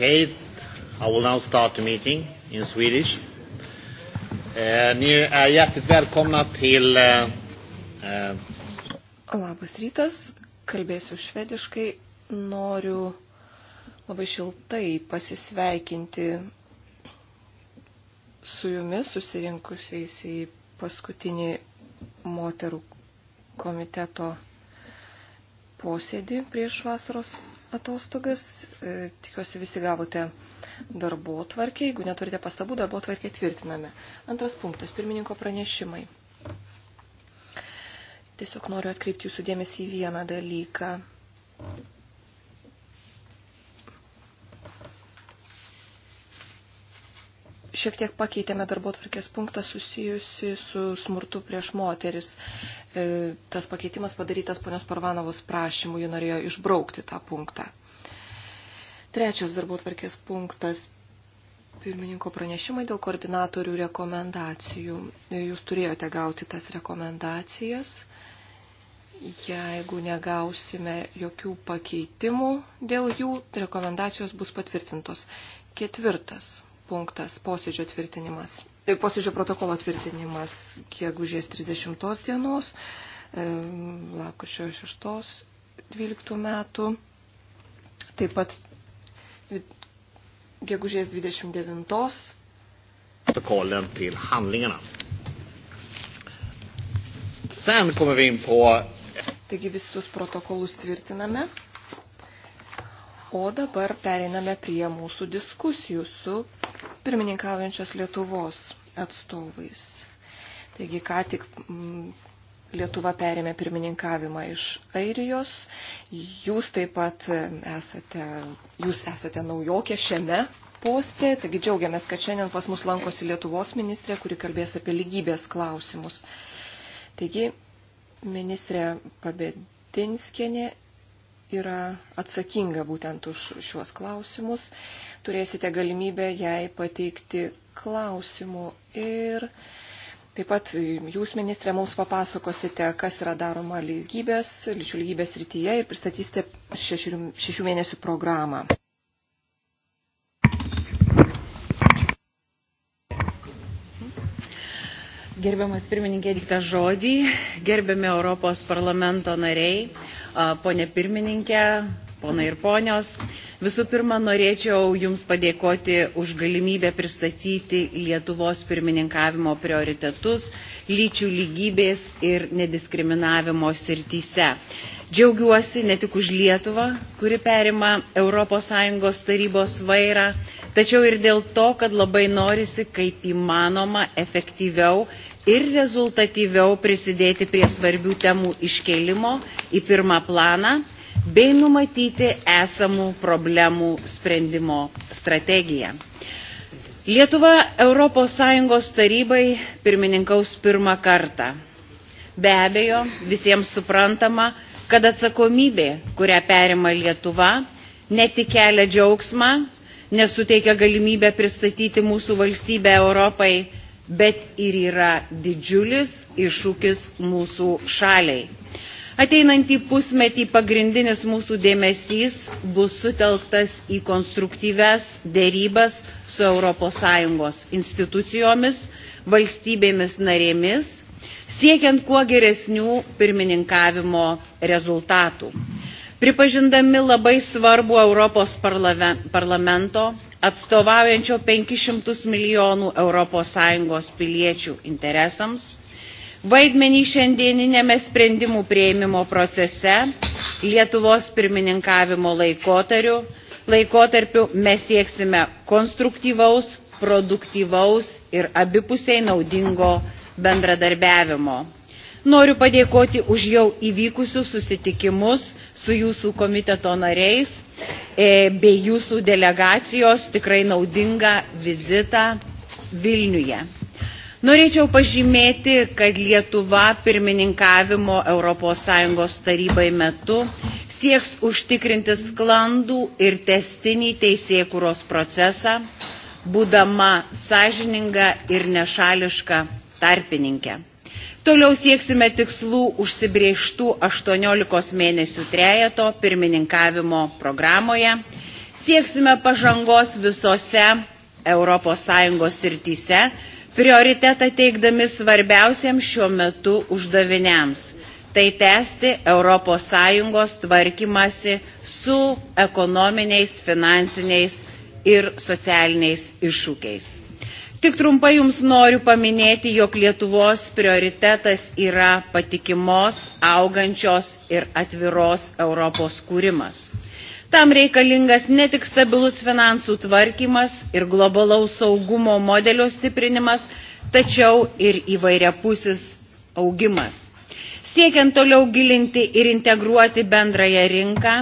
Kate. I will now start the meeting in Swedish. Eh, ni är hjärtligt välkomna till... Eh, eh. Labas rytas, kalbėsiu švediškai. Noriu labai šiltai pasisveikinti su jumis susirinkusiais į paskutinį moterų komiteto posėdį prieš vasaros atostogas. E, tikiuosi visi gavote darbo tvarkį. Jeigu neturite pastabų, darbo tvarkį tvirtiname. Antras punktas - pirmininko pranešimai. Tiesiog noriu atkreipti jūsų dėmesį į vieną dalyką. šiek tiek pakeitėme darbo tvarkės punktą susijusi su smurtu prieš moteris. E, tas pakeitimas padarytas ponios Parvanovos prašymu, ji norėjo išbraukti tą punktą. Trečias darbo tvarkės punktas - pirmininko pranešimai dėl koordinatorių rekomendacijų. E, jūs turėjote gauti tas rekomendacijas. Jeigu negausime jokių pakeitimų dėl jų, rekomendacijos bus patvirtintos. Ketvirtas punktas - posėdžio tvirtinimas. E, posėdžio protokolo tvirtinimas gegužės 30 dienos, e, lakučio 6-12 metų, taip pat gegužės 29. Protokollen till handlingarna. Sen kommer vi in på... Taigi visus protokolus tvirtiname. O dabar pereiname prie mūsų diskusijų su pirmininkaujančios Lietuvos atstovais. Taigi, ką tik mm, Lietuva perėmė pirmininkavimą iš Airijos. Jūs taip pat esate, jūs esate naujokė šiame poste, taigi džiaugiamės, kad šiandien pas mus lankosi Lietuvos ministrė, kuri kalbės apie lygybės klausimus. Taigi, ministrė Pabedinskienė yra atsakinga būtent už šiuos klausimus turėsite galimybę jai pateikti klausimų. Ir taip pat jūs, ministrė, mums papasakosite, kas yra daroma lygybės, lyčių lygybės rytyje ir pristatysite šešių, šešių mėnesių programą. Gerbiamas pirmininkė, diktą žodį, gerbiami Europos parlamento nariai, ponė pirmininkė, ponai ir ponios. Visų pirma, norėčiau Jums padėkoti už galimybę pristatyti Lietuvos pirmininkavimo prioritetus lyčių lygybės ir nediskriminavimo srityse. Džiaugiuosi ne tik už Lietuvą, kuri perima ES tarybos vairą, tačiau ir dėl to, kad labai norisi kaip įmanoma efektyviau ir rezultatyviau prisidėti prie svarbių temų iškelimo į pirmą planą bei numatyti esamų problemų sprendimo strategiją. Lietuva ES tarybai pirmininkaus pirmą kartą. Be abejo, visiems suprantama, kad atsakomybė, kurią perima Lietuva, ne tik kelia džiaugsmą, nesuteikia galimybę pristatyti mūsų valstybę Europai, bet ir yra didžiulis iššūkis mūsų šaliai. Ateinantį pusmetį pagrindinis mūsų dėmesys bus sutelktas į konstruktyves dėrybas su ES institucijomis, valstybėmis narėmis, siekiant kuo geresnių pirmininkavimo rezultatų. Pripažindami labai svarbu Europos parlamento atstovaujančio 500 milijonų ES piliečių interesams, vaidmenį šiandieninėme sprendimų prieimimo procese Lietuvos pirmininkavimo laikotariu, laikotarpiu mes sieksime konstruktyvaus, produktyvaus ir abipusiai naudingo bendradarbiavimo. Noriu padėkoti už jau įvykusius susitikimus su jūsų komiteto nariais e, bei jūsų delegacijos tikrai naudingą vizitą Vilniuje. Norėčiau pažymėti, kad Lietuva pirmininkavimo ES tarybai metu sieks užtikrinti sklandų ir testinį teisėkūros procesą, būdama sąžininga ir nešališka tarpininkė. Toliau sieksime tikslų užsibrieštų 18 mėnesių trejeto pirmininkavimo programoje. Sieksime pažangos visose ES srityse, prioritetą teikdami svarbiausiems šiuo metu uždaviniams – tai tęsti ES tvarkymasi su ekonominiais, finansiniais ir socialiniais iššūkiais. Tik trumpai Jums noriu paminėti, jog Lietuvos prioritetas yra patikimos, augančios ir atviros Europos kūrimas – Tam reikalingas ne tik stabilus finansų tvarkymas ir globalaus saugumo modelio stiprinimas, tačiau ir įvairiapusis augimas. Siekiant toliau gilinti ir integruoti bendrąją rinką,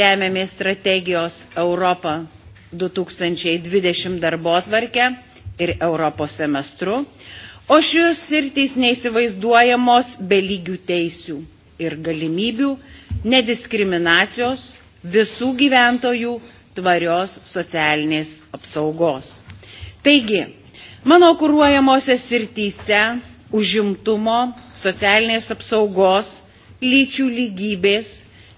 remiamės strategijos Europą 2020 darbo atvarkę ir Europos semestru, o šios sirtys neįsivaizduojamos be lygių teisių ir galimybių, nediskriminacijos visų gyventojų tvarios socialinės apsaugos. Taigi, mano kūruojamosiose srityse užimtumo, socialinės apsaugos, lyčių lygybės,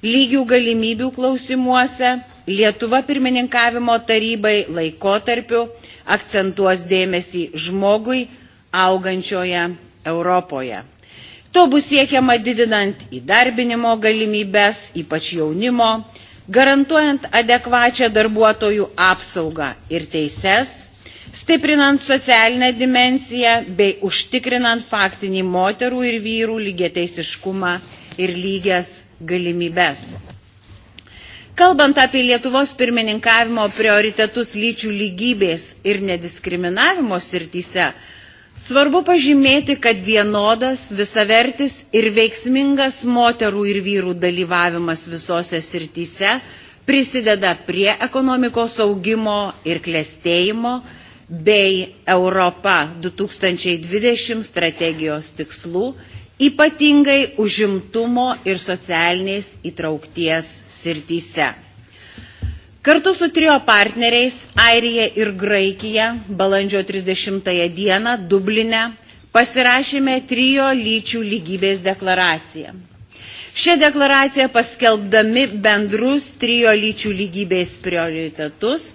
lygių galimybių klausimuose Lietuva pirmininkavimo tarybai laikotarpiu akcentuos dėmesį žmogui augančioje Europoje. To bus siekiama didinant įdarbinimo galimybės, ypač jaunimo, garantuojant adekvačią darbuotojų apsaugą ir teises, stiprinant socialinę dimensiją bei užtikrinant faktinį moterų ir vyrų lygiateisiškumą ir lygias galimybes. Kalbant apie Lietuvos pirmininkavimo prioritetus lyčių lygybės ir nediskriminavimo srityse, Svarbu pažymėti, kad vienodas, visavertis ir veiksmingas moterų ir vyrų dalyvavimas visose srityse prisideda prie ekonomikos augimo ir klėstėjimo bei Europa 2020 strategijos tikslų, ypatingai užimtumo ir socialinės įtraukties srityse. Kartu su trio partneriais Airija ir Graikija balandžio 30 dieną Dubline pasirašėme trio lyčių lygybės deklaraciją. Šią deklaraciją paskelbdami bendrus trijo lyčių lygybės prioritetus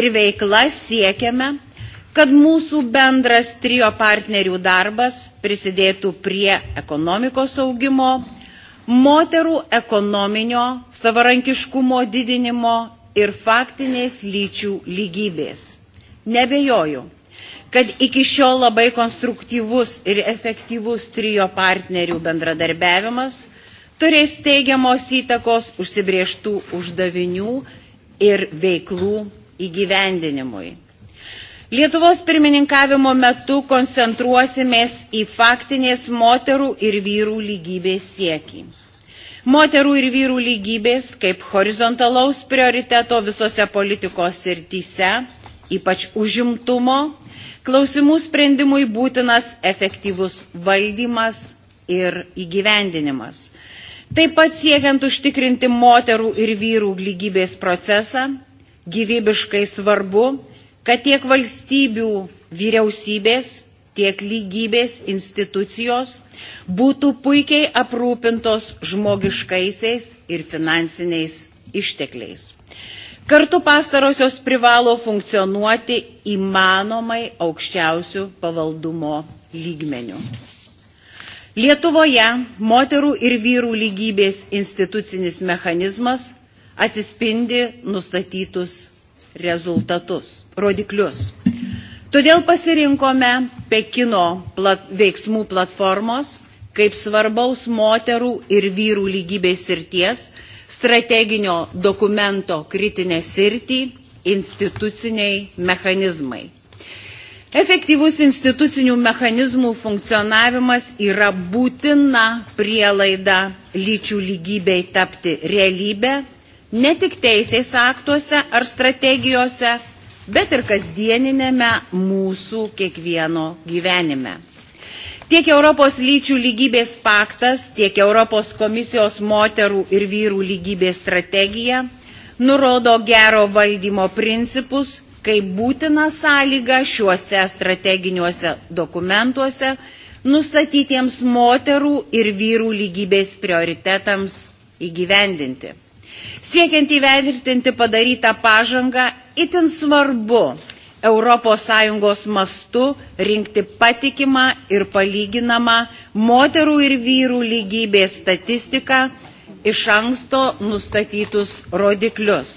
ir veiklas siekiame, kad mūsų bendras trijo partnerių darbas prisidėtų prie ekonomikos augimo, moterų ekonominio savarankiškumo didinimo ir faktinės lyčių lygybės. Nebejoju, kad iki šiol labai konstruktyvus ir efektyvus trijo partnerių bendradarbiavimas turės teigiamos įtakos užsibrieštų uždavinių ir veiklų įgyvendinimui. Lietuvos pirmininkavimo metu koncentruosimės į faktinės moterų ir vyrų lygybės siekį moterų ir vyrų lygybės kaip horizontalaus prioriteto visose politikos srityse, ypač užimtumo, klausimų sprendimui būtinas efektyvus valdymas ir įgyvendinimas. Taip pat siekiant užtikrinti moterų ir vyrų lygybės procesą, gyvybiškai svarbu, kad tiek valstybių vyriausybės, tiek lygybės institucijos – būtų puikiai aprūpintos žmogiškaisiais ir finansiniais ištekliais. Kartu pastarosios privalo funkcionuoti įmanomai aukščiausių pavaldumo lygmenių. Lietuvoje moterų ir vyrų lygybės institucinis mechanizmas atsispindi nustatytus rezultatus, rodiklius. Todėl pasirinkome Pekino plat, veiksmų platformos kaip svarbaus moterų ir vyrų lygybės sirties strateginio dokumento kritinę sirtį instituciniai mechanizmai. Efektyvus institucinių mechanizmų funkcionavimas yra būtina prielaida lyčių lygybei tapti realybę, ne tik teisės aktuose ar strategijose, bet ir kasdieninėme mūsų kiekvieno gyvenime. Tiek Europos lyčių lygybės paktas, tiek Europos komisijos moterų ir vyrų lygybės strategija nurodo gero valdymo principus kaip būtina sąlyga šiuose strateginiuose dokumentuose nustatytiems moterų ir vyrų lygybės prioritetams įgyvendinti. Siekiant įvertinti padarytą pažangą, itin svarbu ES mastu rinkti patikimą ir palyginamą moterų ir vyrų lygybės statistiką iš anksto nustatytus rodiklius.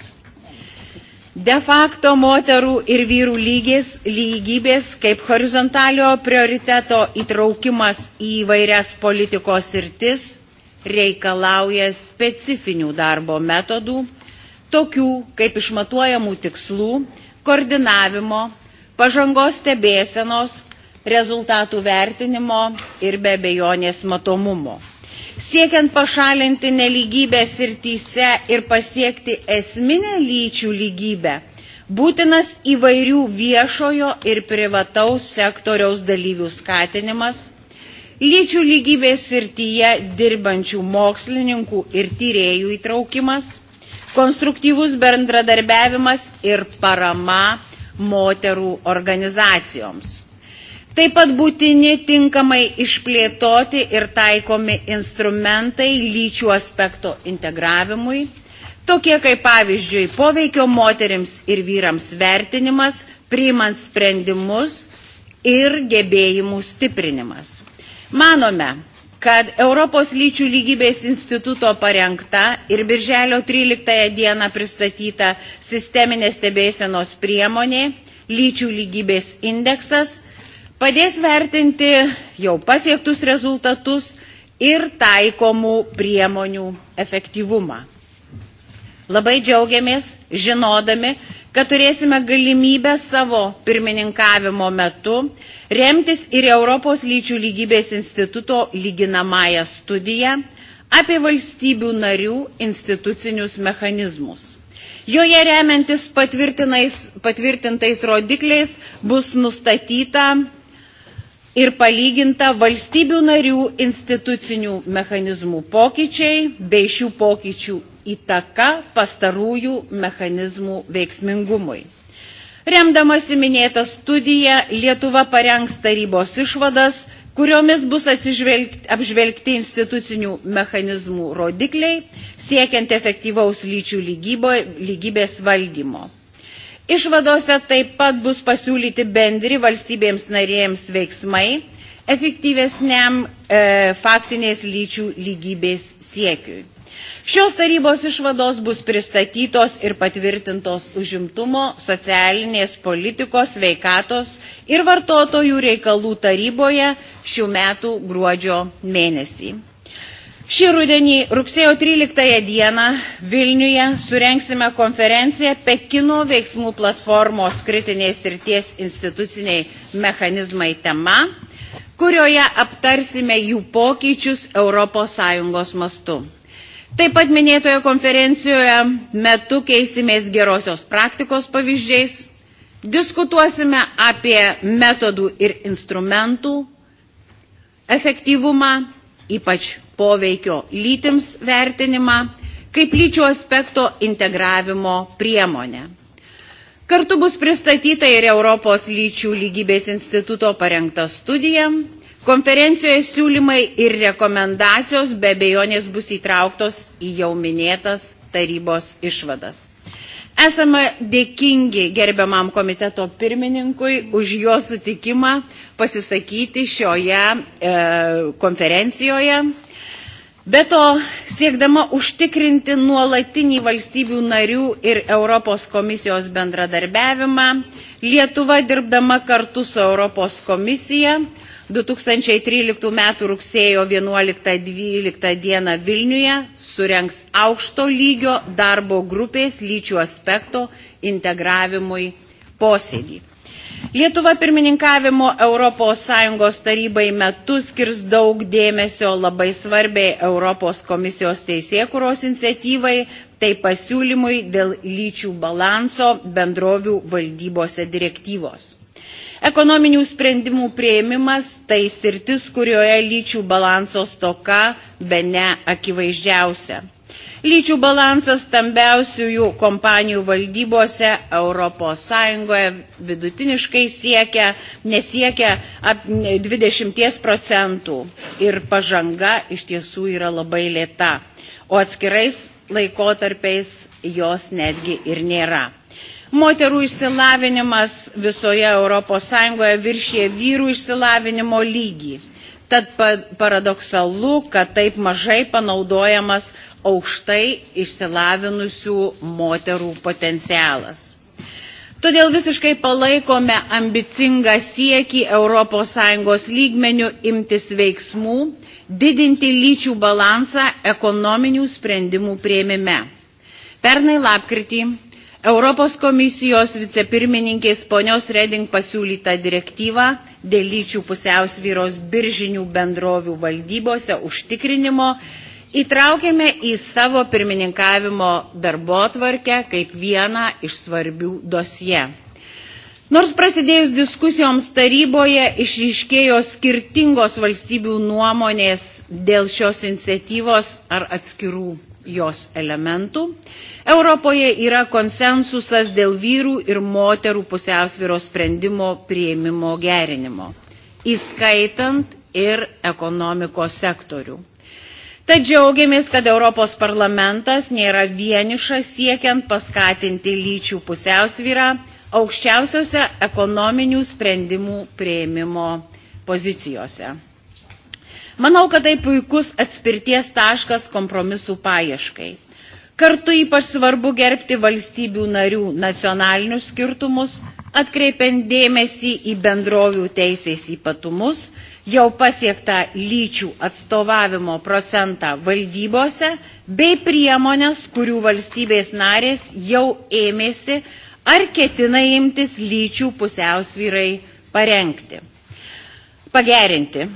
De facto moterų ir vyrų lygės, lygybės kaip horizontalio prioriteto įtraukimas į vairias politikos sirtis reikalauja specifinių darbo metodų, tokių kaip išmatuojamų tikslų, koordinavimo, pažangos stebėsenos, rezultatų vertinimo ir be bejonės matomumo. Siekiant pašalinti neligybę sirtyse ir pasiekti esminę lyčių lygybę, būtinas įvairių viešojo ir privataus sektoriaus dalyvių skatinimas, lyčių lygybės srityje dirbančių mokslininkų ir tyrėjų įtraukimas, konstruktyvus bendradarbiavimas ir parama moterų organizacijoms. Taip pat būtini tinkamai išplėtoti ir taikomi instrumentai lyčių aspekto integravimui, tokie kaip pavyzdžiui poveikio moterims ir vyrams vertinimas, priimant sprendimus ir gebėjimų stiprinimas. Manome, kad Europos lyčių lygybės instituto parengta ir birželio 13 dieną pristatyta sisteminės stebėsenos priemonė lyčių lygybės indeksas padės vertinti jau pasiektus rezultatus ir taikomų priemonių efektyvumą. Labai džiaugiamės, žinodami, kad turėsime galimybę savo pirmininkavimo metu remtis ir Europos lyčių lygybės instituto lyginamąją studiją apie valstybių narių institucinius mechanizmus. Joje remiantis patvirtintais rodikliais bus nustatyta ir palyginta valstybių narių institucinių mechanizmų pokyčiai bei šių pokyčių įtaka pastarųjų mechanizmų veiksmingumui. Remdamasi minėtą studiją, Lietuva parengs tarybos išvadas, kuriomis bus apžvelgti institucinių mechanizmų rodikliai, siekiant efektyvaus lyčių lygybo, lygybės valdymo. Išvadose taip pat bus pasiūlyti bendri valstybėms narėjams veiksmai, efektyvesniam e, faktinės lyčių lygybės siekiui. Šios tarybos išvados bus pristatytos ir patvirtintos užimtumo, socialinės politikos, veikatos ir vartotojų reikalų taryboje šių metų gruodžio mėnesį. Šį rudenį rugsėjo 13 dieną Vilniuje surenksime konferenciją Pekino veiksmų platformos kritinės srities instituciniai mechanizmai tema, kurioje aptarsime jų pokyčius ES mastu. Taip pat minėtoje konferencijoje metu keisimės gerosios praktikos pavyzdžiais, diskutuosime apie metodų ir instrumentų efektyvumą, ypač poveikio lytims vertinimą, kaip lyčių aspekto integravimo priemonę. Kartu bus pristatyta ir Europos lyčių lygybės instituto parengta studija Konferencijoje siūlymai ir rekomendacijos be abejonės bus įtrauktos į jau minėtas tarybos išvadas. Esame dėkingi gerbiamam komiteto pirmininkui už jo sutikimą pasisakyti šioje e, konferencijoje. Be to, siekdama užtikrinti nuolatinį valstybių narių ir Europos komisijos bendradarbiavimą, Lietuva dirbdama kartu su Europos komisija 2013 m. rugsėjo 11-12 d. Vilniuje surengs aukšto lygio darbo grupės lyčių aspekto integravimui posėdį. Lietuva pirmininkavimo ES tarybai metu skirs daug dėmesio labai svarbiai Europos komisijos teisėkuros iniciatyvai, tai pasiūlymui dėl lyčių balanso bendrovių valdybose direktyvos. Ekonominių sprendimų prieimimas tai sirtis, kurioje lyčių balanso stoka be ne akivaizdžiausia. Lyčių balansas stambiausiųjų kompanijų valdybose ES vidutiniškai siekia, nesiekia ap 20 procentų ir pažanga iš tiesų yra labai lėta, o atskirais laikotarpiais jos netgi ir nėra moterų išsilavinimas visoje ES viršė vyrų išsilavinimo lygį. Tad paradoksalu, kad taip mažai panaudojamas aukštai išsilavinusių moterų potencialas. Todėl visiškai palaikome ambicingą siekį ES lygmenių imtis veiksmų, didinti lyčių balansą ekonominių sprendimų prieimime. Pernai lapkritį Europos komisijos vicepirmininkės ponios Reding pasiūlytą direktyvą dėl lyčių pusiausvyros biržinių bendrovių valdybose užtikrinimo įtraukėme į savo pirmininkavimo darbo tvarkę kaip vieną iš svarbių dosje. Nors prasidėjus diskusijoms taryboje išryškėjo skirtingos valstybių nuomonės dėl šios iniciatyvos ar atskirų jos elementų, Europoje yra konsensusas dėl vyrų ir moterų pusiausvyros sprendimo prieimimo gerinimo, įskaitant ir ekonomikos sektorių. Tad džiaugiamės, kad Europos parlamentas nėra vienišas siekiant paskatinti lyčių pusiausvyrą aukščiausiose ekonominių sprendimų prieimimo pozicijose. Manau, kad tai puikus atspirties taškas kompromisų paieškai. Kartu ypač svarbu gerbti valstybių narių nacionalinius skirtumus, atkreipiant dėmesį į bendrovių teisės ypatumus, jau pasiektą lyčių atstovavimo procentą valdybose bei priemonės, kurių valstybės narės jau ėmėsi ar ketina imtis lyčių pusiausvyrai parengti. Pagerinti.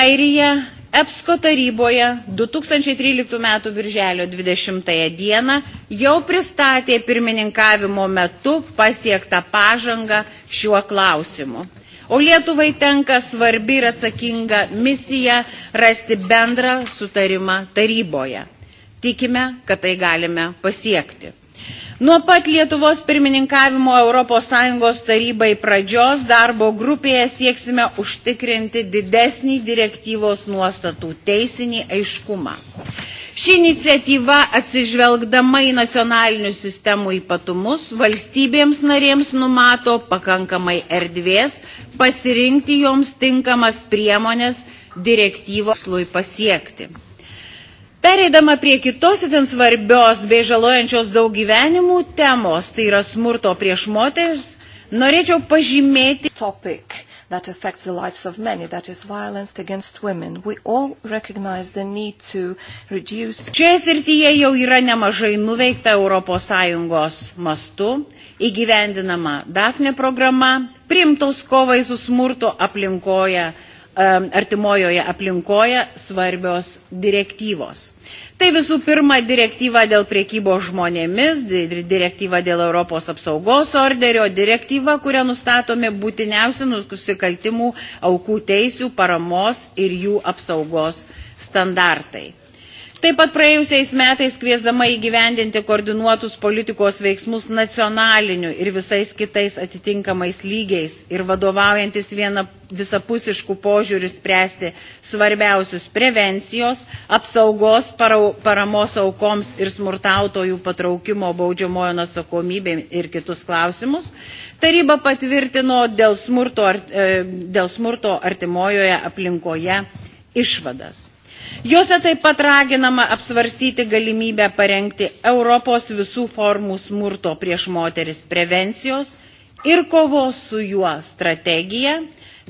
Airija EPSCO taryboje 2013 m. birželio 20 d. jau pristatė pirmininkavimo metu pasiektą pažangą šiuo klausimu. O Lietuvai tenka svarbi ir atsakinga misija rasti bendrą sutarimą taryboje. Tikime, kad tai galime pasiekti. Nuo pat Lietuvos pirmininkavimo ES tarybai pradžios darbo grupėje sieksime užtikrinti didesnį direktyvos nuostatų teisinį aiškumą. Ši iniciatyva atsižvelgdama į nacionalinių sistemų ypatumus valstybėms narėms numato pakankamai erdvės pasirinkti joms tinkamas priemonės direktyvos lui pasiekti. Pereidama prie kitos itin svarbios bei žalojančios daug gyvenimų temos, tai yra smurto prieš moteris, norėčiau pažymėti topic that affects the lives of many, that is violence against women. We all recognize the need to reduce. Čia srityje jau yra nemažai nuveikta ES mastu, įgyvendinama DAFNE programa, primtos kovai su smurto aplinkoje Um, artimojoje aplinkoje svarbios direktyvos. Tai visų pirma direktyva dėl priekybos žmonėmis, direktyva dėl Europos apsaugos orderio, direktyva, kuria nustatomi būtiniausi nusikaltimų aukų teisių, paramos ir jų apsaugos standartai. Taip pat praėjusiais metais kviesdama įgyvendinti koordinuotus politikos veiksmus nacionaliniu ir visais kitais atitinkamais lygiais ir vadovaujantis viena, visapusiškų požiūrių spręsti svarbiausius prevencijos, apsaugos, paramos aukoms ir smurtautojų patraukimo baudžiamojo atsakomybė ir kitus klausimus, taryba patvirtino dėl smurto, e, dėl smurto artimojoje aplinkoje išvadas. Jose taip pat raginama apsvarstyti galimybę parengti Europos visų formų smurto prieš moteris prevencijos ir kovos su juo strategiją,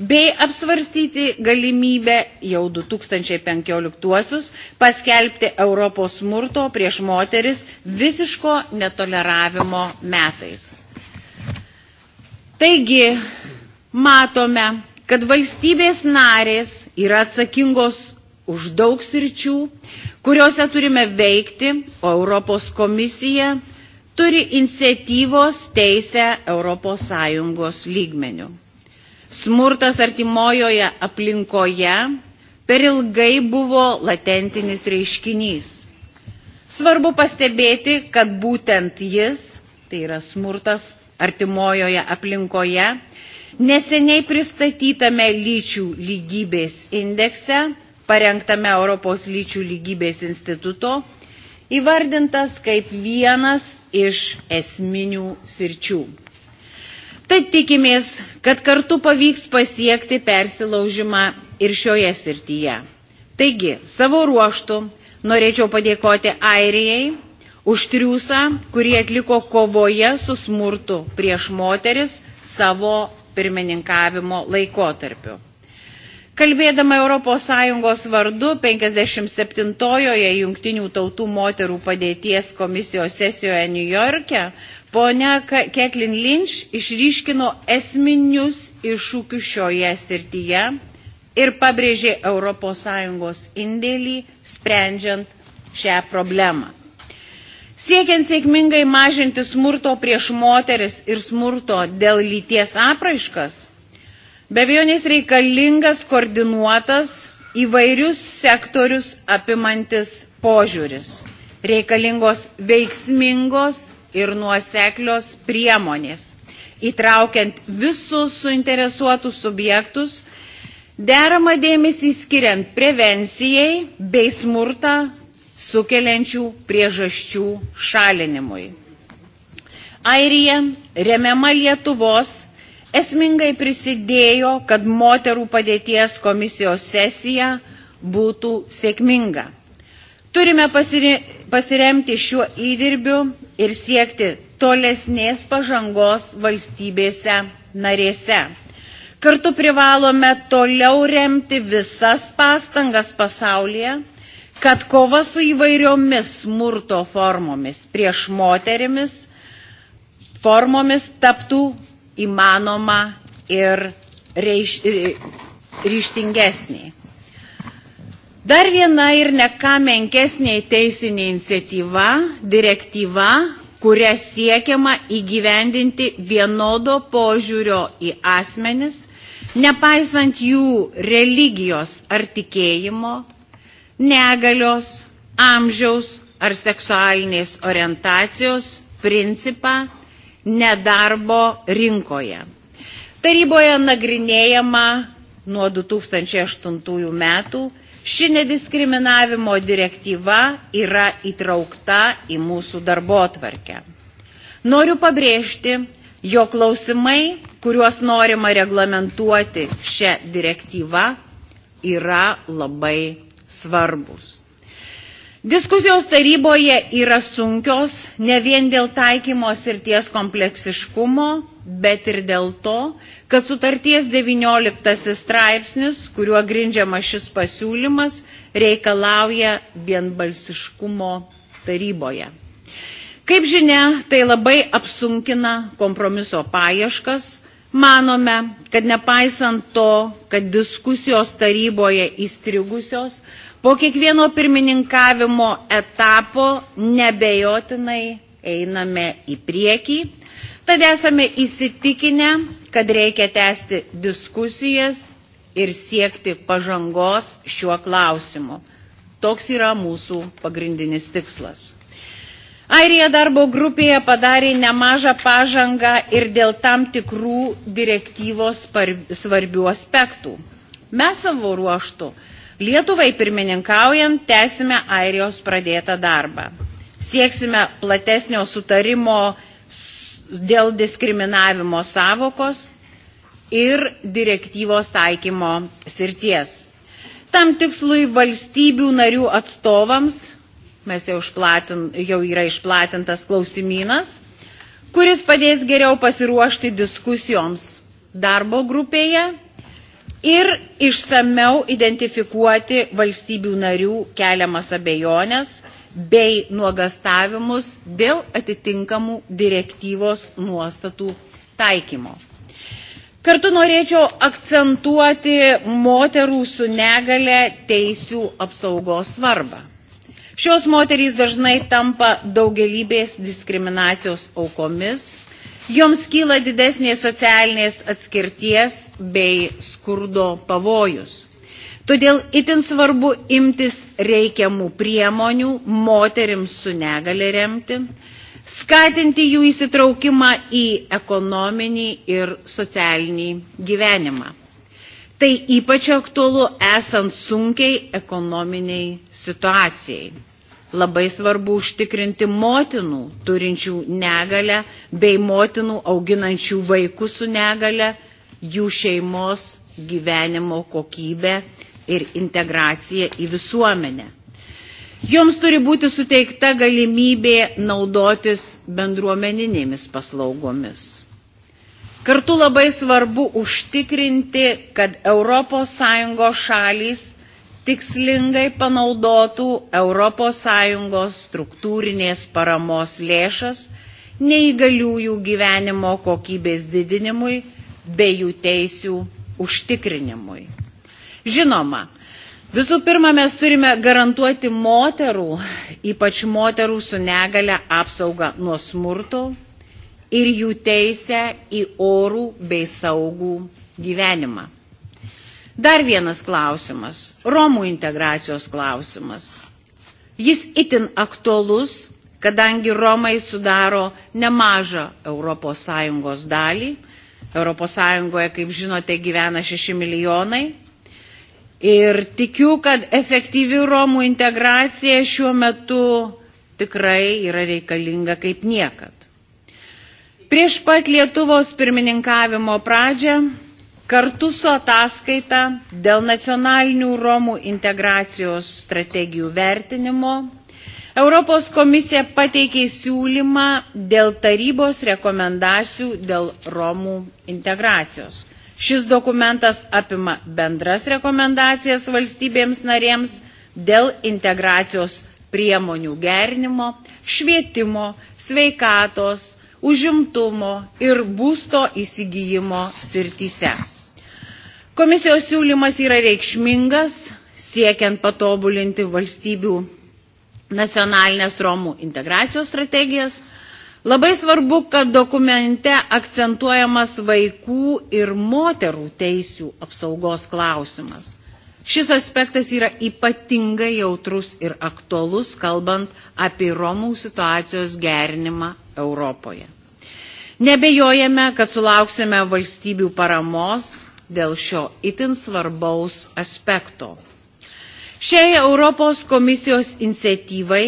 bei apsvarstyti galimybę jau 2015 paskelbti Europos smurto prieš moteris visiško netoleravimo metais. Taigi, matome, kad valstybės narės yra atsakingos už daug sričių, kuriuose turime veikti, o Europos komisija turi iniciatyvos teisę ES lygmenių. Smurtas artimojoje aplinkoje per ilgai buvo latentinis reiškinys. Svarbu pastebėti, kad būtent jis, tai yra smurtas artimojoje aplinkoje, neseniai pristatytame lyčių lygybės indekse parengtame Europos lyčių lygybės instituto įvardintas kaip vienas iš esminių sirčių. Tad tikimės, kad kartu pavyks pasiekti persilaužimą ir šioje srityje. Taigi, savo ruoštų norėčiau padėkoti Airijai už triūsą, kurį atliko kovoje su smurtu prieš moteris savo pirmininkavimo laikotarpiu. Kalbėdama ES vardu 57-ojoje Jungtinių tautų moterų padėties komisijos sesijoje New York'e, ponia Ketlin Lynch išryškino esminius iššūkius šioje srityje ir pabrėžė ES indėlį sprendžiant šią problemą. Siekiant sėkmingai mažinti smurto prieš moteris ir smurto dėl lyties apraiškas, Be abejonės reikalingas koordinuotas įvairius sektorius apimantis požiūris. Reikalingos veiksmingos ir nuoseklios priemonės, įtraukiant visus suinteresuotus subjektus, deramą dėmesį skiriant prevencijai bei smurtą sukeliančių priežasčių šalinimui. Airija, remiama Lietuvos, esmingai prisidėjo, kad moterų padėties komisijos sesija būtų sėkminga. Turime pasiremti šiuo įdirbiu ir siekti tolesnės pažangos valstybėse narėse. Kartu privalome toliau remti visas pastangas pasaulyje, kad kova su įvairiomis smurto formomis prieš moterimis formomis taptų įmanoma ir reiš, ryštingesnė. Dar viena ir neką menkesnė teisinė iniciatyva, direktyva, kuria siekiama įgyvendinti vienodo požiūrio į asmenis, nepaisant jų religijos ar tikėjimo, negalios, amžiaus ar seksualinės orientacijos principą nedarbo rinkoje. Taryboje nagrinėjama nuo 2008 metų ši nediskriminavimo direktyva yra įtraukta į mūsų darbo atvarkę. Noriu pabrėžti, jo klausimai, kuriuos norima reglamentuoti šią direktyvą, yra labai svarbus. Diskusijos taryboje yra sunkios ne vien dėl taikymos ir ties kompleksiškumo, bet ir dėl to, kad sutarties 19 straipsnis, kuriuo grindžiama šis pasiūlymas, reikalauja vienbalsiškumo taryboje. Kaip žinia, tai labai apsunkina kompromiso paieškas. Manome, kad nepaisant to, kad diskusijos taryboje įstrigusios, po kiekvieno pirmininkavimo etapo nebejotinai einame į priekį, tad esame įsitikinę, kad reikia tęsti diskusijas ir siekti pažangos šiuo klausimu. Toks yra mūsų pagrindinis tikslas. Airija darbo grupėje padarė nemažą pažangą ir dėl tam tikrų direktyvos svarbių aspektų. Mes savo ruoštų Lietuvai pirmininkaujant tęsime Airijos pradėtą darbą. Sieksime platesnio sutarimo dėl diskriminavimo savokos ir direktyvos taikymo sirties. Tam tikslui valstybių narių atstovams, mes jau, išplatin, jau yra išplatintas klausimynas, kuris padės geriau pasiruošti diskusijoms darbo grupėje ir išsameu identifikuoti valstybių narių keliamas abejonės bei nuogastavimus dėl atitinkamų direktyvos nuostatų taikymo. Kartu norėčiau akcentuoti moterų su negale teisių apsaugos svarbą. Šios moterys dažnai tampa daugelybės diskriminacijos aukomis joms kyla didesnės socialinės atskirties bei skurdo pavojus. Todėl itin svarbu imtis reikiamų priemonių moterims su negali remti, skatinti jų įsitraukimą į ekonominį ir socialinį gyvenimą. Tai ypač aktualu esant sunkiai ekonominiai situacijai. Labai svarbu užtikrinti motinų turinčių negalę bei motinų auginančių vaikus su negale, jų šeimos gyvenimo kokybę ir integraciją į visuomenę. Joms turi būti suteikta galimybė naudotis bendruomeninėmis paslaugomis. Kartu labai svarbu užtikrinti, kad ES šalys tikslingai panaudotų ES struktūrinės paramos lėšas neįgaliųjų gyvenimo kokybės didinimui bei jų teisių užtikrinimui. Žinoma, visų pirma, mes turime garantuoti moterų, ypač moterų su negale, apsaugą nuo smurto ir jų teisę į orų bei saugų gyvenimą. Dar vienas klausimas - Romų integracijos klausimas. Jis itin aktuolus, kadangi Romai sudaro nemažą ES dalį. ES, kaip žinote, gyvena 6 milijonai. Ir tikiu, kad efektyvi Romų integracija šiuo metu tikrai yra reikalinga kaip niekad. Prieš pat Lietuvos pirmininkavimo pradžią Kartu su ataskaita dėl nacionalinių Romų integracijos strategijų vertinimo Europos komisija pateikė siūlymą dėl tarybos rekomendacijų dėl Romų integracijos. Šis dokumentas apima bendras rekomendacijas valstybėms narėms dėl integracijos priemonių gerinimo, švietimo, sveikatos, užimtumo ir būsto įsigijimo sirtyse. Komisijos siūlymas yra reikšmingas, siekiant patobulinti valstybių nacionalinės Romų integracijos strategijas. Labai svarbu, kad dokumente akcentuojamas vaikų ir moterų teisių apsaugos klausimas. Šis aspektas yra ypatingai jautrus ir aktuolus, kalbant apie Romų situacijos gerinimą Europoje. Nebejojame, kad sulauksime valstybių paramos, dėl šio itin svarbaus aspekto. Šiai Europos komisijos iniciatyvai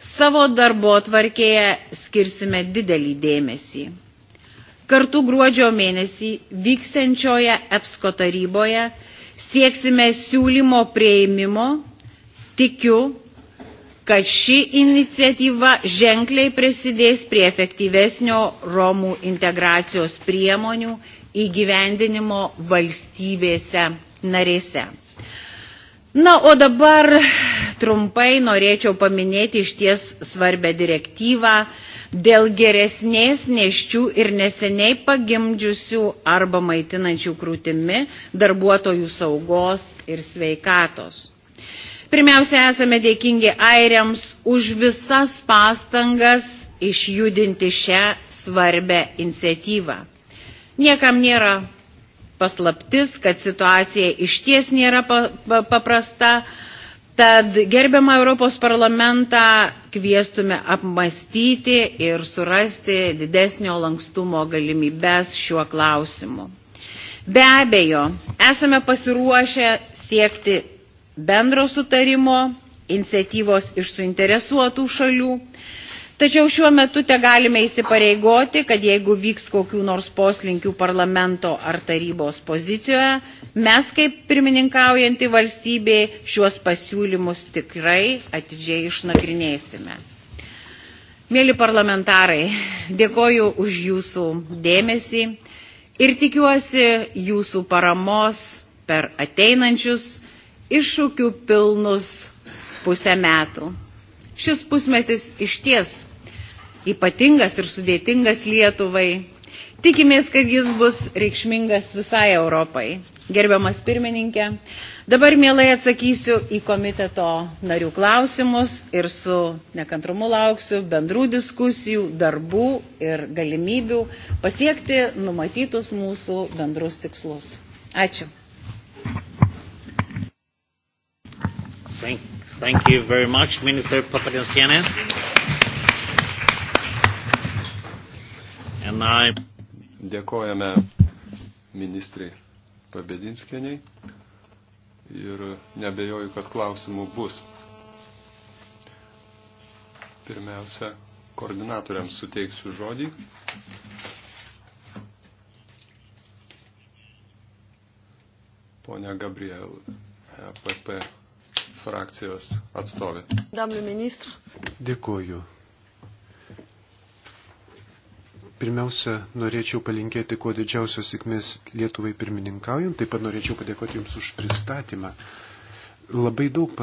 savo darbo atvarkėje skirsime didelį dėmesį. Kartu gruodžio mėnesį vyksiančioje EPSCO taryboje sieksime siūlymo prieimimo, tikiu, kad ši iniciatyva ženkliai prisidės prie efektyvesnio Romų integracijos priemonių įgyvendinimo valstybėse narėse. Na, o dabar trumpai norėčiau paminėti iš ties svarbę direktyvą dėl geresnės neščių ir neseniai pagimdžiusių arba maitinančių krūtimi darbuotojų saugos ir sveikatos. Pirmiausia, esame dėkingi airiams už visas pastangas išjudinti šią svarbę iniciatyvą. Niekam nėra paslaptis, kad situacija išties nėra paprasta, tad gerbiamą Europos parlamentą kviestume apmastyti ir surasti didesnio lankstumo galimybės šiuo klausimu. Be abejo, esame pasiruošę siekti bendro sutarimo, iniciatyvos iš suinteresuotų šalių, Tačiau šiuo metu te galime įsipareigoti, kad jeigu vyks kokių nors poslinkių parlamento ar tarybos pozicijoje, mes kaip pirmininkaujantį valstybė šiuos pasiūlymus tikrai atidžiai išnagrinėsime. Mėly parlamentarai, dėkoju už jūsų dėmesį ir tikiuosi jūsų paramos per ateinančius iššūkių pilnus pusę metų. Šis pusmetis išties ypatingas ir sudėtingas Lietuvai. Tikimės, kad jis bus reikšmingas visai Europai. Gerbiamas pirmininkė, dabar mielai atsakysiu į komiteto narių klausimus ir su nekantrumu lauksiu bendrų diskusijų, darbų ir galimybių pasiekti numatytus mūsų bendrus tikslus. Ačiū. Thank, thank you very much, Minister Papagenskienė. I... Dėkojame ministrai Pabedinskieniai ir nebejoju, kad klausimų bus. Pirmiausia, koordinatoriams suteiksiu žodį. Pone Gabriel, EPP frakcijos atstovė. Damlių ministrą. Dėkuoju. Pirmiausia, norėčiau palinkėti kuo didžiausios sėkmės Lietuvai pirmininkaujant, taip pat norėčiau padėkoti Jums už pristatymą. Labai daug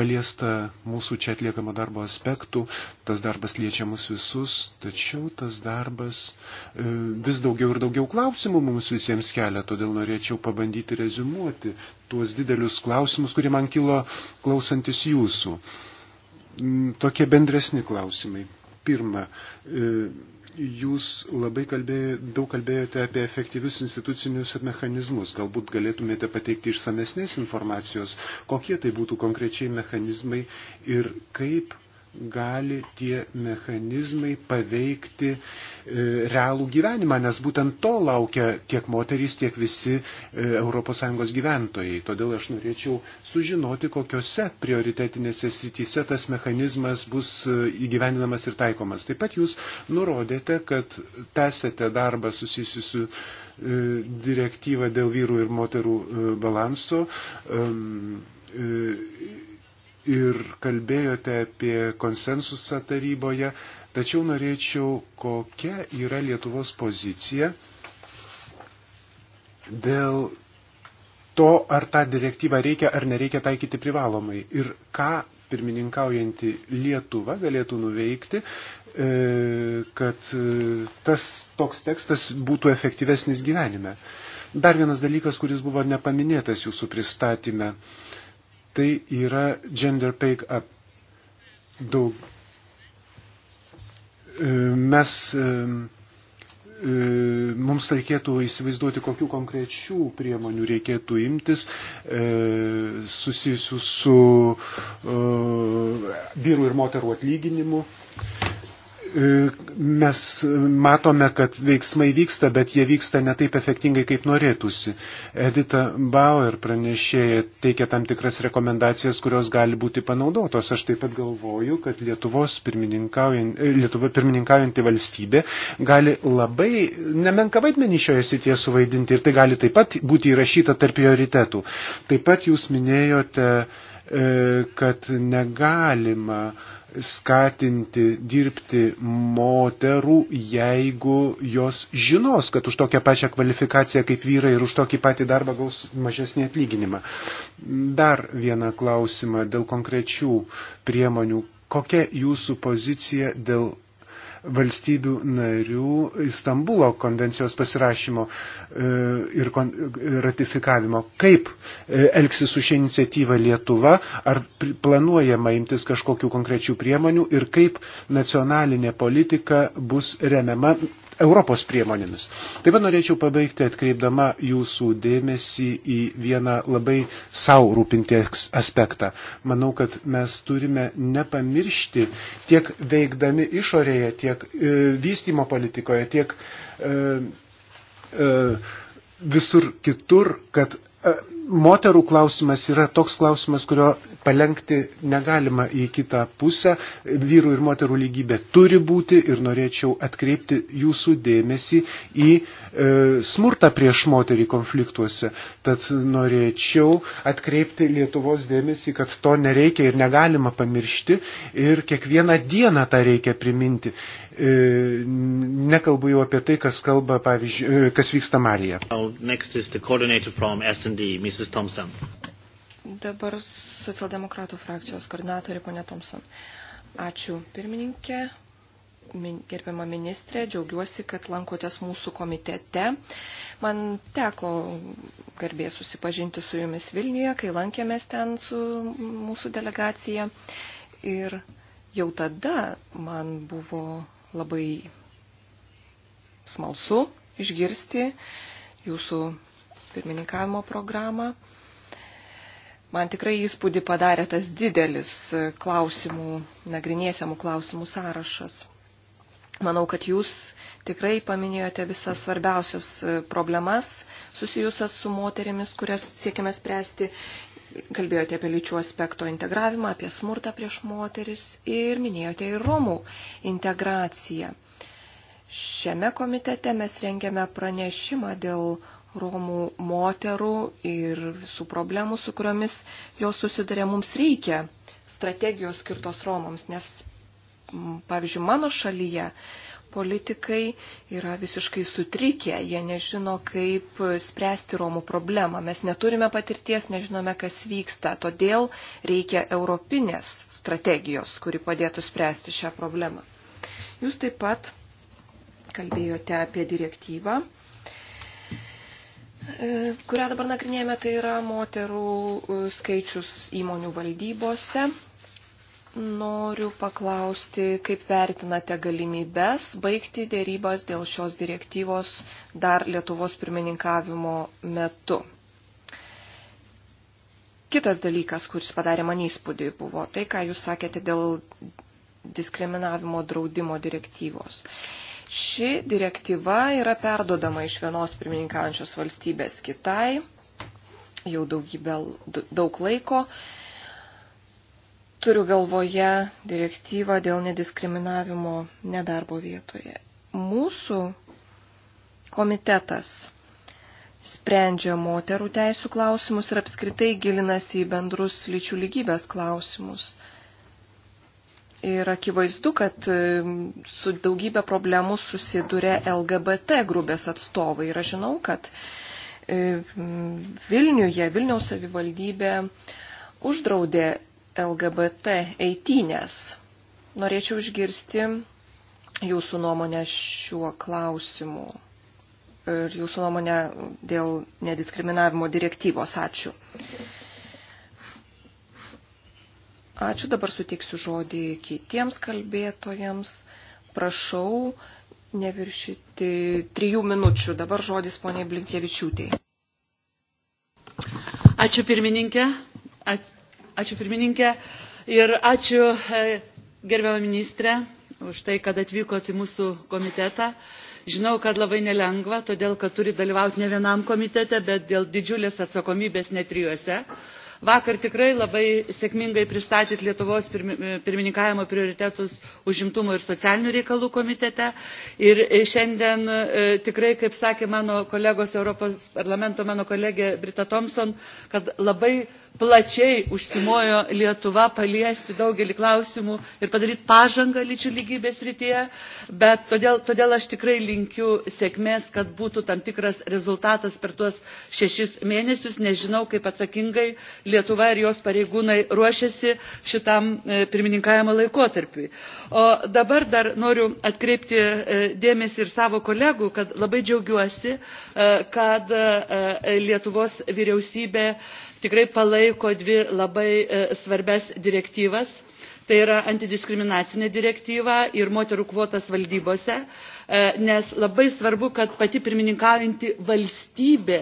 paliesta mūsų čia atliekamo darbo aspektų, tas darbas liečia mus visus, tačiau tas darbas e, vis daugiau ir daugiau klausimų mums visiems kelia, todėl norėčiau pabandyti rezumuoti tuos didelius klausimus, kurie man kilo klausantis jūsų. Mm, tokie bendresni klausimai. Pirma, e, Jūs labai kalbėjo, daug kalbėjote apie efektyvius institucinius mechanizmus. Galbūt galėtumėte pateikti išsamesnės informacijos, kokie tai būtų konkrečiai mechanizmai ir kaip gali tie mechanizmai paveikti e, realų gyvenimą, nes būtent to laukia tiek moterys, tiek visi e, ES gyventojai. Todėl aš norėčiau sužinoti, kokiuose prioritetinėse srityse tas mechanizmas bus e, įgyvendinamas ir taikomas. Taip pat jūs nurodėte, kad tęsėte darbą susijusi su e, direktyva dėl vyrų ir moterų e, balanso. E, e, ir kalbėjote apie konsensusą taryboje, tačiau norėčiau, kokia yra Lietuvos pozicija dėl to, ar tą direktyvą reikia ar nereikia taikyti privalomai ir ką pirmininkaujanti Lietuva galėtų nuveikti, e, kad e, tas toks tekstas būtų efektyvesnis gyvenime. Dar vienas dalykas, kuris buvo nepaminėtas jūsų pristatyme. E, Tai yra gender pay up. Daug. E, mes, e, e, mums reikėtų įsivaizduoti, kokiu konkrečių priemonių reikėtų imtis susijusių su vyrų ir moterų atlyginimu. E, mes matome, kad veiksmai vyksta, bet jie vyksta ne taip efektingai, kaip norėtųsi. Edita Bauer pranešėja teikia tam tikras rekomendacijas, kurios gali būti panaudotos. Aš taip pat galvoju, kad Lietuvos pirmininkaujant, e, Lietuva pirmininkaujanti valstybė gali labai nemenka vaidmenį šioje srityje suvaidinti ir tai gali taip pat būti įrašyta tarp prioritetų. Taip pat jūs minėjote, e, kad negalima skatinti dirbti moterų, jeigu jos žinos, kad už tokią pačią kvalifikaciją kaip vyrai ir už tokį patį darbą gaus mažesnį atlyginimą. Dar vieną klausimą dėl konkrečių priemonių. Kokia jūsų pozicija dėl valstybių narių Istanbulo konvencijos pasirašymo e, ir e, ratifikavimo. Kaip e, elgsis su šią iniciatyvą Lietuva, ar planuojama imtis kažkokių konkrečių priemonių ir kaip nacionalinė politika bus remiama Europos priemonėmis. Taip pat norėčiau pabaigti atkreipdama jūsų dėmesį į vieną labai savo rūpintį aspektą. Manau, kad mes turime nepamiršti tiek veikdami išorėje, tiek e, vystymo politikoje, tiek e, e, visur kitur, kad e, moterų klausimas yra toks klausimas, kurio palenkti negalima į kitą pusę. Vyrų ir moterų lygybė turi būti ir norėčiau atkreipti jūsų dėmesį į e, smurtą prieš moterį konfliktuose. Tad norėčiau atkreipti Lietuvos dėmesį, kad to nereikia ir negalima pamiršti ir kiekvieną dieną tą reikia priminti. E, nekalbu jau apie tai, kas, kalba, e, kas vyksta Marija. Next is the coordinator from S&D, Mrs. Thompson. Dabar socialdemokratų frakcijos koordinatorė ponė Thompson. Ačiū pirmininkė, gerbiama ministrė, džiaugiuosi, kad lankotės mūsų komitete. Man teko garbė susipažinti su jumis Vilniuje, kai lankėmės ten su mūsų delegacija. Ir jau tada man buvo labai smalsu išgirsti jūsų pirmininkavimo programą. Man tikrai įspūdį padarė tas didelis e, klausimų, nagrinėsiamų klausimų sąrašas. Manau, kad jūs tikrai paminėjote visas svarbiausias e, problemas susijusias su moterimis, kurias siekime spręsti. Kalbėjote apie lyčių aspekto integravimą, apie smurtą prieš moteris ir minėjote ir Romų integraciją. Šiame komitete mes rengiame pranešimą dėl Romų moterų ir visų problemų, su kuriomis jos susidarė, mums reikia strategijos skirtos Romams, nes, pavyzdžiui, mano šalyje politikai yra visiškai sutrikę, jie nežino, kaip spręsti Romų problemą. Mes neturime patirties, nežinome, kas vyksta, todėl reikia europinės strategijos, kuri padėtų spręsti šią problemą. Jūs taip pat kalbėjote apie direktyvą E, kurią dabar nagrinėjame, tai yra moterų e, skaičius įmonių valdybose. Noriu paklausti, kaip vertinate galimybės baigti dėrybas dėl šios direktyvos dar Lietuvos pirmininkavimo metu. Kitas dalykas, kuris padarė man įspūdį, buvo tai, ką jūs sakėte dėl diskriminavimo draudimo direktyvos. Uh, Ši direktyva yra perdodama iš vienos pirmininkaujančios valstybės kitai jau daugybę, daug laiko. Turiu galvoje direktyvą dėl nediskriminavimo nedarbo vietoje. Mūsų komitetas sprendžia moterų teisų klausimus ir apskritai gilinasi į bendrus lyčių lygybės klausimus. Ir akivaizdu, kad su daugybė problemų susiduria LGBT grupės atstovai. Ir aš žinau, kad Vilniuje, Vilniaus savivaldybė uždraudė LGBT eitynės. Norėčiau išgirsti jūsų nuomonę šiuo klausimu ir jūsų nuomonę dėl nediskriminavimo direktyvos. Ačiū. Ačiū, dabar suteiksiu žodį kitiems kalbėtojams. Prašau neviršyti trijų minučių. Dabar žodis poniai Blinkievičiūtėj. Ačiū pirmininkė. Ačiū pirmininkė. Ir ačiū e, gerbiamą ministrę už tai, kad atvykote į mūsų komitetą. Žinau, kad labai nelengva, todėl kad turi dalyvauti ne vienam komitete, bet dėl didžiulės atsakomybės ne trijuose. Vakar tikrai labai sėkmingai pristatyt Lietuvos pirmininkavimo prioritetus užimtumo ir socialinių reikalų komitete. Ir e, šiandien e, tikrai, kaip sakė mano kolegos Europos parlamento, mano kolegė Brita Thompson, kad labai plačiai užsimojo Lietuva paliesti daugelį klausimų ir padaryti pažangą lyčių lygybės rytyje, bet todėl, todėl aš tikrai linkiu sėkmės, kad būtų tam tikras rezultatas per tuos šešis mėnesius. Nežinau, kaip atsakingai Lietuva ir jos pareigūnai ruošiasi šitam e, pirmininkavimo laikotarpiui. O dabar dar noriu atkreipti e, dėmesį ir savo kolegų, kad labai džiaugiuosi, e, kad Lietuvos vyriausybė tikrai palaiko dvi labai e, svarbias direktyvas tai yra antidiskriminacinę direktyvą ir moterų kvotas valdybose. E, nes labai svarbu, kad pati pirmininkaujanti valstybė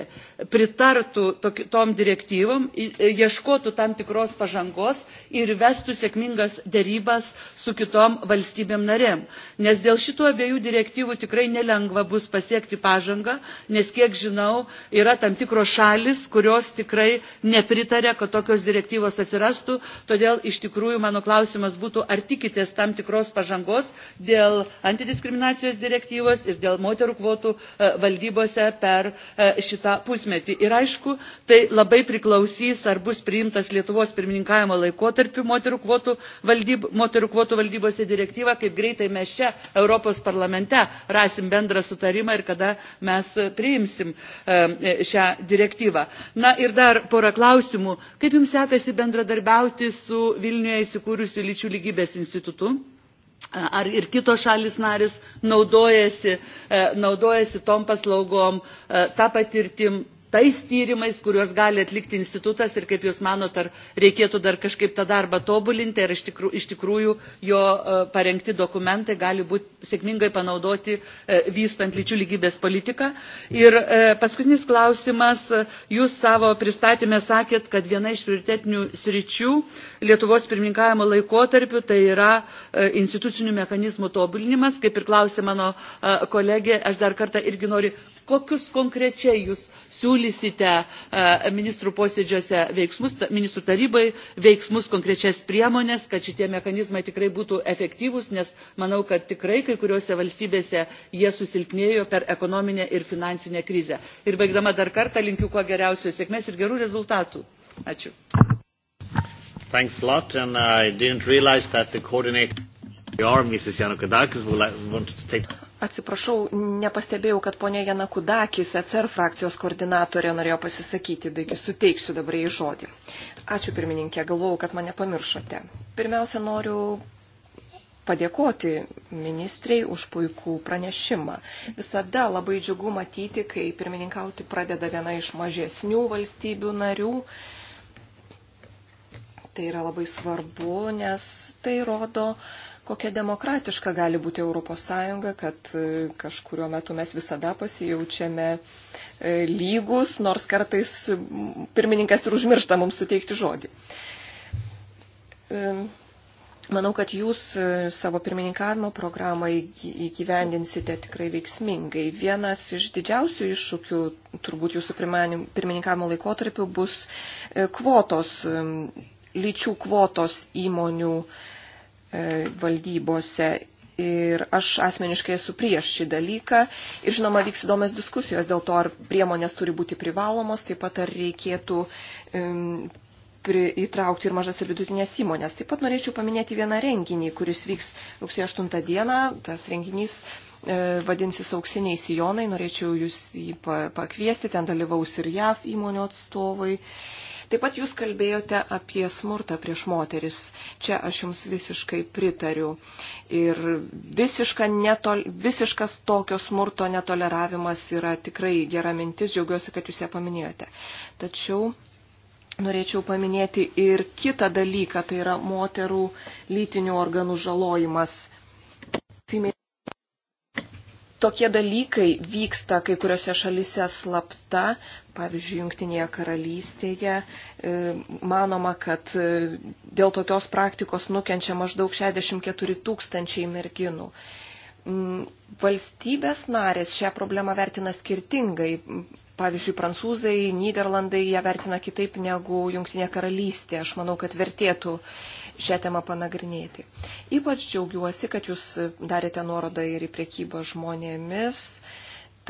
pritartų tom direktyvom, e, ieškotų tam tikros pažangos ir vestų sėkmingas dėrybas su kitom valstybėm narėm. Nes dėl šito abiejų direktyvų tikrai nelengva bus pasiekti pažangą, nes kiek žinau, yra tam tikros šalis, kurios tikrai nepritarė, kad tokios direktyvos atsirastų. Todėl iš tikrųjų mano klausimas būtų, ar tikitės tam tikros pažangos dėl antidiskriminacijos direktyvos direktyvos ir dėl moterų kvotų e, valdybose per e, šitą pusmetį. Ir aišku, tai labai priklausys, ar bus priimtas Lietuvos pirmininkavimo laikotarpiu moterų kvotų, valdyb, moterų kvotų valdybose direktyva, kaip greitai mes čia Europos parlamente rasim bendrą sutarimą ir kada mes priimsim e, šią direktyvą. Na ir dar porą klausimų. Kaip jums sekasi bendradarbiauti su Vilniuje įsikūrusiu lyčių lygybės institutu? ar ir kitos šalis narės naudojasi, e, naudojasi tom paslaugom, e, tą patirtim, tais tyrimais, kuriuos gali atlikti institutas ir kaip Jūs manote, ar reikėtų dar kažkaip tą darbą tobulinti, ar iš tikrųjų, iš tikrųjų jo e, parengti dokumentai gali būti sėkmingai panaudoti e, vystant lyčių lygybės politiką. Ir e, paskutinis klausimas, Jūs savo pristatymę sakėt, kad viena iš prioritetinių sričių Lietuvos pirmininkavimo laikotarpiu tai yra institucinių mechanizmų tobulinimas, kaip ir klausė mano kolegė, aš dar kartą irgi noriu kokius konkrečiai jūs siūlysite e, ministrų posėdžiuose veiksmus, ministrų tarybai veiksmus konkrečias priemonės, kad šitie mechanizmai tikrai būtų efektyvūs, nes manau, kad tikrai kai kuriuose valstybėse jie susilpnėjo per ekonominę ir finansinę krizę. Ir baigdama dar kartą linkiu kuo geriausios sėkmės ir gerų rezultatų. Ačiū. Thanks a lot, and I didn't realize that the coordinator, the arm, Mrs. Yanukadakis, will want to take. Atsiprašau, nepastebėjau, kad ponė Jana Kudakis, ECR frakcijos koordinatorė, norėjo pasisakyti, taigi suteiksiu dabar į žodį. Ačiū pirmininkė, galvojau, kad mane pamiršote. Pirmiausia, noriu padėkoti ministrei už puikų pranešimą. Visada labai džiugu matyti, kai pirmininkauti pradeda viena iš mažesnių valstybių narių. Tai yra labai svarbu, nes tai rodo, uh, kokia demokratiška gali būti ES, kad e, kažkurio metu mes visada pasijaučiame e, lygus, nors kartais pirmininkas ir užmiršta mums suteikti žodį. E, manau, kad jūs savo pirmininkavimo programą įgyvendinsite tikrai veiksmingai. Vienas iš didžiausių iššūkių, turbūt jūsų pirmininkavimo laikotarpiu, bus kvotos, lyčių kvotos įmonių uh, E, valdybose. Ir aš asmeniškai esu prieš šį dalyką. Ir žinoma, vyks įdomios diskusijos dėl to, ar priemonės turi būti privalomos, taip pat ar reikėtų um, pri, įtraukti ir mažas ir vidutinės įmonės. Taip pat norėčiau paminėti vieną renginį, kuris vyks rugsėjo 8 dieną. Tas renginys e, vadinsis auksiniai sijonai, norėčiau jūs jį pakviesti, ten dalyvaus ir JAV įmonių atstovai, Taip pat jūs kalbėjote apie smurtą prieš moteris. Čia aš jums visiškai pritariu. Ir visiška netol, visiškas tokio smurto netoleravimas yra tikrai gera mintis. Džiaugiuosi, kad jūs ją paminėjote. Tačiau norėčiau paminėti ir kitą dalyką, tai yra moterų lytinių organų žalojimas. Female tokie dalykai vyksta kai kuriuose šalise slapta, pavyzdžiui, Junktinėje karalystėje. E, manoma, kad e, dėl tokios praktikos nukenčia maždaug 64 tūkstančiai merginų. Mm, valstybės narės šią problemą vertina skirtingai. Pavyzdžiui, prancūzai, Niderlandai ją vertina kitaip negu Junktinė karalystė. Aš manau, kad vertėtų šią temą panagrinėti. Ypač džiaugiuosi, kad jūs darėte nuorodą ir į priekybą žmonėmis.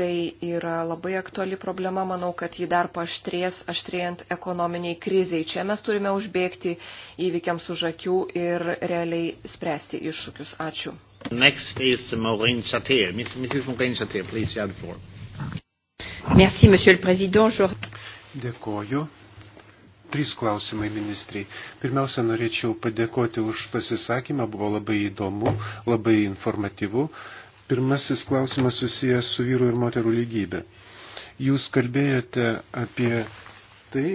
Tai yra labai aktuali problema, manau, kad ji dar paštrės, aštrėjant ekonominiai kriziai. Čia mes turime užbėgti įvykiams už akių ir realiai spręsti iššūkius. Ačiū. Next is Maureen Chatea. Mrs. Maureen Chatea, please, you have the floor. Merci, Monsieur le Président. Je... Dėkoju trys klausimai ministrai. Pirmiausia, norėčiau padėkoti už pasisakymą, buvo labai įdomu, labai informatyvu. Pirmasis klausimas susijęs su vyrų ir moterų lygybė. Jūs kalbėjote apie tai,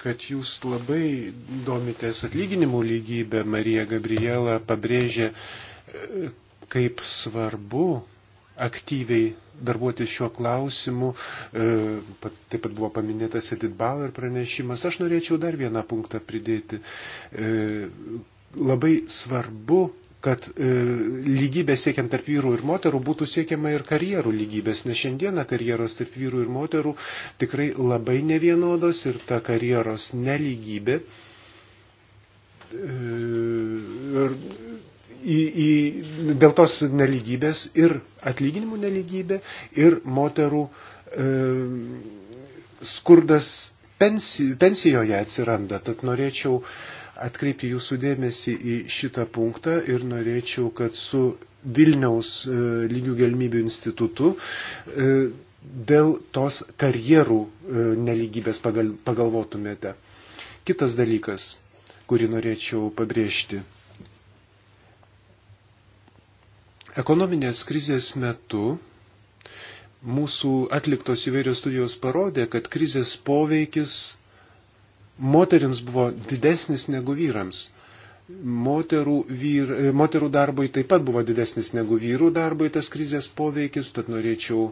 kad jūs labai domitės atlyginimų lygybę, Marija Gabriela pabrėžė, e, kaip svarbu aktyviai darbuoti šiuo klausimu. E, taip pat buvo paminėtas Edith Bauer pranešimas. Aš norėčiau dar vieną punktą pridėti. E, labai svarbu kad e, lygybė siekiant tarp vyrų ir moterų būtų siekiama ir karjerų lygybės, nes šiandieną karjeros tarp vyrų ir moterų tikrai labai nevienodos ir ta karjeros neligybė e, ir į, į, dėl tos neligybės ir atlyginimų neligybė, ir moterų e, skurdas pensi, pensijoje atsiranda. Tad norėčiau atkreipti jūsų dėmesį į šitą punktą ir norėčiau, kad su Vilniaus e, lygių galimybių institutu e, dėl tos karjerų e, neligybės pagal, pagalvotumėte. Kitas dalykas, kurį norėčiau pabrėžti Ekonominės krizės metu mūsų atliktos įvairios studijos parodė, kad krizės poveikis moteriams buvo didesnis negu vyrams. Moterų, vyr, moterų darbui taip pat buvo didesnis negu vyrų darbui tas krizės poveikis, tad norėčiau,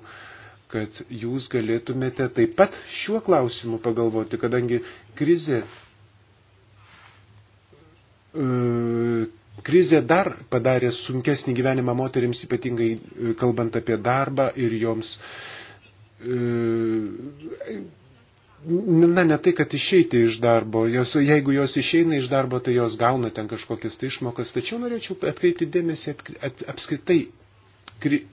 kad jūs galėtumėte taip pat šiuo klausimu pagalvoti, kadangi krizė e, Krizė dar padarė sunkesnį gyvenimą moteriams, ypatingai e, kalbant apie darbą ir joms. E, na, ne tai, kad išeiti iš darbo. Jos, jeigu jos išeina iš darbo, tai jos gauna ten kažkokias tai išmokas. Tačiau norėčiau atkreipti dėmesį at, at, apskritai kri,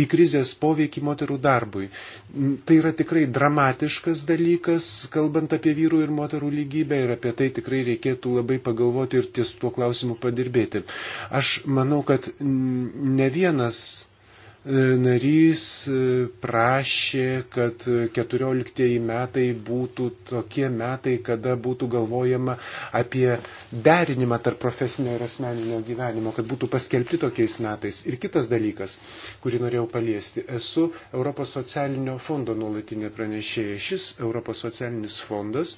į krizės poveikį moterų darbui. Tai yra tikrai dramatiškas dalykas, kalbant apie vyrų ir moterų lygybę ir apie tai tikrai reikėtų labai pagalvoti ir ties tuo klausimu padirbėti. Aš manau, kad ne vienas E, narys e, prašė, kad 14 metai būtų tokie metai, kada būtų galvojama apie derinimą tarp profesinio ir asmeninio gyvenimo, kad būtų paskelbti tokiais metais. Ir kitas dalykas, kurį norėjau paliesti. Esu Europos socialinio fondo nuolatinė pranešėja. Šis Europos socialinis fondas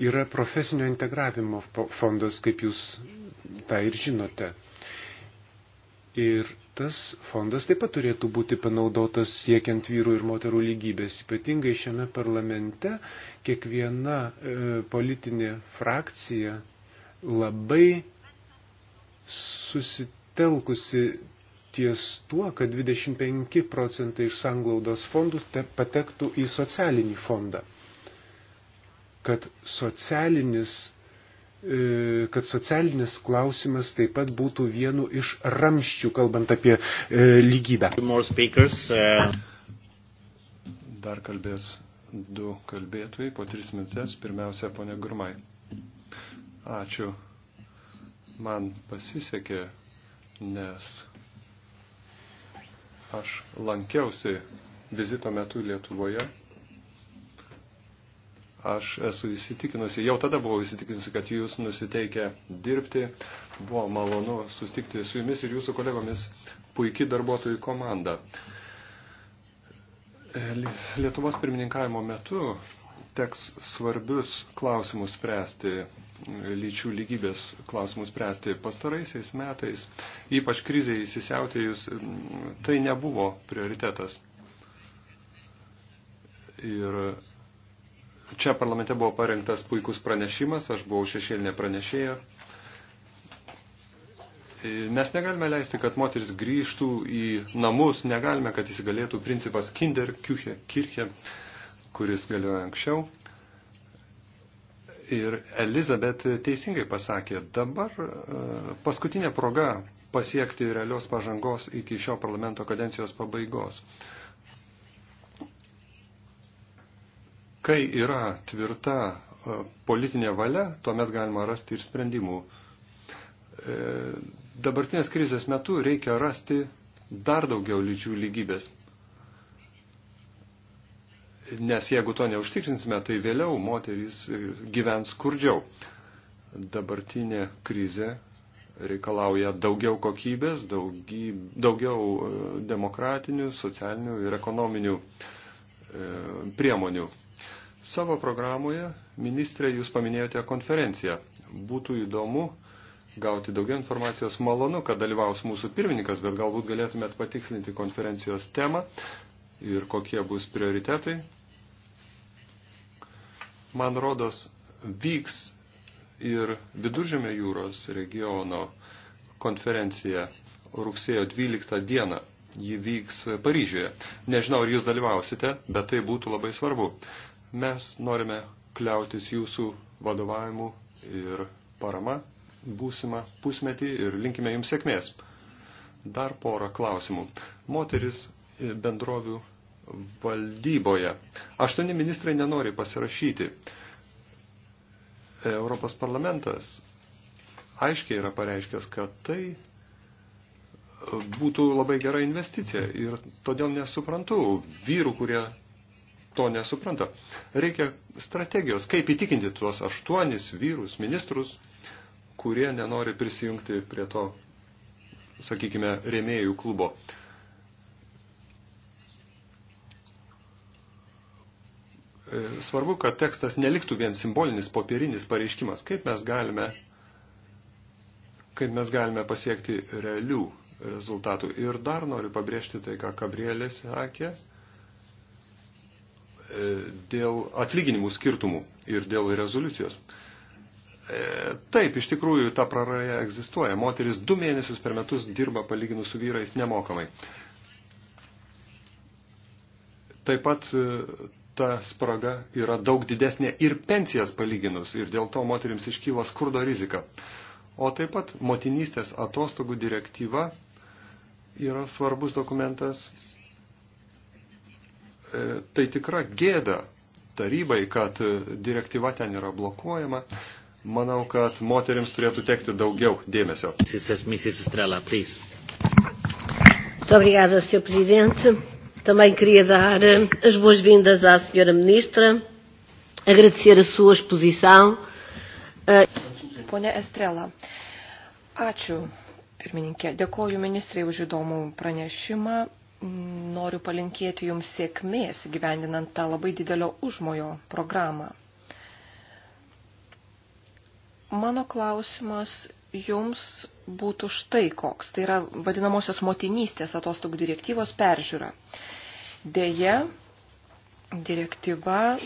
yra profesinio integravimo fondas, kaip jūs tą ir žinote. Ir tas fondas taip pat turėtų būti panaudotas siekiant vyrų ir moterų lygybės. Ypatingai šiame parlamente kiekviena e, politinė frakcija labai susitelkusi ties tuo, kad 25 procentai iš sanglaudos fondų patektų į socialinį fondą. Kad socialinis E, kad socialinis klausimas taip pat būtų vienu iš ramščių, kalbant apie e, lygybę. Uh, Dar kalbės du kalbėtojai po tris minutės. Pirmiausia, ponė Gurmai. Ačiū. Man pasisekė, nes aš lankiausi vizito metu Lietuvoje Aš esu įsitikinusi, jau tada buvau įsitikinusi, kad jūs nusiteikę dirbti. Buvo malonu sustikti su jumis ir jūsų kolegomis puikiai darbuotojų komanda. Lietuvos pirmininkavimo metu teks svarbius klausimus spręsti, lyčių lygybės klausimus spręsti pastaraisiais metais, ypač kriziai įsisiautėjus, tai nebuvo prioritetas. Ir Čia parlamente buvo parengtas puikus pranešimas, aš buvau šešėlinė pranešėja. E, mes negalime leisti, kad moteris grįžtų į namus, negalime, kad įsigalėtų principas kinder, kiuche, kirche, kuris galioja anksčiau. Ir Elizabet teisingai pasakė, dabar e, paskutinė proga pasiekti realios pažangos iki šio parlamento kadencijos pabaigos. Kai yra tvirta e, politinė valia, tuomet galima rasti ir sprendimų. E, dabartinės krizės metu reikia rasti dar daugiau lyčių lygybės. Nes jeigu to neužtikrinsime, tai vėliau moterys e, gyvens skurdžiau. Dabartinė krizė reikalauja daugiau kokybės, daugy, daugiau demokratinių, socialinių ir ekonominių priemonių. Savo programoje, ministrė, jūs paminėjote konferenciją. Būtų įdomu gauti daugiau informacijos. Malonu, kad dalyvaus mūsų pirmininkas, bet galbūt galėtumėt patikslinti konferencijos temą ir kokie bus prioritetai. Man rodos, vyks ir Viduržėmio jūros regiono konferencija rugsėjo 12 dieną. Ji vyks Paryžiuje. Nežinau, ar jūs dalyvausite, bet tai būtų labai svarbu. Mes norime kliautis jūsų vadovavimu ir parama būsimą pusmetį ir linkime jums sėkmės. Dar porą klausimų. Moteris bendrovių valdyboje. Aštuoni ministrai nenori pasirašyti. Europos parlamentas aiškiai yra pareiškęs, kad tai būtų labai gera investicija ir todėl nesuprantu vyrų, kurie to nesupranta. Reikia strategijos, kaip įtikinti tuos aštuonis vyrus, ministrus, kurie nenori prisijungti prie to, sakykime, rėmėjų klubo. E, svarbu, kad tekstas neliktų vien simbolinis, popierinis pareiškimas. Kaip mes galime, kaip mes galime pasiekti realių rezultatų. Ir dar noriu pabrėžti tai, ką Gabrielė sakė. E, dėl atlyginimų skirtumų ir dėl rezoliucijos. E, taip, iš tikrųjų, ta praraja egzistuoja. Moteris du mėnesius per metus dirba palyginus su vyrais nemokamai. Taip pat e, ta spraga yra daug didesnė ir pensijas palyginus, ir dėl to moterims iškyla skurdo rizika. O taip pat motinystės atostogų direktyva yra svarbus dokumentas, E, tai tikra gėda tarybai, kad e, direktyva ten yra blokuojama. Manau, kad moteriams turėtų tekti daugiau dėmesio. Muito obrigada, Sr. Presidente. Também queria dar eh, as boas-vindas à Sra. Ministra, agradecer a sua exposição. Eh, Pone Estrela, ačiū, pirmininkė. Dėkoju ministrai už įdomų pranešimą noriu palinkėti Jums sėkmės gyvendinant tą labai didelio užmojo programą. Mano klausimas Jums būtų štai koks. Tai yra vadinamosios motinystės atostogų direktyvos peržiūra. Deja, direktyva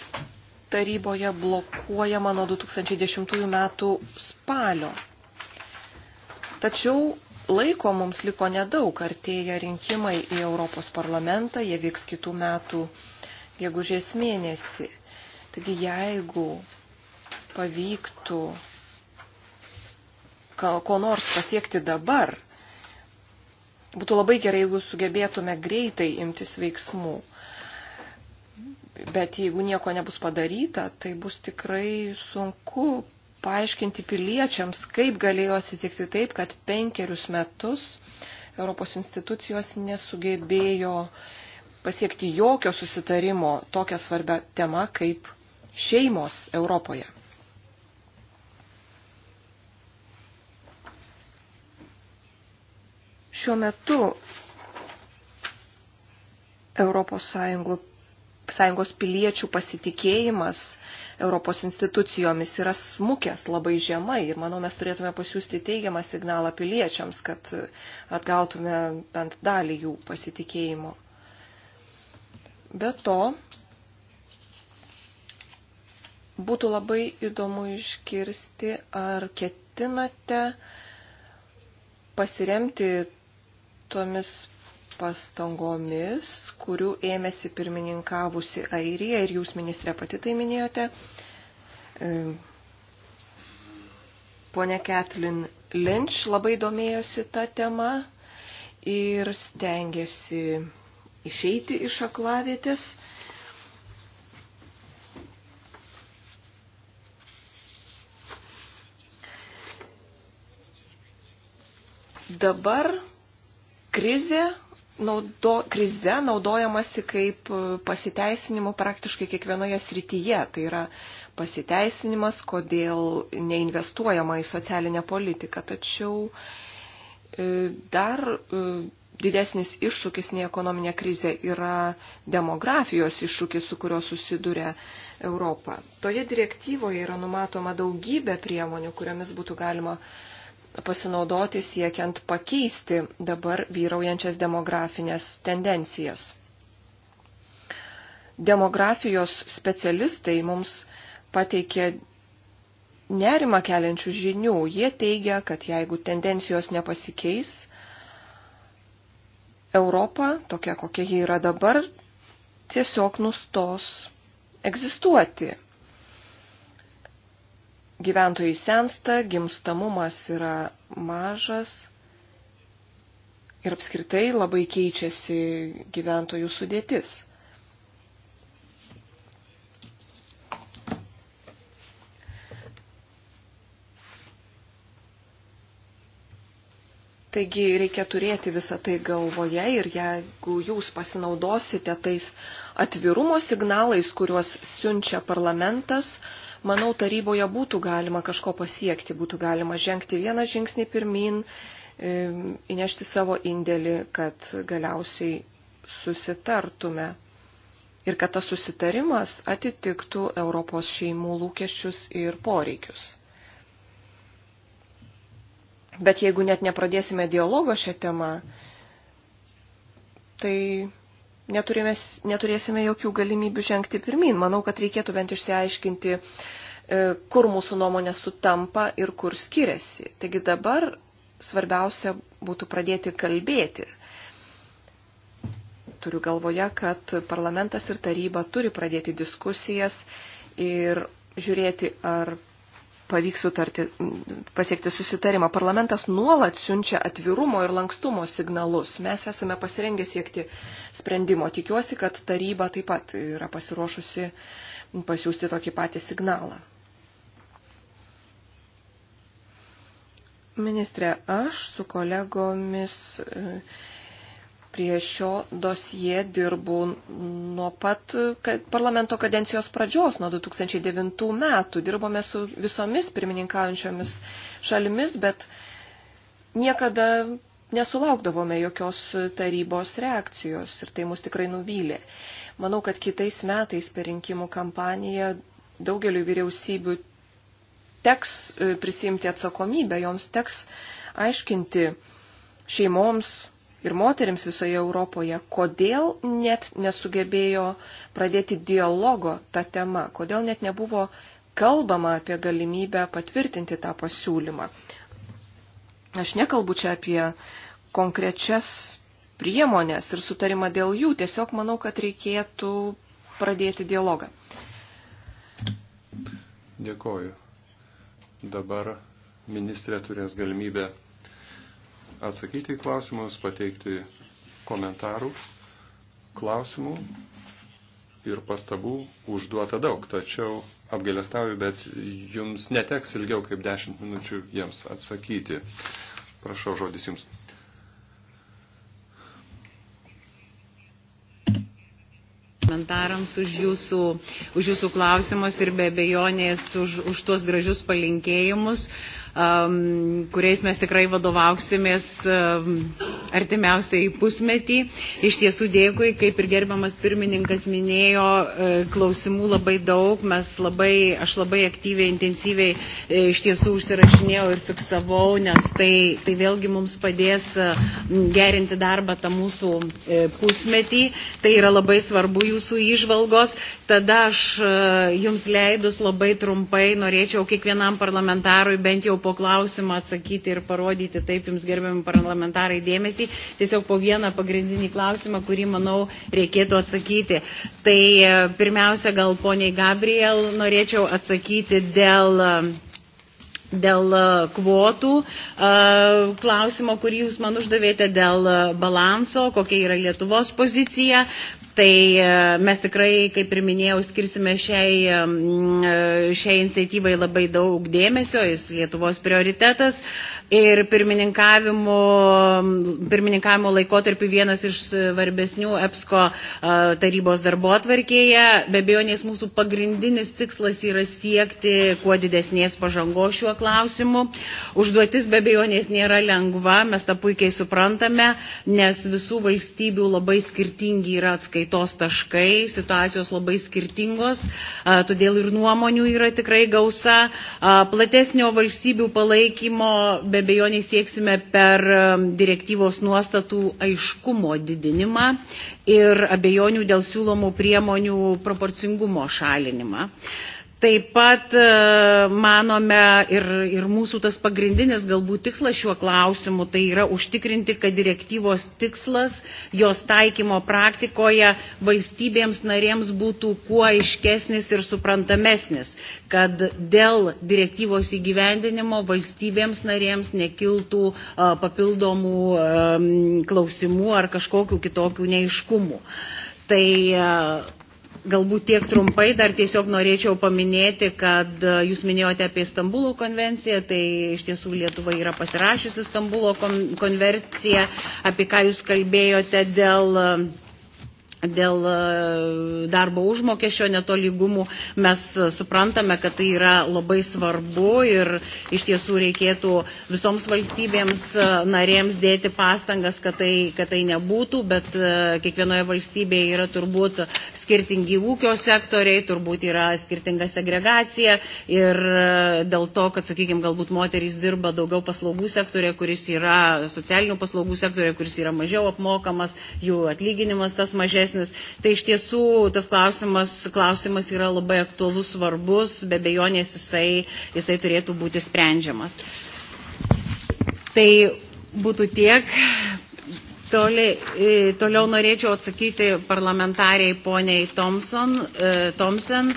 taryboje blokuojama nuo 2010 metų spalio. Tačiau Laiko mums liko nedaug, artėja rinkimai į Europos parlamentą, jie vyks kitų metų gegužės mėnesį. Taigi jeigu pavyktų ko nors pasiekti dabar, būtų labai gerai, jeigu sugebėtume greitai imtis veiksmų. Bet jeigu nieko nebus padaryta, tai bus tikrai sunku paaiškinti piliečiams, kaip galėjo atsitikti taip, kad penkerius metus Europos institucijos nesugebėjo pasiekti jokio susitarimo tokią svarbę temą kaip šeimos Europoje. Šiuo metu Europos Sąjungo sąjungos piliečių pasitikėjimas Europos institucijomis yra smukęs labai žemai ir manau mes turėtume pasiūsti teigiamą signalą piliečiams, kad atgautume bent dalį jų pasitikėjimo. Be to, būtų labai įdomu iškirsti, ar ketinate pasiremti tomis pastangomis, kurių ėmėsi pirmininkavusi Airija ir jūs, ministrė, pati tai minėjote. E, Pone Ketlin Lynch labai domėjosi tą temą ir stengiasi išeiti iš aklavietės. Dabar krizė naudo, krize naudojamasi kaip e, pasiteisinimu praktiškai kiekvienoje srityje. Tai yra pasiteisinimas, kodėl neinvestuojama į socialinę politiką. Tačiau e, dar e, didesnis iššūkis nei ekonominė krizė yra demografijos iššūkis, su kurio susiduria Europa. Toje direktyvoje yra numatoma daugybė priemonių, kuriomis būtų galima uh, pasinaudoti siekiant pakeisti dabar vyraujančias demografinės tendencijas. Demografijos specialistai mums pateikė nerima keliančių žinių. Jie teigia, kad jeigu tendencijos nepasikeis, Europa, tokia kokia ji yra dabar, tiesiog nustos egzistuoti gyventojai sensta, gimstamumas yra mažas ir apskritai labai keičiasi gyventojų sudėtis. Taigi reikia turėti visą tai galvoje ir jeigu jūs pasinaudosite tais atvirumo signalais, kuriuos siunčia parlamentas, uh, manau, taryboje būtų galima kažko pasiekti, būtų galima žengti vieną žingsnį pirmin, e, įnešti savo indėlį, kad galiausiai susitartume ir kad tas susitarimas atitiktų Europos šeimų lūkesčius ir poreikius. Bet jeigu net nepradėsime dialogo šią temą, tai neturėme, neturėsime jokių galimybių žengti pirmin. Manau, kad reikėtų bent išsiaiškinti, e, kur mūsų nuomonė sutampa ir kur skiriasi. Taigi dabar svarbiausia būtų pradėti kalbėti. Turiu galvoje, kad parlamentas ir taryba turi pradėti diskusijas ir žiūrėti, ar pavyks sutarti, pasiekti susitarimą. Parlamentas nuolat siunčia atvirumo ir lankstumo signalus. Mes esame pasirengę siekti sprendimo. Tikiuosi, kad taryba taip pat yra pasiruošusi pasiūsti tokį patį signalą. Ministrė, aš su kolegomis. E, Prie šio dosie dirbu nuo pat parlamento kadencijos pradžios, nuo 2009 metų. Dirbome su visomis pirmininkaujančiomis šalimis, bet niekada nesulaukdavome jokios tarybos reakcijos ir tai mus tikrai nuvylė. Manau, kad kitais metais per rinkimų kampaniją daugeliu vyriausybių teks e, prisimti atsakomybę, joms teks aiškinti šeimoms, ir moteriams visoje Europoje, kodėl net nesugebėjo pradėti dialogo tą temą, kodėl net nebuvo kalbama apie galimybę patvirtinti tą pasiūlymą. Aš nekalbu čia apie konkrečias priemonės ir sutarimą dėl jų, tiesiog manau, kad reikėtų pradėti dialogą. Dėkoju. Dabar ministrė turės galimybę atsakyti į klausimus, pateikti komentarų, klausimų ir pastabų užduota daug, tačiau apgailestauju, bet jums neteks ilgiau kaip 10 minučių jiems atsakyti. Prašau žodis jums. komentarams, už jūsų, už jūsų klausimus ir be abejonės už, už tuos gražius palinkėjimus. Uh, Um, kuriais mes tikrai vadovauksimės um, artimiausiai pusmetį. Iš tiesų dėkui, kaip ir gerbiamas pirmininkas minėjo, e, klausimų labai daug, mes labai, aš labai aktyviai, intensyviai e, iš tiesų užsirašinėjau ir fiksavau, nes tai, tai vėlgi mums padės e, gerinti darbą tą mūsų pusmetį. Tai yra labai svarbu jūsų išvalgos. Tada aš jums leidus labai trumpai norėčiau kiekvienam parlamentarui bent jau po klausimą atsakyti ir parodyti taip jums gerbiami parlamentarai dėmesį, tiesiog po vieną pagrindinį klausimą, kurį, manau, reikėtų atsakyti. Tai e, pirmiausia, gal poniai Gabriel norėčiau atsakyti dėl e, dėl e, kvotų, klausimo, kurį jūs man uždavėte dėl balanso, kokia yra Lietuvos pozicija. Tai e, mes tikrai, kaip ir minėjau, skirsime šiai, e, šiai iniciatyvai labai daug dėmesio, jis Lietuvos prioritetas. Ir pirmininkavimo, pirmininkavimo laikotarpiu vienas iš svarbesnių EPSCO e, tarybos darbo atvarkėje. Be abejonės mūsų pagrindinis tikslas yra siekti kuo didesnės pažangos šiuo klausimu. Užduotis be abejonės nėra lengva, mes tą puikiai suprantame, nes visų valstybių labai skirtingi yra atskaitai kaitos taškai, situacijos labai skirtingos, todėl ir nuomonių yra tikrai gausa. Platesnio valstybių palaikymo be bejonės sieksime per direktyvos nuostatų aiškumo didinimą ir abejonių dėl siūlomų priemonių proporcingumo šalinimą. Taip pat e, manome ir, ir mūsų tas pagrindinis galbūt tikslas šiuo klausimu, tai yra užtikrinti, kad direktyvos tikslas jos taikymo praktikoje valstybėms narėms būtų kuo aiškesnis ir suprantamesnis, kad dėl direktyvos įgyvendinimo valstybėms narėms nekiltų e, papildomų e, klausimų ar kažkokių kitokių neiškumų. Tai Galbūt tiek trumpai, dar tiesiog norėčiau paminėti, kad e, jūs minėjote apie Stambulo konvenciją, tai iš tiesų Lietuva yra pasirašiusi Stambulo konvenciją, apie ką jūs kalbėjote dėl dėl e, darbo užmokesčio netolygumų. Mes e, suprantame, kad tai yra labai svarbu ir iš tiesų reikėtų visoms valstybėms e, narėms dėti pastangas, kad tai, kad tai nebūtų, bet kiekvienoje valstybėje yra turbūt skirtingi ūkio sektoriai, turbūt yra skirtinga segregacija ir dėl to, kad, sakykime, galbūt moterys dirba daugiau paslaugų sektorė, kuris yra socialinių paslaugų sektorė, kuris yra mažiau apmokamas, jų atlyginimas tas mažesnis didesnis. Tai iš tiesų tas klausimas, klausimas yra labai aktuolus, svarbus, be bejonės jisai, jisai turėtų būti sprendžiamas. Tai būtų tiek, Toli, e, toliau norėčiau atsakyti parlamentariai poniai Thompson. E, Thompson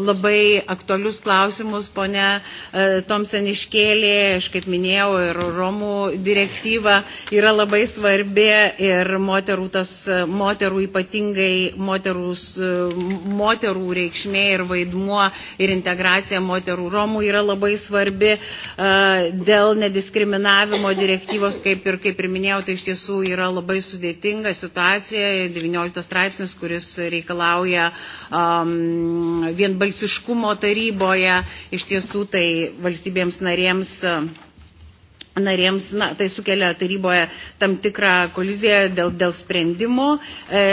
labai aktualius klausimus ponia e, Thompson iškėlė, aš kaip minėjau, ir Romų direktyva yra labai svarbi ir moterų, tas, moterų ypatingai moterus, moterų reikšmė ir vaidmuo ir integracija moterų Romų yra labai svarbi dėl nediskriminavimo direktyvos, kaip ir, kaip ir minėjau, tai iš tiesų yra labai sudėtinga situacija, 19 straipsnis, kuris reikalauja um, vienbalsiškumo taryboje, iš tiesų tai valstybėms narėms. Uh, narėms, na, tai sukelia taryboje tam tikrą koliziją dėl, dėl sprendimo. E,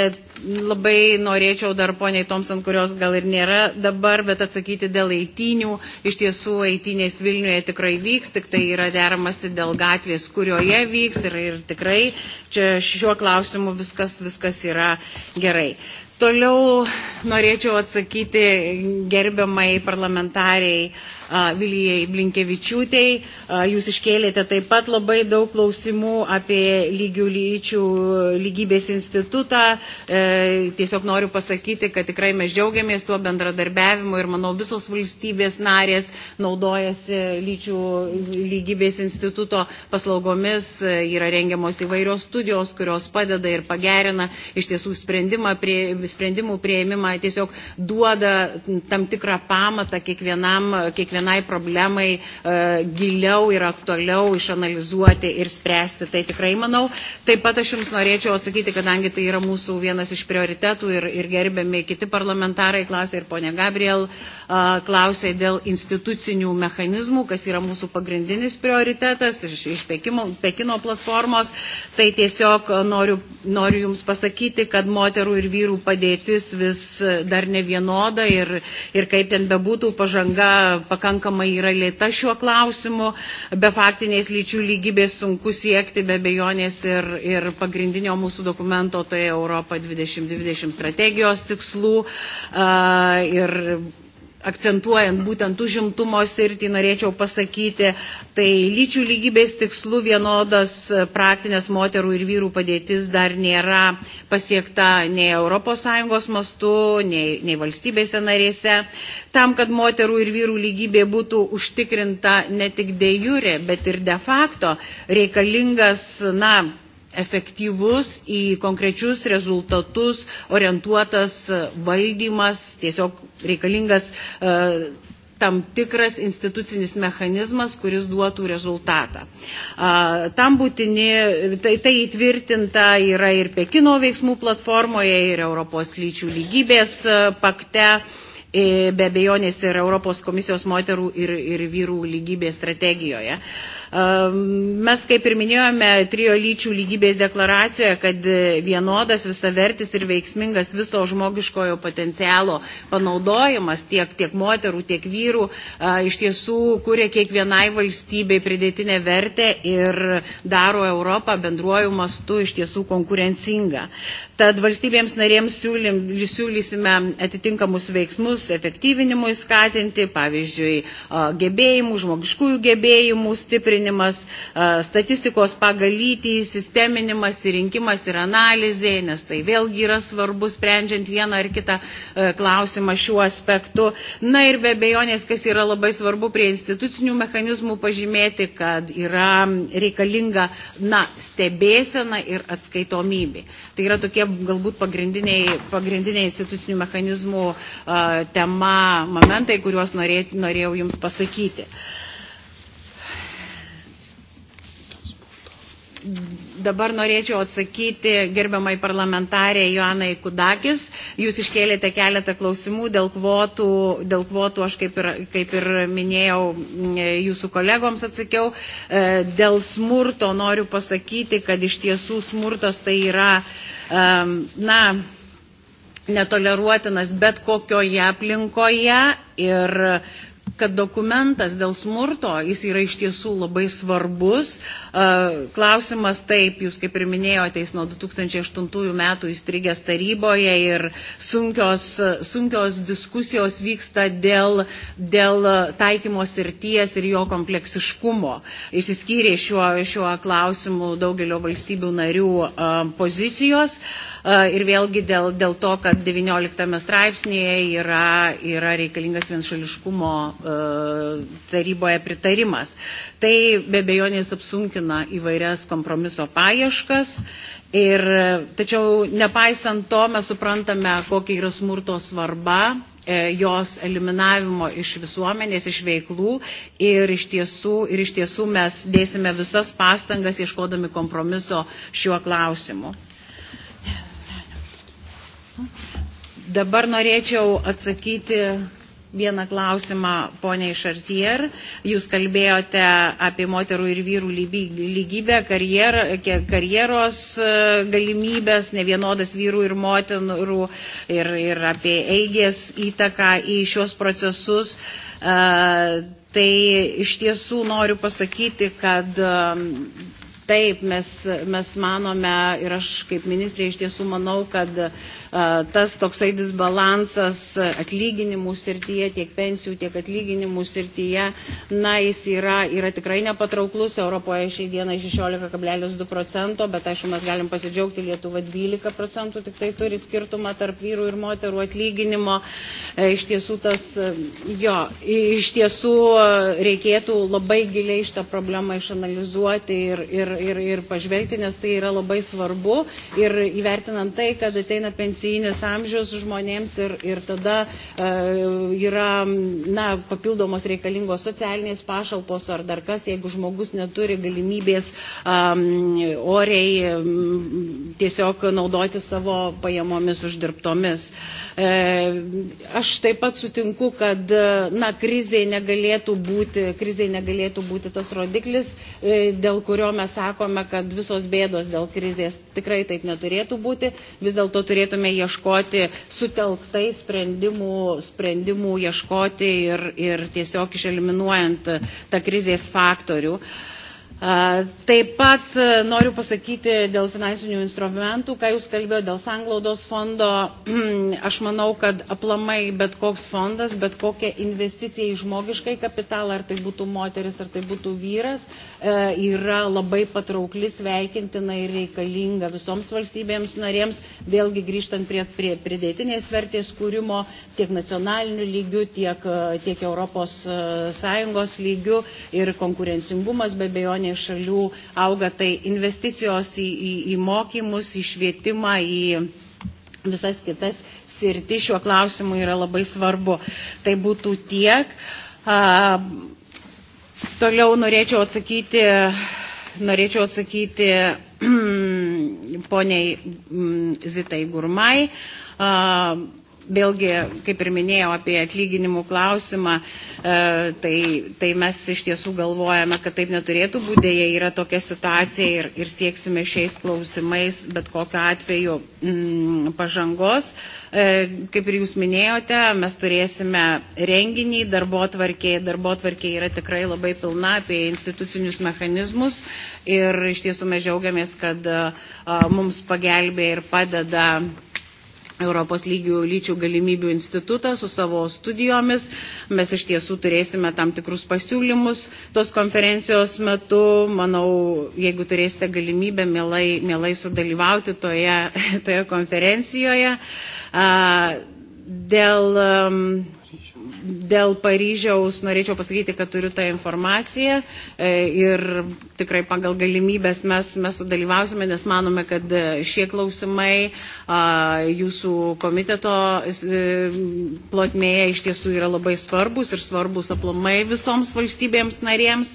labai norėčiau dar poniai Tomson, kurios gal ir nėra dabar, bet atsakyti dėl eitinių. Iš tiesų, eitinės Vilniuje tikrai vyks, tik tai yra deramasi dėl gatvės, kurioje vyks ir, ir tikrai čia šiuo klausimu viskas, viskas yra gerai. Toliau norėčiau atsakyti gerbiamai parlamentariai Vilijai Blinkevičiūtei. Jūs iškėlėte taip pat labai daug klausimų apie lygių lyčių lygybės institutą. E, tiesiog noriu pasakyti, kad tikrai mes džiaugiamės tuo bendradarbiavimu ir manau visos valstybės narės naudojasi lyčių lygybės instituto paslaugomis. E, yra rengiamos įvairios studijos, kurios padeda ir pagerina iš tiesų prie, sprendimų prieimimą, tiesiog duoda tam tikrą pamatą kiekvienam, kiekvienam kiekvienai problemai e, giliau ir aktualiau išanalizuoti ir spręsti. Tai tikrai manau. Taip pat aš Jums norėčiau atsakyti, kadangi tai yra mūsų vienas iš prioritetų ir, ir gerbiami kiti parlamentarai klausė ir ponė Gabriel klausė dėl institucinių mechanizmų, kas yra mūsų pagrindinis prioritetas iš, iš Pekimo, Pekino platformos. Tai tiesiog noriu, noriu Jums pasakyti, kad moterų ir vyrų padėtis vis dar ne vienoda ir, ir kaip ten bebūtų pažanga pakankamai pakankamai yra lėta šiuo klausimu, be faktinės lyčių lygybės sunku siekti be bejonės ir, ir pagrindinio mūsų dokumento, tai Europa 2020 strategijos tikslų. Ir akcentuojant būtent užimtumo sirtį, norėčiau pasakyti, tai lyčių lygybės tikslų vienodas e, praktinės moterų ir vyrų padėtis dar nėra pasiekta nei ES mastu, nei, nei valstybėse narėse. Tam, kad moterų ir vyrų lygybė būtų užtikrinta ne tik de jure, bet ir de facto, reikalingas, na, efektyvus į konkrečius rezultatus orientuotas e, valdymas, tiesiog reikalingas e, tam tikras institucinis mechanizmas, kuris duotų rezultatą. Tam būtini, tai, tai įtvirtinta yra ir Pekino veiksmų platformoje, ir Europos lyčių lygybės e, pakte be abejonės ir Europos komisijos moterų ir, ir vyrų lygybės strategijoje. Ehm, mes, kaip ir minėjome, trijo lyčių lygybės deklaracijoje, kad e, vienodas visavertis ir veiksmingas viso žmogiškojo potencialo panaudojimas tiek, tiek moterų, tiek vyrų e, iš tiesų kūrė kiekvienai valstybei pridėtinę vertę ir daro Europą bendruoju mastu iš tiesų konkurencingą. Tad valstybėms narėms siūlym, siūlysime atitinkamus veiksmus efektyvinimui skatinti, pavyzdžiui, e, gebėjimų, žmogiškųjų gebėjimų stiprinti stiprinimas, statistikos pagalytį, sisteminimas, įrinkimas ir analizė, nes tai vėlgi yra svarbu sprendžiant vieną ar kitą klausimą šiuo aspektu. Na ir be bejonės, kas yra labai svarbu prie institucinių mechanizmų pažymėti, kad yra reikalinga na, stebėsena ir atskaitomybė. Tai yra tokie galbūt pagrindiniai, pagrindiniai institucinių mechanizmų tema, momentai, kuriuos norėt, norėjau Jums pasakyti. Uh, Dabar norėčiau atsakyti gerbiamai parlamentarė Joanai Kudakis. Jūs iškėlėte keletą klausimų dėl kvotų, dėl kvotų aš kaip ir, kaip ir minėjau, jūsų kolegoms atsakiau. E, dėl smurto noriu pasakyti, kad iš tiesų smurtas tai yra, na, netoleruotinas bet kokioje aplinkoje ir kad dokumentas dėl smurto, jis yra iš tiesų labai svarbus. E, klausimas taip, jūs kaip ir minėjote, jis nuo 2008 metų įstrigęs taryboje ir sunkios, sunkios diskusijos vyksta dėl, dėl taikymo sirties ir jo kompleksiškumo. Išsiskyrė šiuo, šiuo klausimu daugelio valstybių narių e, pozicijos e, ir vėlgi dėl, dėl to, kad 19 straipsnėje yra, yra reikalingas vienšališkumo E, taryboje pritarimas. Tai be bejonės apsunkina įvairias kompromiso paieškas. Ir, tačiau nepaisant to mes suprantame, kokia yra smurto svarba e, jos eliminavimo iš visuomenės, iš veiklų ir iš tiesų, ir iš tiesų mes dėsime visas pastangas ieškodami kompromiso šiuo klausimu. Dabar norėčiau atsakyti vieną klausimą, ponia Išartier. Jūs kalbėjote apie moterų ir vyrų lygybę, karjer, karjeros e, galimybės, nevienodas vyrų ir moterų ir, ir apie eigės įtaką į šios procesus. E, tai iš tiesų noriu pasakyti, kad e, Taip, mes, mes manome ir aš kaip ministrė iš tiesų manau, kad uh, tas toksai disbalansas atlyginimų srityje, tiek pensijų, tiek atlyginimų srityje, na, jis yra, yra tikrai nepatrauklus, Europoje šiai dienai 16,2 procento, bet aišku, mes galim pasidžiaugti, Lietuva 12 procentų tik tai turi skirtumą tarp vyrų ir moterų atlyginimo. E, iš tiesų, tas, jo, iš tiesų reikėtų labai giliai šitą problemą išanalizuoti ir, ir, ir, ir pažvelgti, nes tai yra labai svarbu ir įvertinant tai, kad ateina pensijų pensijinis amžius žmonėms ir, ir tada e, yra na, papildomos reikalingos socialinės pašalpos ar dar kas, jeigu žmogus neturi galimybės um, oriai um, tiesiog naudoti savo pajamomis uždirbtomis. E, aš taip pat sutinku, kad na, krizė negalėtų būti, krizė negalėtų būti tas rodiklis, e, dėl kurio mes sakome, kad visos bėdos dėl krizės tikrai taip neturėtų būti. Vis dėlto turėtume turime ieškoti sutelktai sprendimų, sprendimų ieškoti ir, ir tiesiog išeliminuojant tą krizės faktorių. Taip pat e, noriu pasakyti dėl finansinių instrumentų, ką jūs kalbėjote dėl sanglaudos fondo. Aš manau, kad aplamai bet koks fondas, bet kokia investicija į žmogiškai kapitalą, ar tai būtų moteris, ar tai būtų vyras, E, yra labai patraukli, sveikintina ir reikalinga visoms valstybėms narėms, vėlgi grįžtant prie, prie pridėtinės vertės kūrimo tiek nacionaliniu lygiu, tiek, e, tiek Europos e, Sąjungos lygiu ir konkurencingumas be bejonė šalių auga, tai investicijos į, į, į mokymus, į švietimą, į visas kitas sirti šiuo klausimu yra labai svarbu. Tai būtų tiek. Uh, Toliau norėčiau atsakyti, norėčiau atsakyti poniai mm, Zitai Gurmai vėlgi, kaip ir minėjau, apie atlyginimų klausimą, e, tai, tai mes iš tiesų galvojame, kad taip neturėtų būti, dėja yra tokia situacija ir, ir sieksime šiais klausimais bet kokiu atveju m, mm, pažangos. E, kaip ir jūs minėjote, mes turėsime renginį darbo tvarkėje. Darbo tvarkėje yra tikrai labai pilna apie institucinius mechanizmus ir iš tiesų mes džiaugiamės, kad e, mums pagelbė ir padeda Europos lygių lyčių galimybių institutą su savo studijomis. Mes iš tiesų turėsime tam tikrus pasiūlymus tos konferencijos metu. Manau, jeigu turėsite galimybę, mielai, mielai sudalyvauti toje, toje konferencijoje. Dėl dėl Paryžiaus norėčiau pasakyti, kad turiu tą informaciją e, ir tikrai pagal galimybės mes, mes sudalyvausime, nes manome, kad e, šie klausimai jūsų komiteto e, plotmėje iš tiesų yra labai svarbus ir svarbus aplamai visoms valstybėms narėms.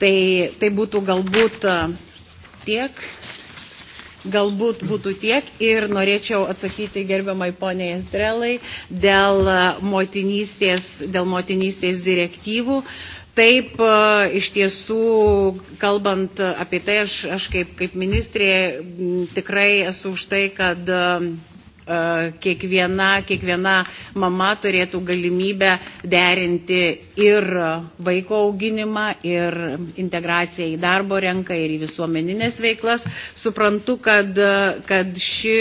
Tai, tai būtų galbūt tiek galbūt būtų tiek. Ir norėčiau atsakyti gerbiamai poniai Estrelai dėl e, motinystės, dėl motinystės direktyvų. Taip, e, iš tiesų, kalbant apie tai, aš, aš kaip, kaip ministrė tikrai esu už tai, kad e, E, kiekviena, kiekviena mama turėtų galimybę derinti ir vaiko auginimą, ir integraciją į darbo renką, ir į visuomeninės veiklas. Suprantu, kad, kad ši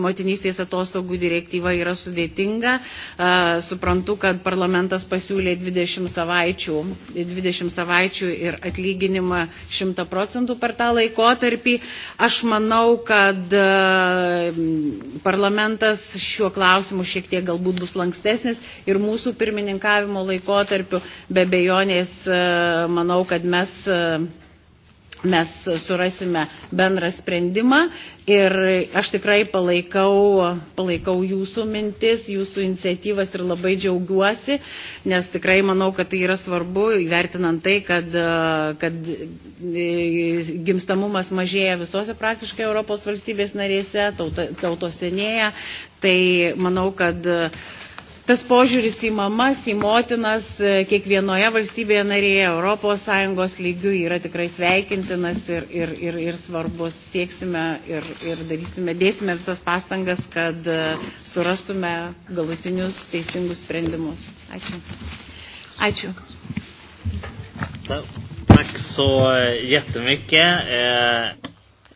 motinystės atostogų direktyva yra sudėtinga. E, suprantu, kad parlamentas pasiūlė 20 savaičių, 20 savaičių ir atlyginimą 100 procentų per tą laikotarpį. Aš manau, kad e, parlamentas parlamentas šiuo klausimu šiek tiek galbūt bus lankstesnis ir mūsų pirmininkavimo laikotarpiu be bejonės e, manau, kad mes e, mes surasime bendrą sprendimą ir aš tikrai palaikau, palaikau jūsų mintis, jūsų iniciatyvas ir labai džiaugiuosi, nes tikrai manau, kad tai yra svarbu, įvertinant tai, kad, kad e, gimstamumas mažėja visose praktiškai Europos valstybės narėse, tautos senėja, tai manau, kad uh, tas požiūris į mamas, į motinas e, kiekvienoje valstybėje narėje ES lygių yra tikrai sveikintinas ir, ir, ir, ir svarbus. Sieksime ir, ir darysime, dėsime visas pastangas, kad e, surastume galutinius teisingus sprendimus. Ačiū. Ačiū. Tack så jättemycket.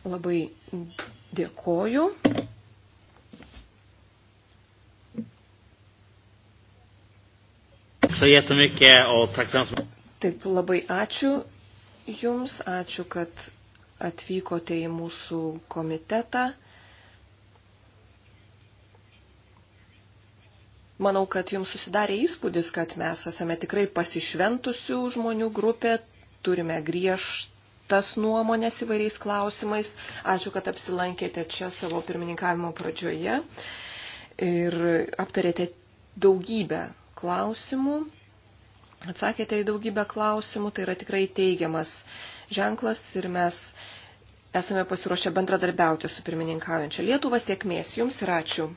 Labai dėkoju. Taip, labai ačiū Jums, ačiū, kad atvykote į mūsų komitetą. Manau, kad jums susidarė įspūdis, kad mes esame tikrai pasišventusių žmonių grupė, turime griežtas nuomonės įvairiais klausimais. Ačiū, kad apsilankėte čia savo pirmininkavimo pradžioje ir aptarėte daugybę klausimų, atsakėte į daugybę klausimų, tai yra tikrai teigiamas ženklas ir mes esame pasiruošę bendradarbiauti su pirmininkaujančia Lietuva. Sėkmės jums ir ačiū.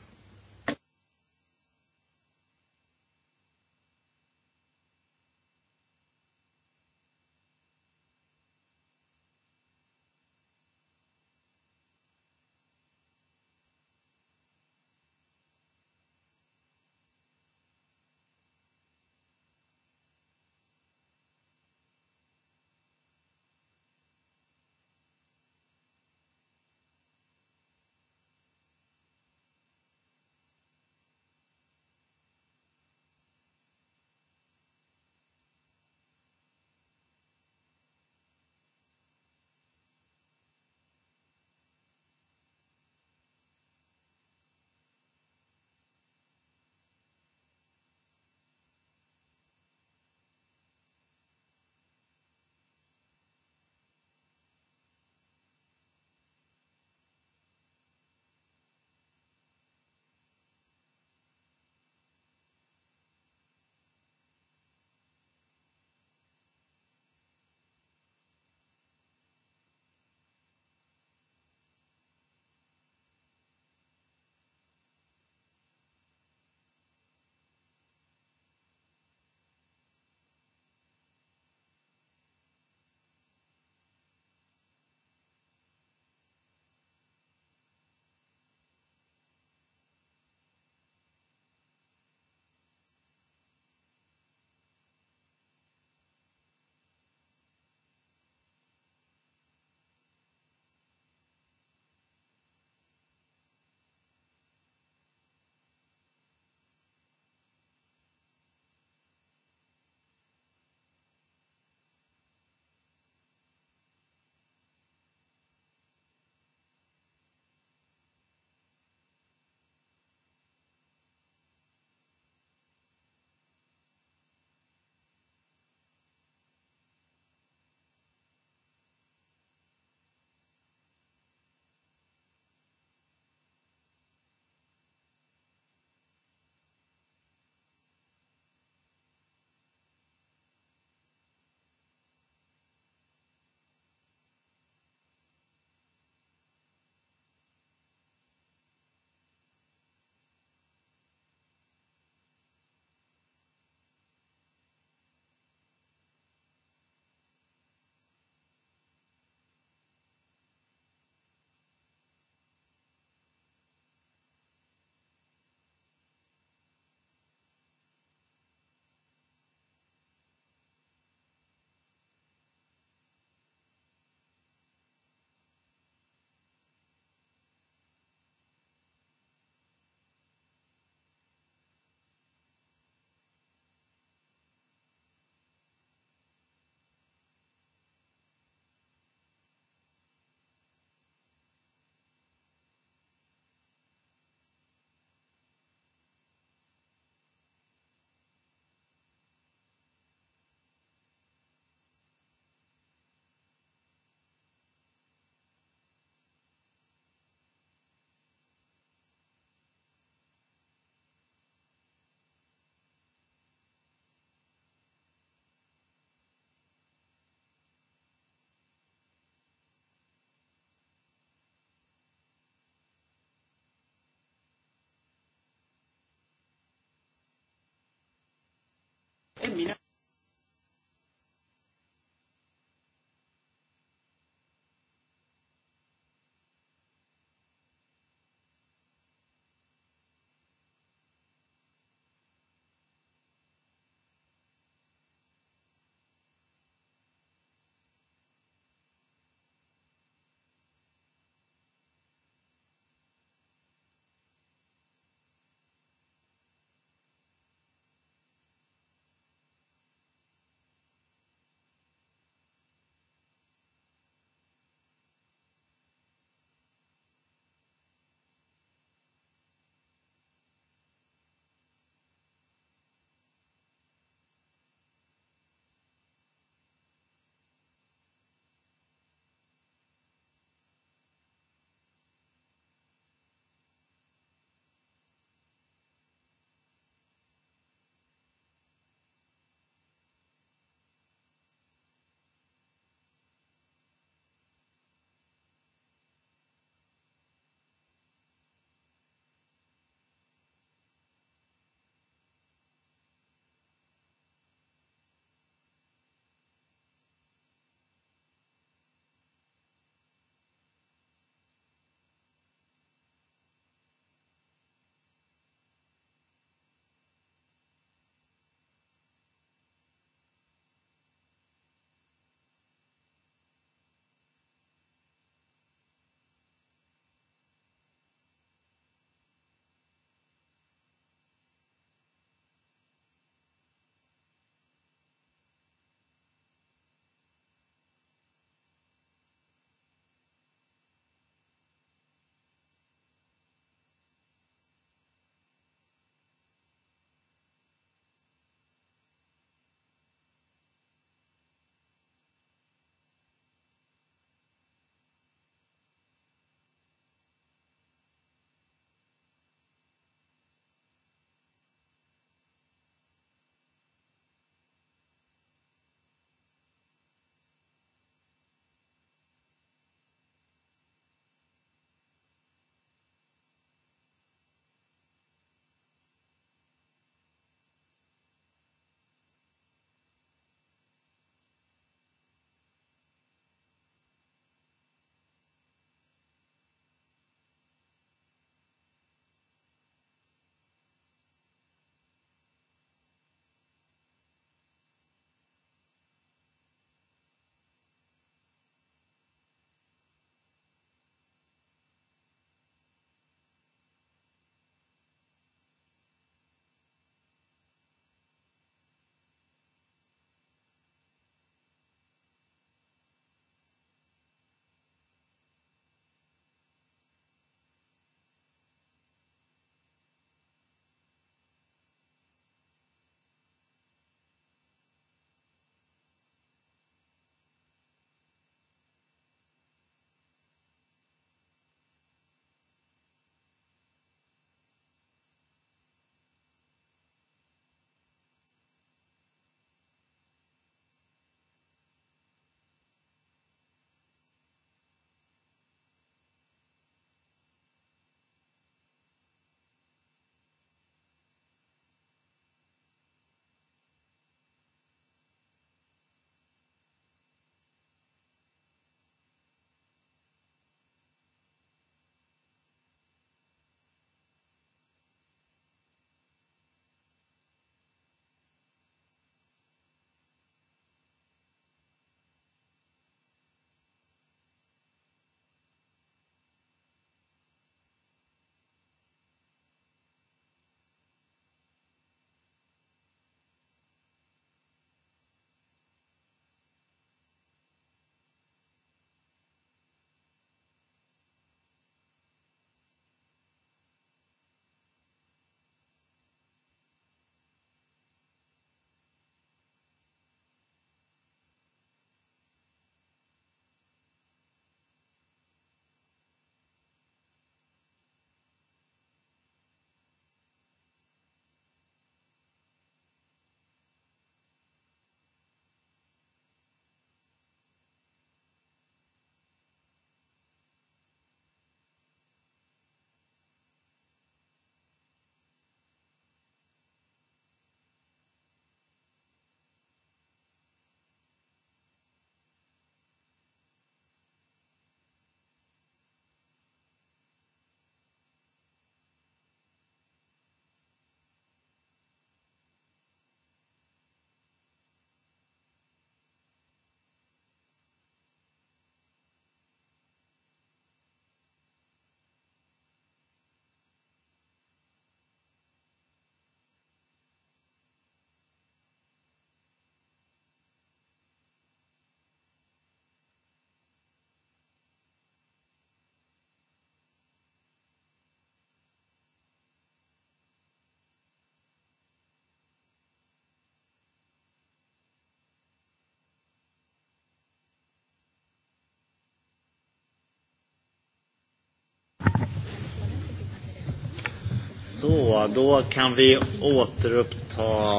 Så, då kan vi återuppta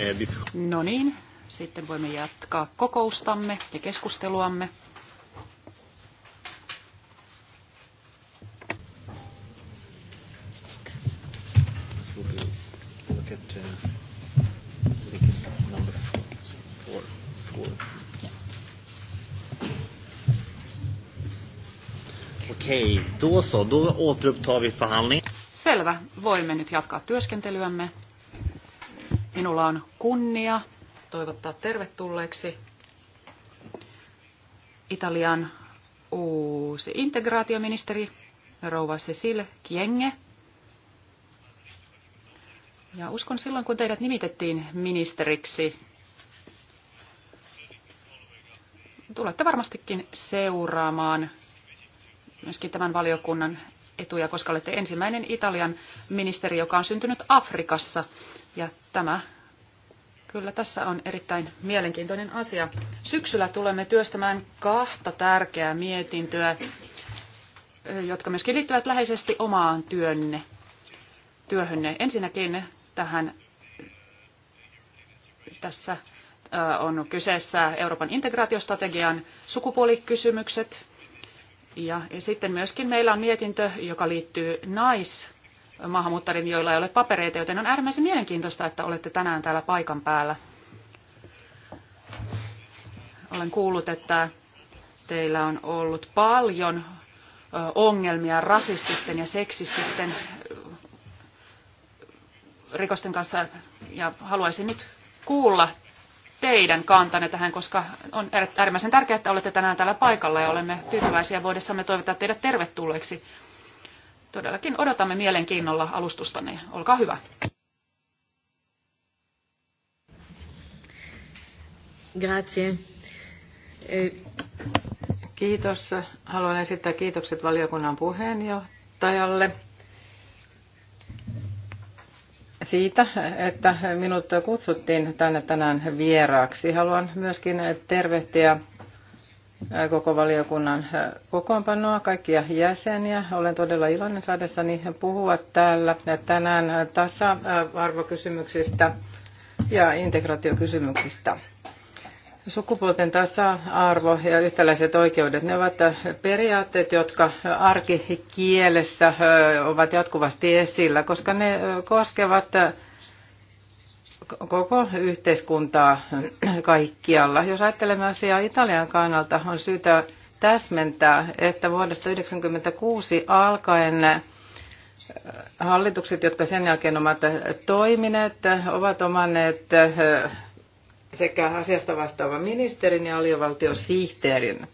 eh, diskussionen. No niin, sitten voimme jatkaa kokoustamme ja keskusteluamme. Uh, Okej, då så. Då återupptar vi förhandlingen. Selvä, voimme nyt jatkaa työskentelyämme. Minulla on kunnia toivottaa tervetulleeksi Italian uusi integraatioministeri rouva Cecile Kienge. Ja uskon silloin, kun teidät nimitettiin ministeriksi, tulette varmastikin seuraamaan myöskin tämän valiokunnan etuja, koska olette ensimmäinen Italian ministeri, joka on syntynyt Afrikassa. Ja tämä kyllä tässä on erittäin mielenkiintoinen asia. Syksyllä tulemme työstämään kahta tärkeää mietintöä, jotka myöskin liittyvät läheisesti omaan työnne, työhönne. Ensinnäkin tähän tässä on kyseessä Euroopan integraatiostrategian sukupuolikysymykset, Ja, ja sitten myöskin meillä on mietintö, joka liittyy nais maahanmuuttajien, joilla ei ole papereita, joten on äärimmäisen mielenkiintoista, että olette tänään täällä paikan päällä. Olen kuullut, että teillä on ollut paljon ongelmia rasististen ja seksististen rikosten kanssa ja haluaisin nyt kuulla teidän kantanne tähän, koska on äärimmäisen tärkeää, että olette tänään täällä paikalla ja olemme tyytyväisiä voidessamme toivottaa teidät tervetulleeksi. Todellakin odotamme mielenkiinnolla alustustanne. Olkaa hyvä. Grazie. Eh, Kiitos. Haluan esittää kiitokset valiokunnan puheenjohtajalle siitä, että minut kutsuttiin tänne tänään vieraaksi. Haluan myöskin tervehtiä koko valiokunnan kokoonpanoa, kaikkia jäseniä. Olen todella iloinen saadessani puhua täällä tänään tasa-arvokysymyksistä ja integraatiokysymyksistä. Sukupuolten tasa-arvo ja yhtäläiset oikeudet, ne ovat periaatteet, jotka arkikielessä ovat jatkuvasti esillä, koska ne koskevat koko yhteiskuntaa kaikkialla. Jos ajattelemme asiaa Italian kannalta, on syytä täsmentää, että vuodesta 1996 alkaen hallitukset, jotka sen jälkeen ovat toimineet, ovat omanneet sekä asiasta vastaava ministerin ja aliovaltion sihteerin.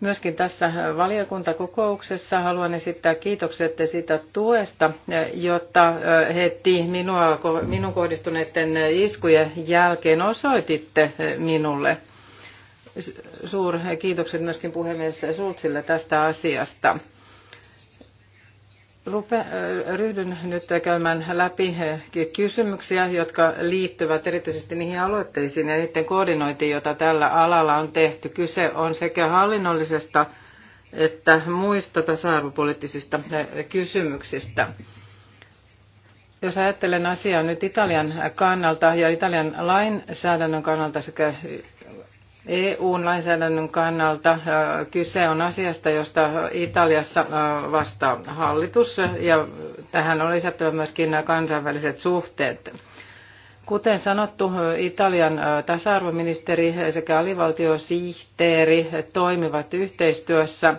Myöskin tässä valiokuntakokouksessa haluan esittää kiitokset siitä tuesta, jotta heti minua, minun kohdistuneiden iskujen jälkeen osoititte minulle. Suur kiitokset myöskin puhemies Sultsille tästä asiasta. Rupe, äh, ryhdyn nyt käymään läpi äh, kysymyksiä, jotka liittyvät erityisesti niihin aloitteisiin ja niiden koordinointiin, jota tällä alalla on tehty. Kyse on sekä hallinnollisesta että muista tasa-arvopoliittisista äh, kysymyksistä. Jos ajattelen asiaa nyt Italian kannalta ja Italian lainsäädännön kannalta sekä EU-lainsäädännön kannalta äh, kyse on asiasta, josta Italiassa äh, vastaa hallitus ja tähän on lisättävä myöskin nämä kansainväliset suhteet. Kuten sanottu, Italian äh, tasa-arvoministeri sekä alivaltiosihteeri toimivat yhteistyössä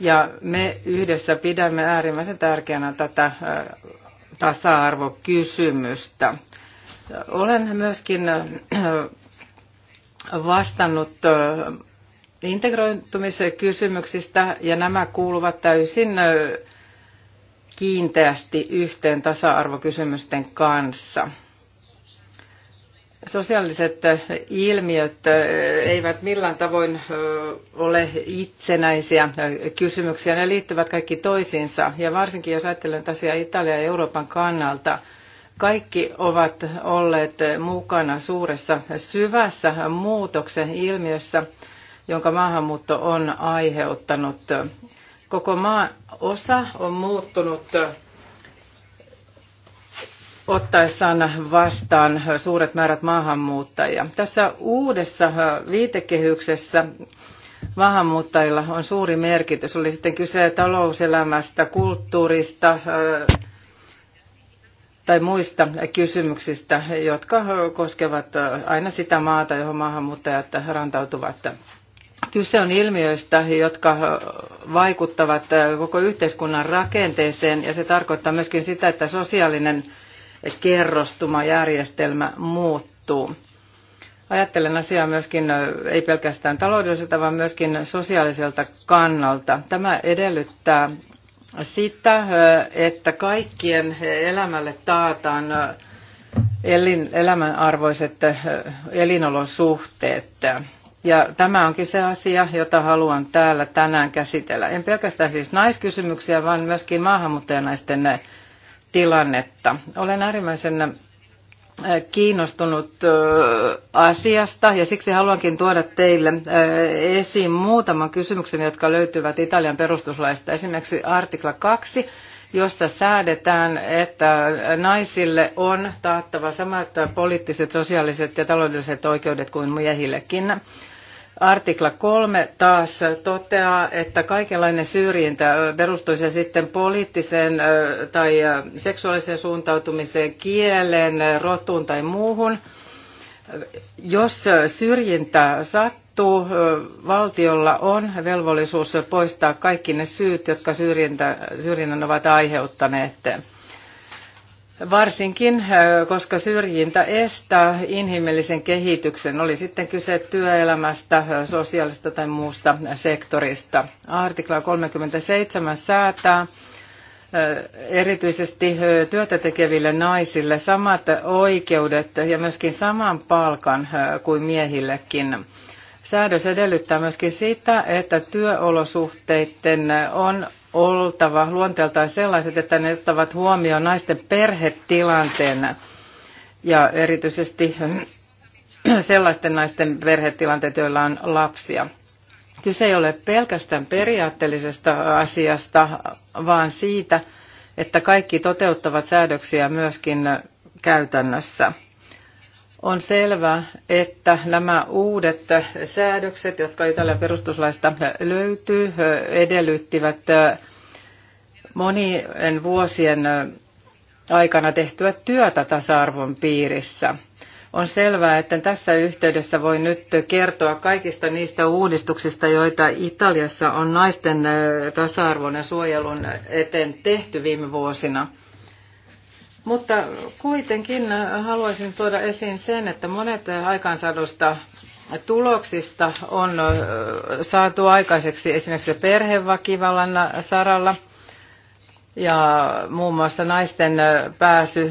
ja me yhdessä pidämme äärimmäisen tärkeänä tätä tasa-arvokysymystä. Olen myöskin vastannut integroitumiskysymyksistä ja nämä kuuluvat täysin kiinteästi yhteen tasa-arvokysymysten kanssa. Sosiaaliset ilmiöt eivät millään tavoin ole itsenäisiä kysymyksiä. Ne liittyvät kaikki toisiinsa ja varsinkin jos ajattelen asiaa Italian ja Euroopan kannalta – Kaikki ovat olleet mukana suuressa syvässä muutoksen ilmiössä, jonka maahanmuutto on aiheuttanut. Koko maan osa on muuttunut ottaessaan vastaan suuret määrät maahanmuuttajia. Tässä uudessa viitekehyksessä maahanmuuttajilla on suuri merkitys. Oli sitten kyse talouselämästä, kulttuurista, tai muista kysymyksistä, jotka koskevat aina sitä maata, johon maahanmuuttajat rantautuvat. Kyse on ilmiöistä, jotka vaikuttavat koko yhteiskunnan rakenteeseen ja se tarkoittaa myöskin sitä, että sosiaalinen kerrostuma järjestelmä muuttuu. Ajattelen asiaa myöskin ei pelkästään taloudelliselta, vaan myöskin sosiaaliselta kannalta. Tämä edellyttää siitä, eh, että kaikkien elämälle taataan eh, elin, elämänarvoiset eh, elinolosuhteet. Ja tämä onkin se asia, jota haluan täällä tänään käsitellä. En pelkästään siis naiskysymyksiä, vaan myöskin maahanmuuttajanaisten tilannetta. Olen äärimmäisen kiinnostunut asiasta ja siksi haluankin tuoda teille esiin muutaman kysymyksen, jotka löytyvät Italian perustuslaista. Esimerkiksi artikla 2, jossa säädetään, että naisille on taattava samat poliittiset, sosiaaliset ja taloudelliset oikeudet kuin miehillekin. Artikla 3 taas toteaa, että kaikenlainen syrjintä perustuisi sitten poliittiseen tai seksuaaliseen suuntautumiseen, kieleen, rotuun tai muuhun. Jos syrjintä sattuu, valtiolla on velvollisuus poistaa kaikki ne syyt, jotka syrjintä, syrjinnän ovat aiheuttaneet. Varsinkin, koska syrjintä estää inhimillisen kehityksen, oli sitten kyse työelämästä, sosiaalista tai muusta sektorista. Artikla 37 säätää erityisesti työtä tekeville naisille samat oikeudet ja myöskin saman palkan kuin miehillekin. Säädös edellyttää myöskin sitä, että työolosuhteiden on oltava luonteeltaan sellaiset, että ne ottavat huomioon naisten perhetilanteena ja erityisesti sellaisten naisten perhetilanteet, joilla on lapsia. Kyse ei ole pelkästään periaatteellisesta asiasta, vaan siitä, että kaikki toteuttavat säädöksiä myöskin käytännössä. On selvää, että nämä uudet säädökset, jotka Italian perustuslaista löytyy, edellyttivät monien vuosien aikana tehtyä työtä tasa-arvon piirissä. On selvää, että tässä yhteydessä voi nyt kertoa kaikista niistä uudistuksista, joita Italiassa on naisten tasa-arvon ja suojelun eteen tehty viime vuosina – Mutta kuitenkin haluaisin tuoda esiin sen, että monet aikaansaadusta tuloksista on saatu aikaiseksi esimerkiksi perheväkivallan saralla ja muun muassa naisten pääsy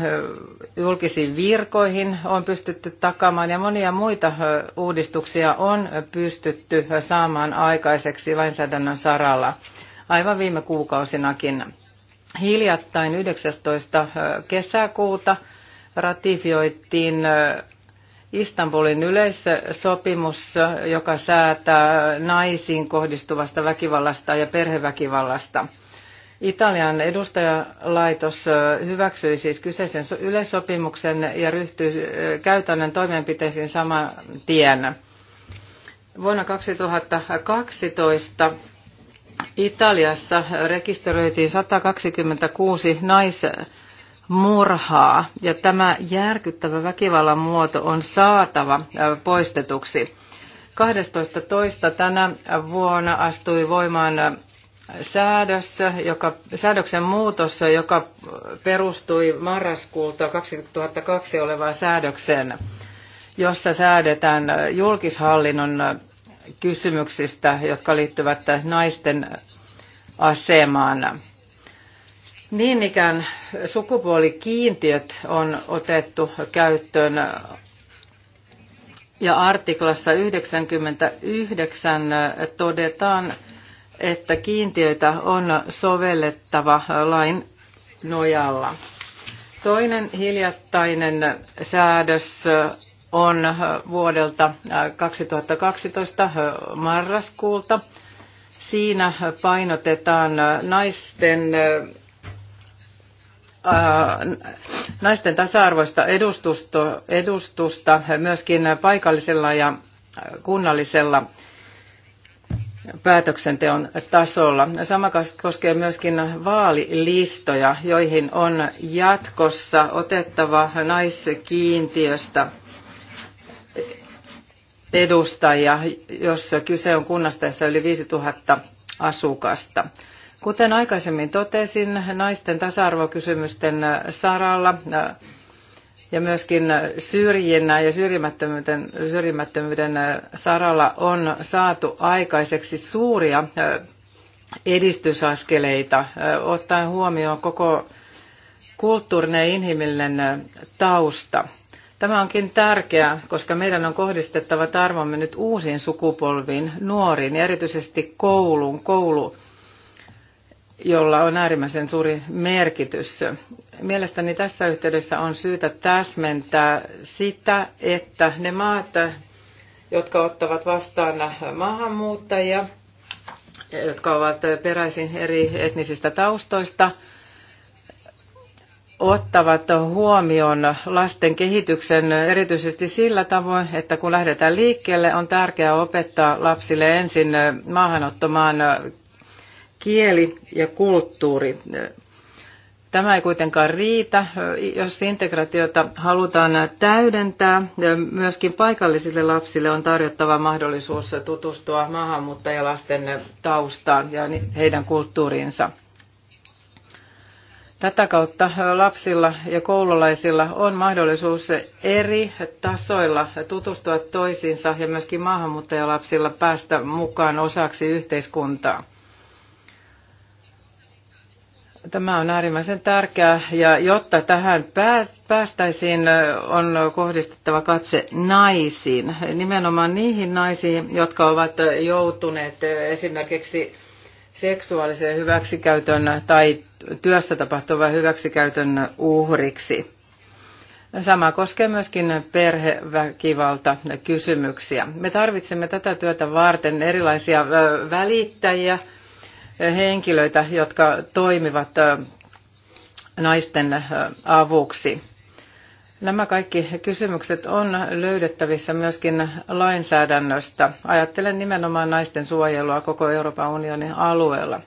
julkisiin virkoihin on pystytty takamaan ja monia muita uudistuksia on pystytty saamaan aikaiseksi lainsäädännön saralla aivan viime kuukausinakin. Hiljattain 19. kesäkuuta ratifioitiin Istanbulin yleissopimus, joka säätää naisiin kohdistuvasta väkivallasta ja perheväkivallasta. Italian edustajalaitos hyväksyi siis kyseisen yleissopimuksen ja ryhtyi käytännön toimenpiteisiin saman tien. Vuonna 2012 Italiassa rekisteröitiin 126 naismurhaa ja tämä järkyttävä väkivallan muoto on saatava poistetuksi. 12.2. tänä vuonna astui voimaan säädös, joka, säädöksen muutos, joka perustui marraskuulta 2002 olevaan säädökseen, jossa säädetään julkishallinnon kysymyksistä, jotka liittyvät naisten asemaan. Niin ikään sukupuolikiintiöt on otettu käyttöön ja artiklassa 99 todetaan, että kiintiöitä on sovellettava lain nojalla. Toinen hiljattainen säädös on vuodelta 2012 äh, äh, marraskuulta. Siinä painotetaan äh, naisten, ää, naisten tasa-arvoista edustusta, edustusta myöskin paikallisella ja kunnallisella päätöksenteon tasolla. Sama koskee myöskin vaalilistoja, joihin on jatkossa otettava naiskiintiöstä – edustajia, jos kyse on kunnasta, jossa on yli 5000 asukasta. Kuten aikaisemmin totesin, naisten tasa-arvokysymysten saralla äh, ja myöskin syrjinnän ja syrjimättömyyden, syrjimättömyyden äh, saralla on saatu aikaiseksi suuria äh, edistysaskeleita, ottaen huomioon koko kulttuurinen ja inhimillinen tausta – Tämä onkin tärkeää, koska meidän on kohdistettava tarvomme nyt uusiin sukupolviin, nuoriin ja erityisesti kouluun, koulu, jolla on äärimmäisen suuri merkitys. Mielestäni tässä yhteydessä on syytä täsmentää sitä, että ne maat, jotka ottavat vastaan maahanmuuttajia, jotka ovat peräisin eri etnisistä taustoista, ottavat huomioon lasten kehityksen erityisesti sillä tavoin, että kun lähdetään liikkeelle, on tärkeää opettaa lapsille ensin maahanottomaan kieli ja kulttuuri. Tämä ei kuitenkaan riitä, jos integraatiota halutaan täydentää. Myöskin paikallisille lapsille on tarjottava mahdollisuus tutustua maahanmuuttajalasten taustaan ja heidän kulttuuriinsa. Tätä kautta lapsilla ja koululaisilla on mahdollisuus eri tasoilla tutustua toisiinsa ja myöskin maahanmuuttajalapsilla päästä mukaan osaksi yhteiskuntaa. Tämä on äärimmäisen tärkeää ja jotta tähän päästäisiin, on kohdistettava katse naisiin, nimenomaan niihin naisiin, jotka ovat joutuneet esimerkiksi seksuaalisen hyväksikäytön tai työssä tapahtuvan hyväksikäytön uhriksi. Sama koskee myöskin perheväkivalta kysymyksiä. Me tarvitsemme tätä työtä varten erilaisia välittäjiä, henkilöitä, jotka toimivat naisten avuksi. Nämä kaikki kysymykset on löydettävissä myöskin lainsäädännöstä. Ajattelen nimenomaan naisten suojelua koko Euroopan unionin alueella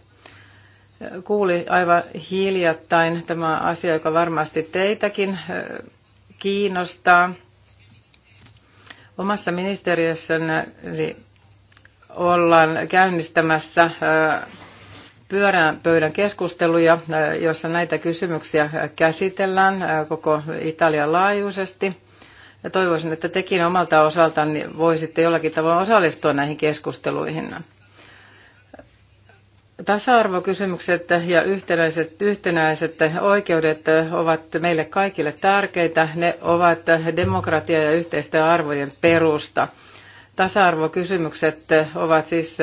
kuuli aivan hiljattain tämä asia, joka varmasti teitäkin kiinnostaa. Omassa ministeriössäni ollaan käynnistämässä pyörän pöydän keskusteluja, jossa näitä kysymyksiä käsitellään koko Italian laajuisesti. Ja toivoisin, että tekin omalta osaltanne voisitte jollakin tavalla osallistua näihin keskusteluihin. Tasa-arvokysymykset ja yhtenäiset, yhtenäiset oikeudet ovat meille kaikille tärkeitä. Ne ovat demokratia- ja yhteisten arvojen perusta. Tasa-arvokysymykset ovat siis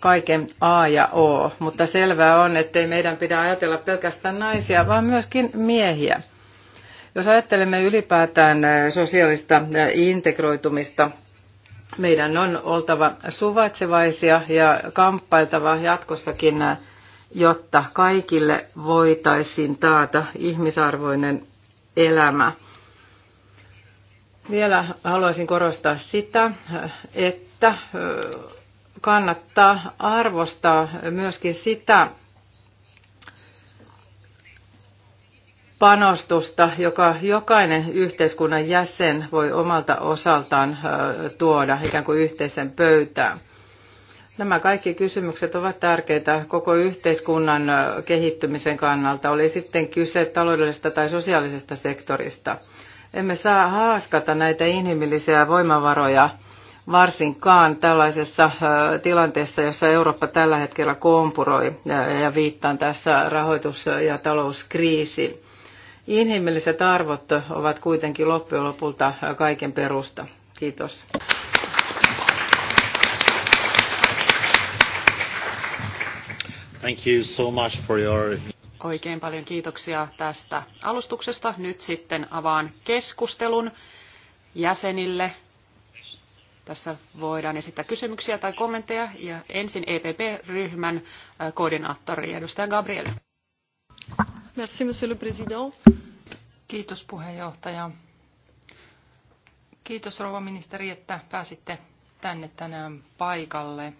kaiken A ja O, mutta selvää on, ettei meidän pidä ajatella pelkästään naisia, vaan myöskin miehiä. Jos ajattelemme ylipäätään sosiaalista integroitumista Meidän on oltava suvaitsevaisia ja kamppailtava jatkossakin, jotta kaikille voitaisiin taata ihmisarvoinen elämä. Vielä haluaisin korostaa sitä, että kannattaa arvostaa myöskin sitä, panostusta, joka jokainen yhteiskunnan jäsen voi omalta osaltaan tuoda ikään kuin yhteisen pöytään. Nämä kaikki kysymykset ovat tärkeitä koko yhteiskunnan kehittymisen kannalta, oli sitten kyse taloudellisesta tai sosiaalisesta sektorista. Emme saa haaskata näitä inhimillisiä voimavaroja varsinkaan tällaisessa tilanteessa, jossa Eurooppa tällä hetkellä kompuroi, ja viittaan tässä rahoitus- ja talouskriisiin. Inhimilliset arvot ovat kuitenkin loppujen lopulta kaiken perusta. Kiitos. Thank you so much for your... Oikein paljon kiitoksia tästä alustuksesta. Nyt sitten avaan keskustelun jäsenille. Tässä voidaan esittää kysymyksiä tai kommentteja. Ja ensin EPP-ryhmän äh, koordinaattori, edustaja Gabriel. Merci, monsieur le président. Kiitos puheenjohtaja. Kiitos rouva ministeri, että pääsitte tänne tänään paikalle.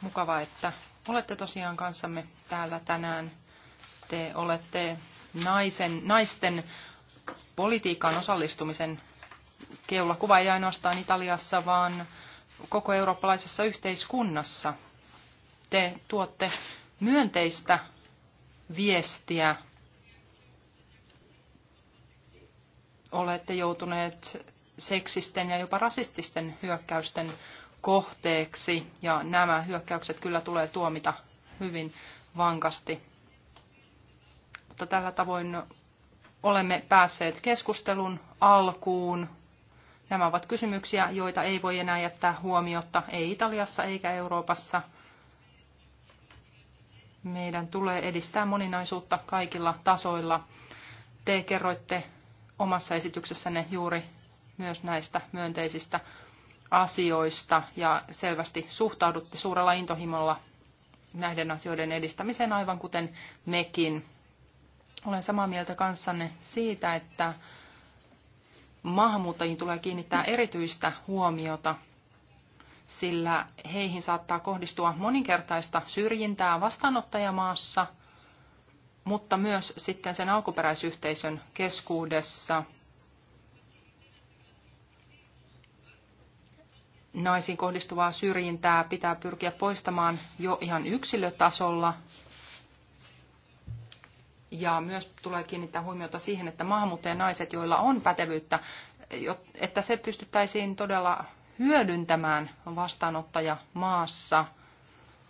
Mukava, että olette tosiaan kanssamme täällä tänään. Te olette naisen, naisten politiikkaan osallistumisen keulakuva ei ainoastaan Italiassa, vaan koko eurooppalaisessa yhteiskunnassa. Te tuotte myönteistä viestiä olette joutuneet seksisten ja jopa rasististen hyökkäysten kohteeksi, ja nämä hyökkäykset kyllä tulee tuomita hyvin vankasti. Mutta tällä tavoin olemme päässeet keskustelun alkuun. Nämä ovat kysymyksiä, joita ei voi enää jättää huomiotta, ei Italiassa eikä Euroopassa. Meidän tulee edistää moninaisuutta kaikilla tasoilla. Te kerroitte omassa esityksessänne juuri myös näistä myönteisistä asioista ja selvästi suhtaudutte suurella intohimolla näiden asioiden edistämiseen aivan kuten mekin. Olen samaa mieltä kanssanne siitä, että maahanmuuttajiin tulee kiinnittää erityistä huomiota, sillä heihin saattaa kohdistua moninkertaista syrjintää vastaanottajamaassa – mutta myös sitten sen alkuperäisyhteisön keskuudessa naisiin kohdistuvaa syrjintää pitää pyrkiä poistamaan jo ihan yksilötasolla. Ja myös tulee kiinnittää huomiota siihen, että maahanmuuttajanaiset, joilla on pätevyyttä, että se pystyttäisiin todella hyödyntämään vastaanottajamaassa,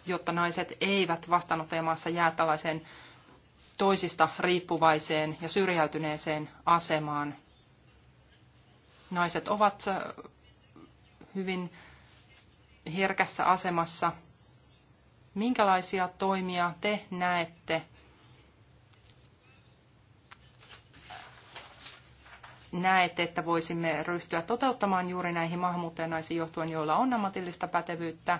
jotta naiset eivät vastaanottajamaassa jää tällaiseen toisista riippuvaiseen ja syrjäytyneeseen asemaan. Naiset ovat äh, hyvin herkässä asemassa. Minkälaisia toimia te näette näette, että voisimme ryhtyä toteuttamaan juuri näihin maahanmuuttajanaisiin johtuen, joilla on ammatillista pätevyyttä.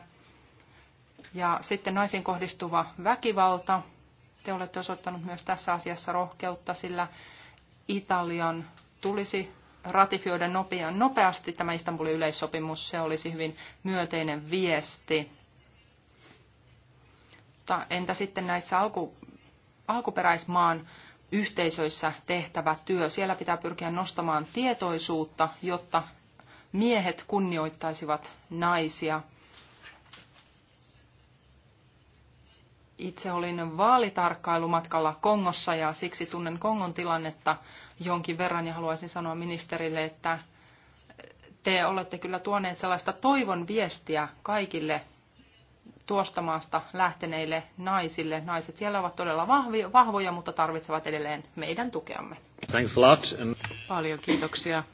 Ja sitten naisiin kohdistuva väkivalta te olette osoittanut myös tässä asiassa rohkeutta, sillä Italian tulisi ratifioida nopeasti tämä Istanbulin yleissopimus. Se olisi hyvin myönteinen viesti. Entä sitten näissä alku, alkuperäismaan yhteisöissä tehtävä työ? Siellä pitää pyrkiä nostamaan tietoisuutta, jotta miehet kunnioittaisivat naisia – Itse olin vaalitarkkailumatkalla Kongossa ja siksi tunnen Kongon tilannetta jonkin verran ja haluaisin sanoa ministerille, että te olette kyllä tuoneet sellaista toivon viestiä kaikille tuosta maasta lähteneille naisille. Naiset siellä ovat todella vahvi, vahvoja, mutta tarvitsevat edelleen meidän tukeamme. Thanks a lot. Paljon kiitoksia.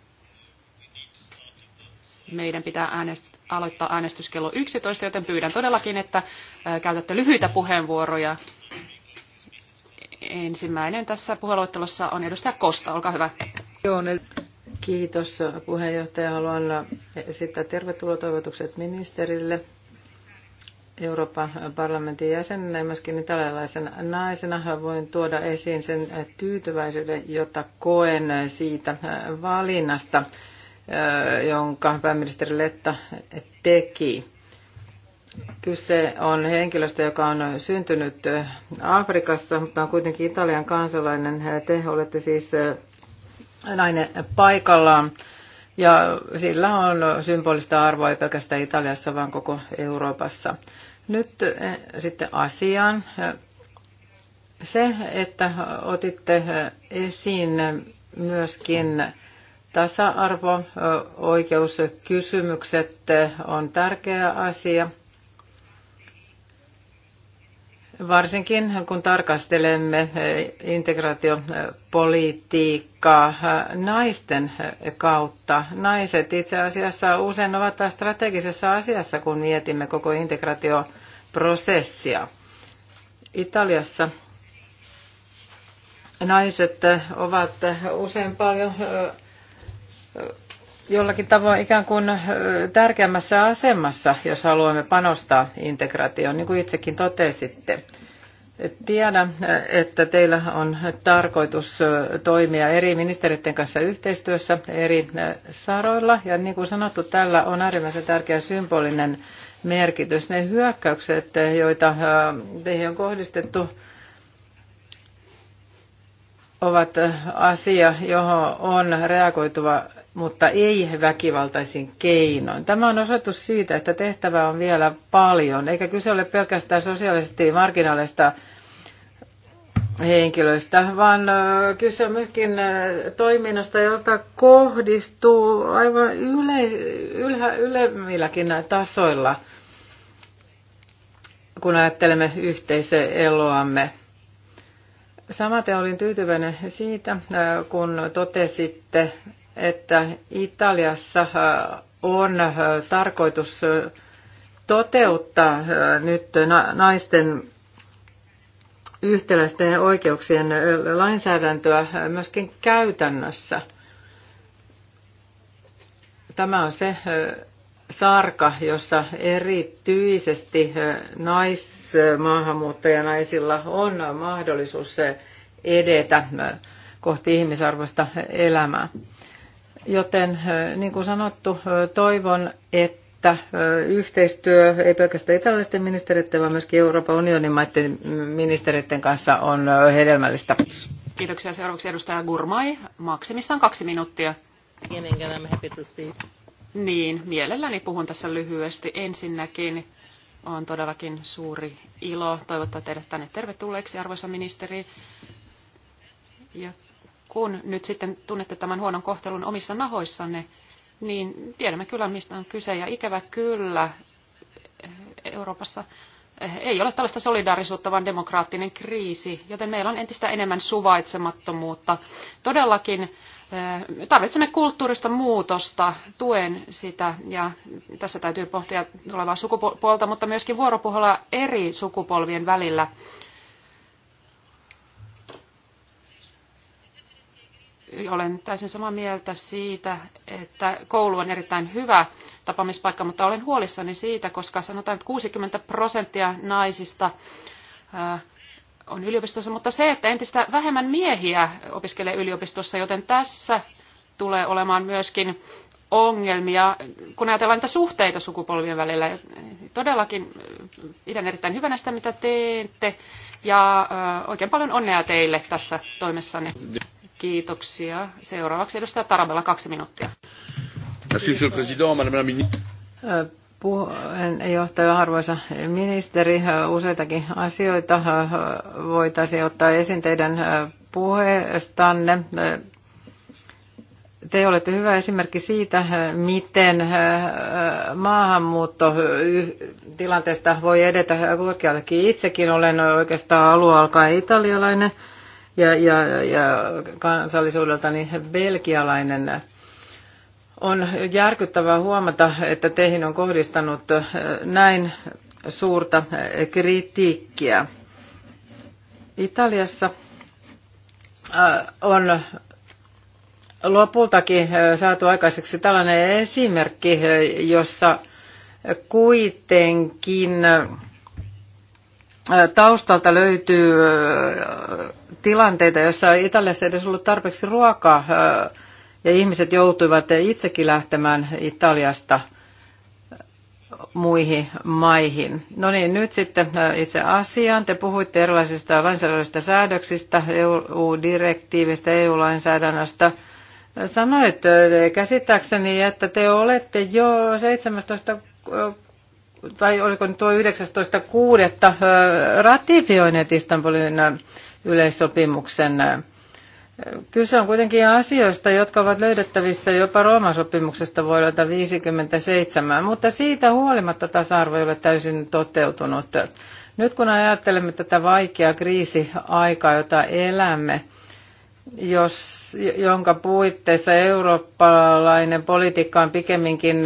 Meidän pitää äänestää aloittaa äänestys kello 11, joten pyydän todellakin, että käytätte lyhyitä puheenvuoroja. Ensimmäinen tässä puheluettelossa on edustaja Kosta, olkaa hyvä. Joo, Kiitos puheenjohtaja. Haluan esittää tervetuloa toivotukset ministerille. Euroopan parlamentin jäsenenä ja myöskin italialaisena naisena voin tuoda esiin sen tyytyväisyyden, jota koen siitä valinnasta jonka pääministeri Letta teki. Kyse on henkilöstä, joka on syntynyt Afrikassa, mutta on kuitenkin Italian kansalainen. Te olette siis nainen paikallaan. Ja sillä on symbolista arvoa ei pelkästään Italiassa, vaan koko Euroopassa. Nyt sitten asiaan. Se, että otitte esiin myöskin Tasa-arvo-oikeuskysymykset on tärkeä asia, varsinkin kun tarkastelemme integraatiopolitiikkaa naisten kautta. Naiset itse asiassa usein ovat strategisessa asiassa, kun mietimme koko integraatioprosessia. Italiassa naiset ovat usein paljon jollakin tavoin ikään kuin tärkeämmässä asemassa, jos haluamme panostaa integraatioon, niin kuin itsekin totesitte. Tiedän, että teillä on tarkoitus toimia eri ministeriöiden kanssa yhteistyössä eri saroilla. Ja niin kuin sanottu, tällä on äärimmäisen tärkeä symbolinen merkitys. Ne hyökkäykset, joita teihin on kohdistettu, ovat asia, johon on reagoituva mutta ei väkivaltaisin keinoin. Tämä on osoitus siitä, että tehtävää on vielä paljon, eikä kyse ole pelkästään sosiaalisesti marginaalista henkilöistä, vaan kyse on myöskin toiminnasta, jota kohdistuu aivan yle, ylhä, ylemmilläkin tasoilla, kun ajattelemme yhteisen eloamme. Samaten olin tyytyväinen siitä, kun totesitte, että Italiassa äh, on äh, tarkoitus äh, toteuttaa nyt naisten yhtäläisten oikeuksien lainsäädäntöä myöskin käytännössä. Tämä on se sarka, jossa erityisesti naismaahanmuuttajanaisilla on mahdollisuus edetä kohti ihmisarvoista elämää. Joten niin kuin sanottu, toivon, että yhteistyö ei pelkästään italialaisten ministeriöiden, vaan myöskin Euroopan unionin maiden ministeriöiden kanssa on hedelmällistä. Kiitoksia. Seuraavaksi edustaja Gurmai. Maksimissaan kaksi minuuttia. Niin, mielelläni puhun tässä lyhyesti. Ensinnäkin on todellakin suuri ilo toivottaa teidät tänne tervetulleeksi, arvoisa ministeri. Ja kun nyt sitten tunnette tämän huonon kohtelun omissa nahoissanne, niin tiedämme kyllä, mistä on kyse. Ja ikävä kyllä eh, Euroopassa eh, ei ole tällaista solidaarisuutta, vaan demokraattinen kriisi, joten meillä on entistä enemmän suvaitsemattomuutta. Todellakin eh, tarvitsemme kulttuurista muutosta, tuen sitä, ja tässä täytyy pohtia tulevaa sukupuolta, mutta myöskin vuoropuhelua eri sukupolvien välillä olen täysin samaa mieltä siitä, että koulu on erittäin hyvä tapaamispaikka, mutta olen huolissani siitä, koska sanotaan, että 60 prosenttia naisista on yliopistossa, mutta se, että entistä vähemmän miehiä opiskelee yliopistossa, joten tässä tulee olemaan myöskin ongelmia, kun ajatellaan niitä suhteita sukupolvien välillä. Todellakin pidän erittäin hyvänä sitä, mitä teette, ja oikein paljon onnea teille tässä toimessanne. Kiitoksia. Seuraavaksi edustaja Tarabella kaksi minuuttia. Puheenjohtaja, arvoisa ministeri, useitakin asioita voitaisiin ottaa esiin teidän puheestanne. Te olette hyvä esimerkki siitä, miten maahanmuuttotilanteesta voi edetä korkeallekin. Itsekin olen oikeastaan alua alkaen italialainen ja, ja, ja kansallisuudeltani belgialainen. On järkyttävää huomata, että teihin on kohdistanut äh, näin suurta äh, kritiikkiä. Italiassa äh, on lopultakin saatu aikaiseksi tällainen esimerkki, jossa kuitenkin taustalta löytyy tilanteita, joissa Italiassa ei edes ollut tarpeeksi ruokaa ja ihmiset joutuivat itsekin lähtemään Italiasta muihin maihin. No niin, nyt sitten itse asiaan. Te puhuitte erilaisista lainsäädännöllisistä säädöksistä, EU-direktiivistä, EU-lainsäädännöstä. Sanoit käsittääkseni, että te olette jo 17 tai oliko nyt tuo 19.6. ratifioineet Istanbulin yleissopimuksen. Kyse on kuitenkin asioista, jotka ovat löydettävissä jopa Rooman sopimuksesta vuodelta 1957, mutta siitä huolimatta tasa-arvo ei ole täysin toteutunut. Nyt kun ajattelemme tätä vaikeaa kriisiaikaa, jota elämme, jos, jonka puitteissa eurooppalainen politiikka on pikemminkin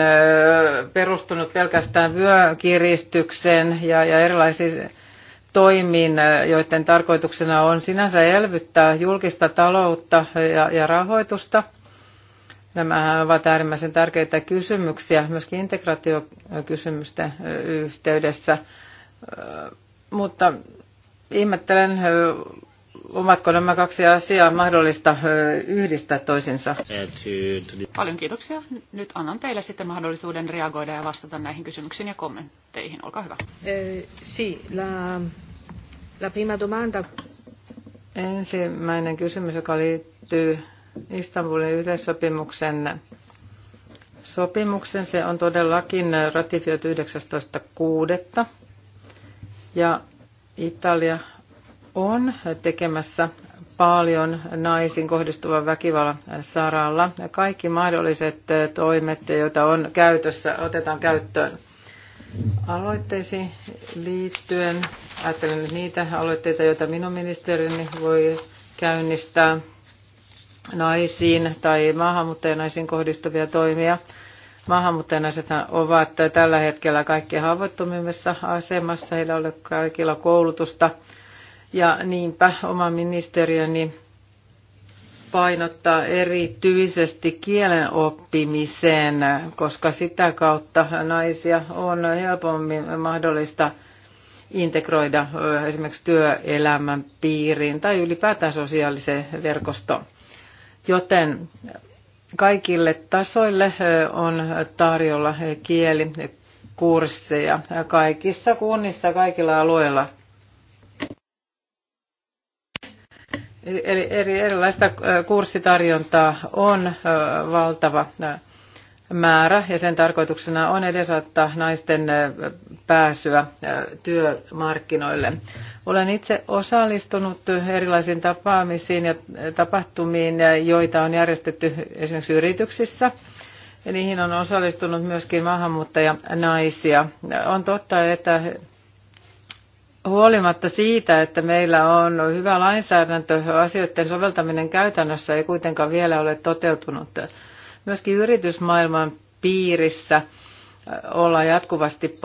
perustunut pelkästään vyökiristykseen ja, ja erilaisiin toimiin, eh, joiden tarkoituksena on sinänsä elvyttää julkista taloutta ja, ja rahoitusta. Nämähän ovat äärimmäisen tärkeitä kysymyksiä myöskin integraatiokysymysten eh, yhteydessä. Eh, mutta ihmettelen Ovatko nämä kaksi asiaa mahdollista yhdistää toisinsa? Eh, Paljon kiitoksia. Nyt annan teille sitten mahdollisuuden reagoida ja vastata näihin kysymyksiin ja kommentteihin. Olkaa hyvä. Eh, si, la, la prima domanda. Ensimmäinen kysymys, joka liittyy Istanbulin yleissopimuksen sopimuksen. Se on todellakin ratifioitu 19.6. Ja Italia on tekemässä paljon naisiin kohdistuvan väkivallan saralla. Kaikki mahdolliset toimet, joita on käytössä, otetaan käyttöön. Aloitteisiin liittyen, ajattelen nyt niitä aloitteita, joita minun ministerini voi käynnistää naisiin tai maahanmuuttajanaisiin kohdistuvia toimia. Maahanmuuttajanaiset ovat tällä hetkellä kaikkein haavoittumimmassa asemassa. Heillä ei ole kaikilla koulutusta – Ja niinpä oma ministeriöni painottaa erityisesti kielen oppimiseen, koska sitä kautta naisia on helpommin mahdollista integroida esimerkiksi työelämän piiriin tai ylipäätään sosiaaliseen verkostoon. Joten kaikille tasoille on tarjolla kielikursseja kaikissa kunnissa, kaikilla alueilla Eli erilaista kurssitarjontaa on valtava määrä ja sen tarkoituksena on edesauttaa naisten pääsyä työmarkkinoille. Olen itse osallistunut erilaisiin tapaamisiin ja tapahtumiin, joita on järjestetty esimerkiksi yrityksissä. Ja niihin on osallistunut myöskin maahanmuuttajanaisia. On totta, että Huolimatta siitä, että meillä on hyvä lainsäädäntö, asioiden soveltaminen käytännössä ei kuitenkaan vielä ole toteutunut. Myöskin yritysmaailman piirissä äh, ollaan jatkuvasti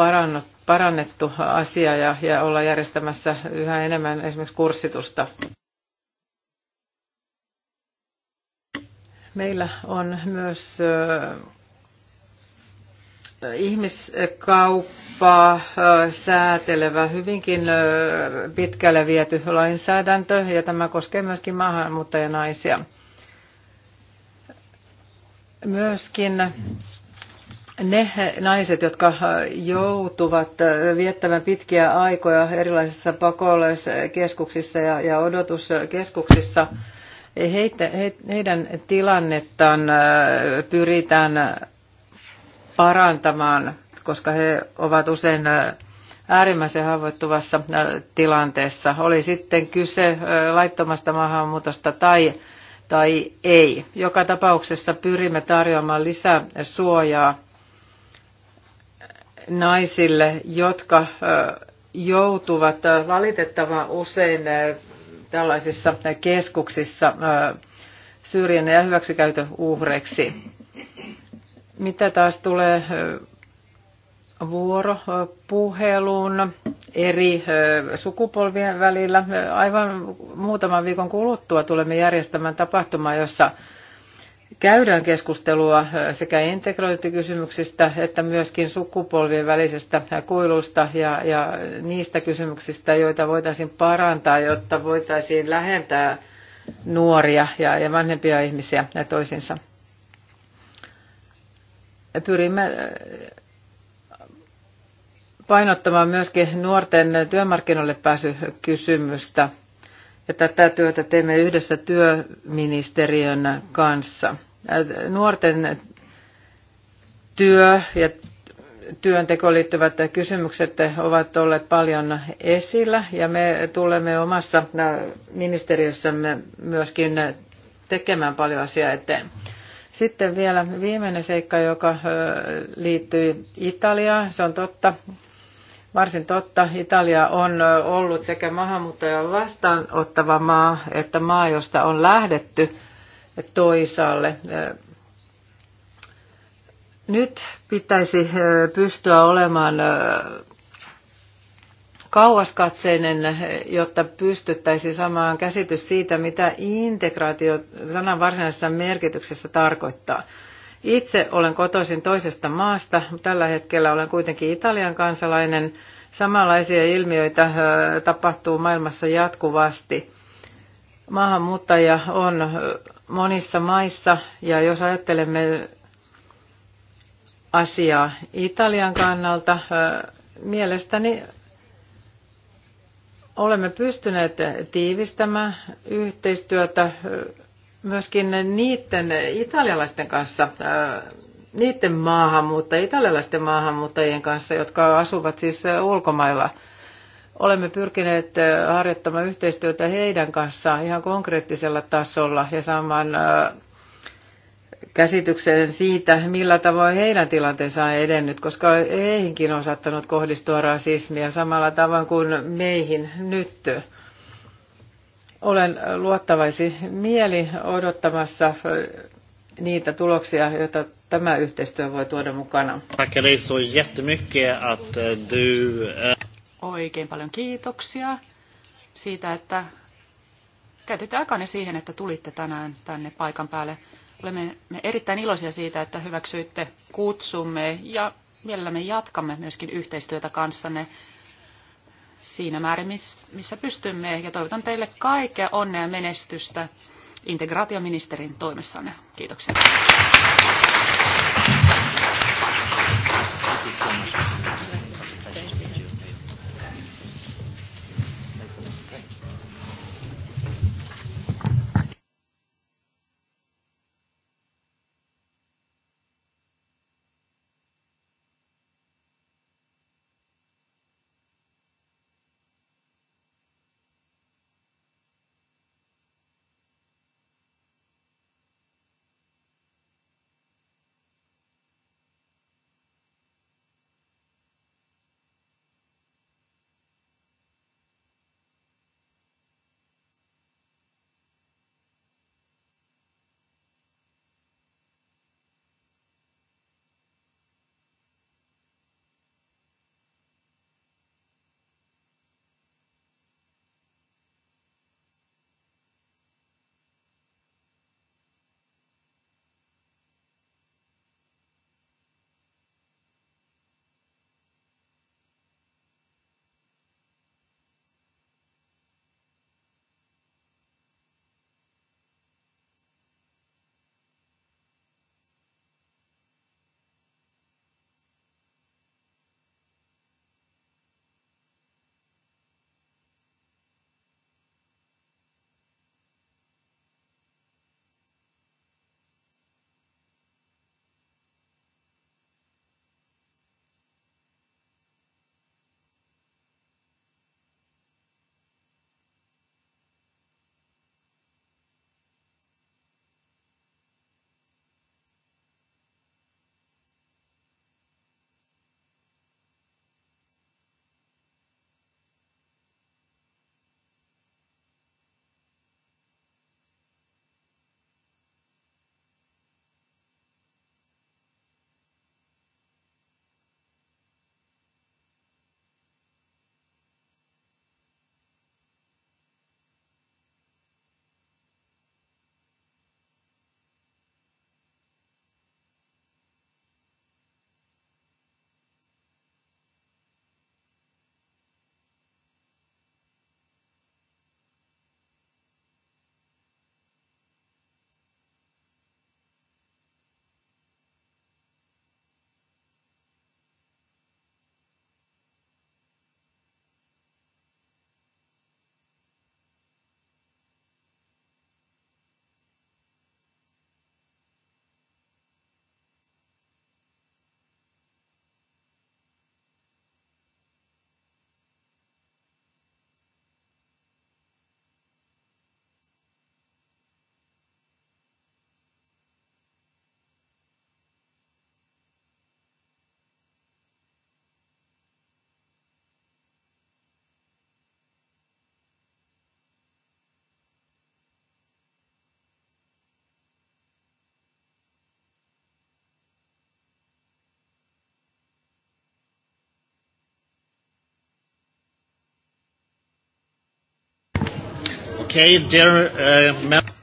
parannettu asiaa ja, ja ollaan järjestämässä yhä enemmän esimerkiksi kurssitusta. Meillä on myös äh, ihmiskauppaa säätelevä hyvinkin pitkälle viety lainsäädäntö ja tämä koskee myöskin maahanmuuttajanaisia. Myöskin ne naiset, jotka joutuvat viettämään pitkiä aikoja erilaisissa pakolaiskeskuksissa ja, ja odotuskeskuksissa, heitä, he, heidän tilannettaan pyritään parantamaan, koska he ovat usein äärimmäisen haavoittuvassa tilanteessa. Oli sitten kyse laittomasta maahanmuutosta tai, tai ei. Joka tapauksessa pyrimme tarjoamaan lisää suojaa naisille, jotka joutuvat valitettavan usein tällaisissa keskuksissa syrjinnän ja hyväksikäytön uhreiksi. Mitä taas tulee vuoropuheluun eri sukupolvien välillä, aivan muutaman viikon kuluttua tulemme järjestämään tapahtuma, jossa käydään keskustelua sekä integrointikysymyksistä että myöskin sukupolvien välisestä kuilusta ja, ja niistä kysymyksistä, joita voitaisiin parantaa, jotta voitaisiin lähentää nuoria ja, ja vanhempia ihmisiä toisiinsa pyrimme äh, painottamaan myöskin nuorten työmarkkinoille pääsykysymystä. Ja tätä työtä teemme yhdessä työministeriön kanssa. Äh, nuorten työ ja työntekoon liittyvät kysymykset ovat olleet paljon esillä ja me tulemme omassa ministeriössämme myöskin tekemään paljon asiaa eteen. Sitten vielä viimeinen seikka, joka liittyy Italiaan. Se on totta, varsin totta. Italia on ollut sekä maahanmuuttajan vastaanottava maa, että maa, josta on lähdetty toisaalle. Nyt pitäisi pystyä olemaan kauaskatseinen, jotta pystyttäisiin samaan käsitys siitä, mitä integraatio sanan varsinaisessa merkityksessä tarkoittaa. Itse olen kotoisin toisesta maasta, tällä hetkellä olen kuitenkin Italian kansalainen. Samanlaisia ilmiöitä tapahtuu maailmassa jatkuvasti. Maahanmuuttajia on monissa maissa ja jos ajattelemme asiaa Italian kannalta, mielestäni Olemme pystyneet tiivistämään yhteistyötä myöskin niiden italialaisten kanssa, niiden maahanmuuttajien, italialaisten maahanmuuttajien kanssa, jotka asuvat siis ulkomailla. Olemme pyrkineet harjoittamaan yhteistyötä heidän kanssaan ihan konkreettisella tasolla ja saamaan käsitykseen siitä, millä tavoin heidän tilanteensa on edennyt, koska heihinkin on saattanut kohdistua rasismia samalla tavoin kuin meihin nyt. Olen luottavaisi mieli odottamassa niitä tuloksia, joita tämä yhteistyö voi tuoda mukana. Eh, eh, Oikein paljon kiitoksia siitä, että käytitte aikani siihen, että tulitte tänään tänne paikan päälle. Olemme erittäin iloisia siitä, että hyväksyitte kutsumme ja mielellämme jatkamme myöskin yhteistyötä kanssanne siinä määrin, missä pystymme. Ja toivotan teille kaikkea onnea ja menestystä integraatioministerin toimessanne. Kiitoksia. Thank you so much. Okay, dear, uh,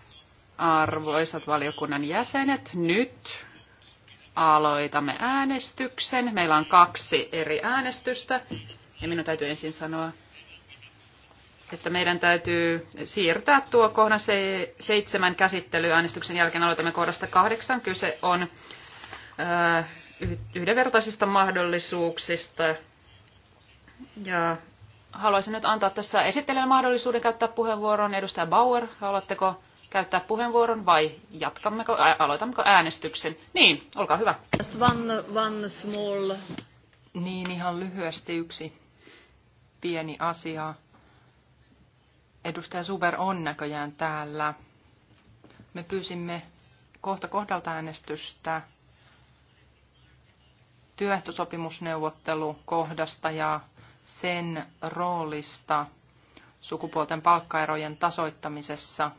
Arvoisat valiokunnan jäsenet, nyt aloitamme äänestyksen. Meillä on kaksi eri äänestystä ja minun täytyy ensin sanoa, että meidän täytyy siirtää tuo kohdan seitsemän käsittely äänestyksen jälkeen. Aloitamme kohdasta kahdeksan. Kyse on äh, yhdenvertaisista mahdollisuuksista ja haluaisin nyt antaa tässä esittelijän mahdollisuuden käyttää puheenvuoron. Edustaja Bauer, haluatteko käyttää puheenvuoron vai jatkammeko, ä, aloitammeko äänestyksen? Niin, olkaa hyvä. Just one, one small... Niin, ihan lyhyesti yksi pieni asia. Edustaja Suber on näköjään täällä. Me pyysimme kohta kohdalta äänestystä työehtosopimusneuvottelu kohdasta ja sen roolista sukupuolten palkkaerojen tasoittamisessa.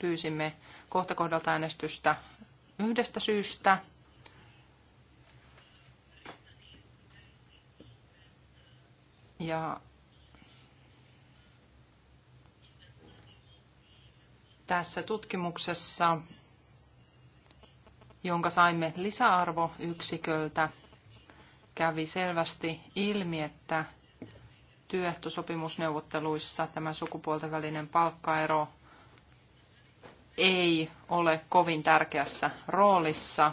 Pyysimme kohtakohdalta äänestystä yhdestä syystä. Ja tässä tutkimuksessa, jonka saimme lisäarvoyksiköltä, kävi selvästi ilmi, että työehtosopimusneuvotteluissa tämä sukupuolten välinen palkkaero ei ole kovin tärkeässä roolissa.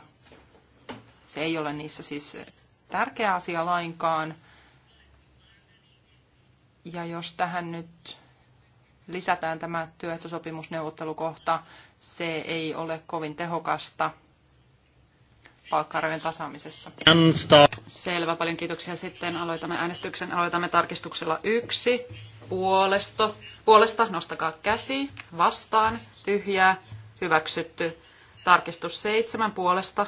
Se ei ole niissä siis tärkeä asia lainkaan. Ja jos tähän nyt lisätään tämä työehtosopimusneuvottelukohta, se ei ole kovin tehokasta palkkarojen tasaamisessa. Selvä, paljon kiitoksia. Sitten aloitamme äänestyksen. Aloitamme tarkistuksella yksi. Puolesto, puolesta nostakaa käsi. Vastaan. Tyhjää. Hyväksytty. Tarkistus seitsemän puolesta.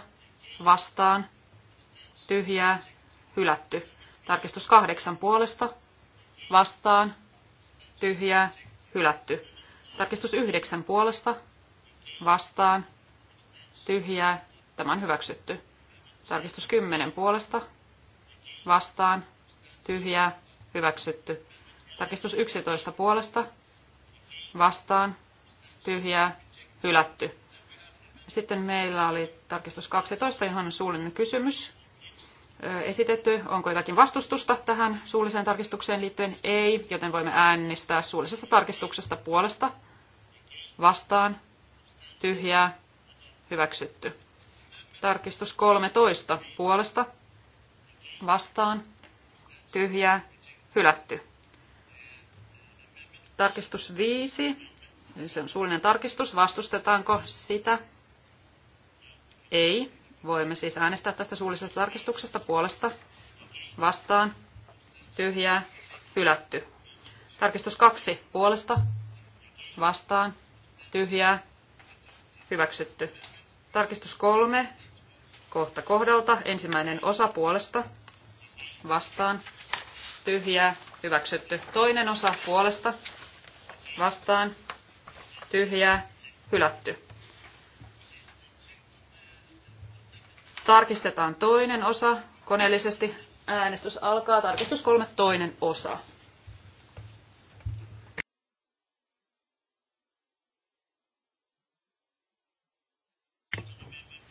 Vastaan. Tyhjää. Hylätty. Tarkistus kahdeksan puolesta. Vastaan. Tyhjää. Hylätty. Tarkistus yhdeksän puolesta. Vastaan. Tyhjää Tämä on hyväksytty. Tarkistus 10 puolesta. Vastaan. Tyhjää. Hyväksytty. Tarkistus 11 puolesta. Vastaan. Tyhjää. Hylätty. Sitten meillä oli tarkistus 12, johon on suullinen kysymys esitetty. Onko jotakin vastustusta tähän suulliseen tarkistukseen liittyen? Ei, joten voimme äänestää suullisesta tarkistuksesta puolesta, vastaan, tyhjää, hyväksytty. Tarkistus 13 puolesta vastaan tyhjää hylätty. Tarkistus 5. Se on suullinen tarkistus. Vastustetaanko sitä? Ei. Voimme siis äänestää tästä suullisesta tarkistuksesta puolesta vastaan tyhjää hylätty. Tarkistus 2 puolesta vastaan tyhjää hyväksytty. Tarkistus 3 kohta kohdalta. Ensimmäinen osa puolesta vastaan tyhjää hyväksytty. Toinen osa puolesta vastaan tyhjää hylätty. Tarkistetaan toinen osa koneellisesti. Äänestys alkaa. Tarkistus kolme toinen osa.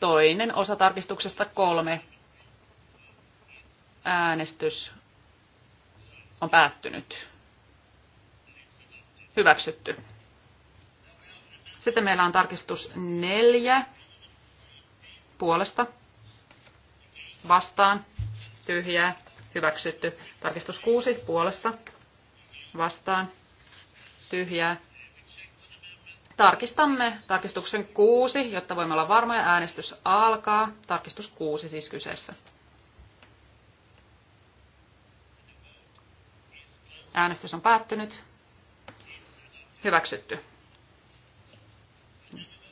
Toinen osa tarkistuksesta kolme. Äänestys on päättynyt. Hyväksytty. Sitten meillä on tarkistus neljä puolesta vastaan tyhjää hyväksytty. Tarkistus kuusi puolesta vastaan tyhjää Tarkistamme tarkistuksen 6, jotta voimme olla varmoja. Äänestys alkaa. Tarkistus 6 siis kyseessä. Äänestys on päättynyt. Hyväksytty.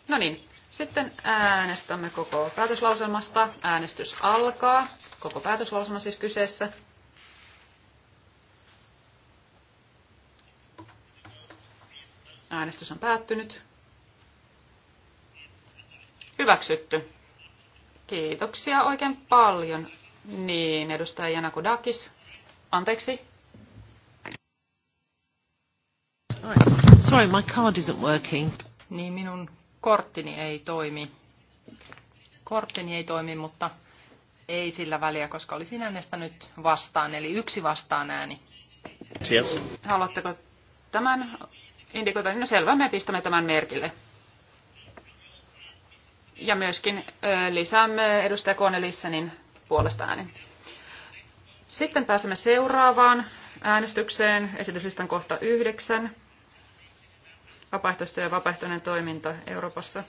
No niin, sitten äänestämme koko päätöslauselmasta. Äänestys alkaa. Koko päätöslauselma siis kyseessä. Äänestys on päättynyt. Hyväksytty. Kiitoksia oikein paljon. Niin, edustaja Janakodakis. Anteeksi. Sorry, my card isn't working. Niin, minun korttini ei toimi. Korttini ei toimi, mutta ei sillä väliä, koska olisin äänestänyt vastaan, eli yksi vastaan ääni. Yes. Haluatteko tämän indikoitaan, no selvä, me pistämme tämän merkille. Ja myöskin lisäämme edustaja Konelissenin puolesta äänen. Sitten pääsemme seuraavaan äänestykseen, esityslistan kohta yhdeksän. Vapaaehtoistyö ja vapaaehtoinen toiminta Euroopassa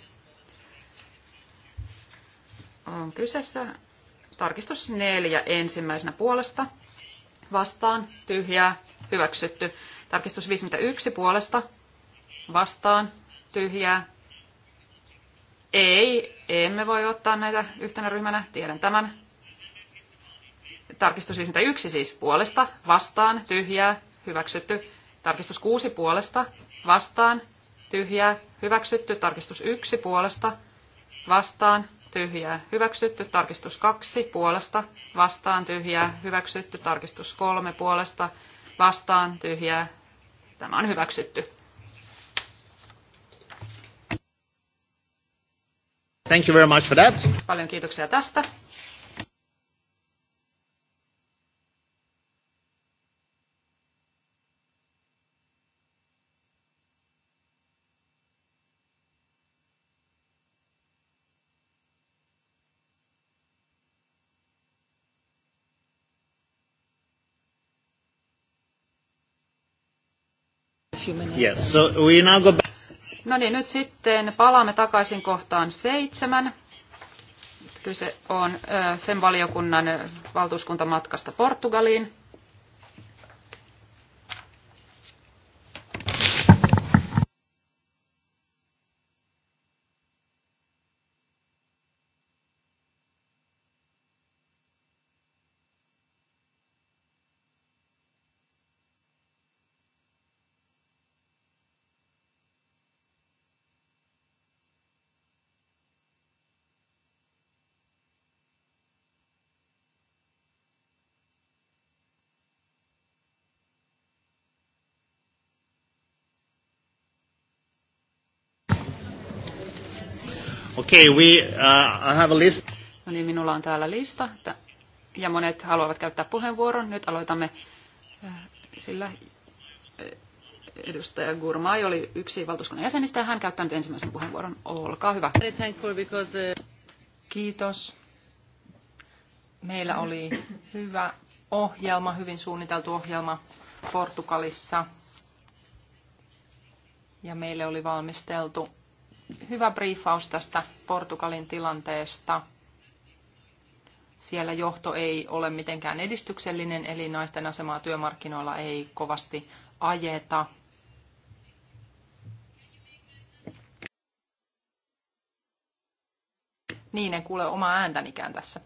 on kyseessä. Tarkistus neljä ensimmäisenä puolesta vastaan, tyhjää, hyväksytty. Tarkistus 51 puolesta, vastaan, tyhjää. Ei, emme voi ottaa näitä yhtenä ryhmänä, tiedän tämän. Tarkistus 51 siis puolesta, vastaan, tyhjää, hyväksytty. Tarkistus 6 puolesta, vastaan, tyhjää, hyväksytty. Tarkistus 1 puolesta, vastaan, tyhjää, hyväksytty, tarkistus 2 puolesta, vastaan tyhjää, hyväksytty, tarkistus 3 puolesta, vastaan tyhjää, tämä on hyväksytty. Thank you very much for that. Paljon kiitoksia tästä. Yes, so we now go back. No niin, nyt sitten palaamme takaisin kohtaan seitsemän. Kyse on FEM-valiokunnan valtuuskuntamatkasta Portugaliin. Okay, we, uh, I have a list. No niin, minulla on täällä lista, että, ja monet haluavat käyttää puheenvuoron. Nyt aloitamme äh, sillä äh, edustaja Gurmai oli yksi valtuuskunnan jäsenistä, ja hän käyttää nyt ensimmäisen puheenvuoron. Olkaa hyvä. Uh, Kiitos. Meillä oli hyvä ohjelma, hyvin suunniteltu ohjelma Portugalissa. Ja meille oli valmisteltu hyvä briefaus tästä Portugalin tilanteesta. Siellä johto ei ole mitenkään edistyksellinen, eli naisten asemaa työmarkkinoilla ei kovasti ajeta. Niin, en kuule omaa ääntänikään tässä.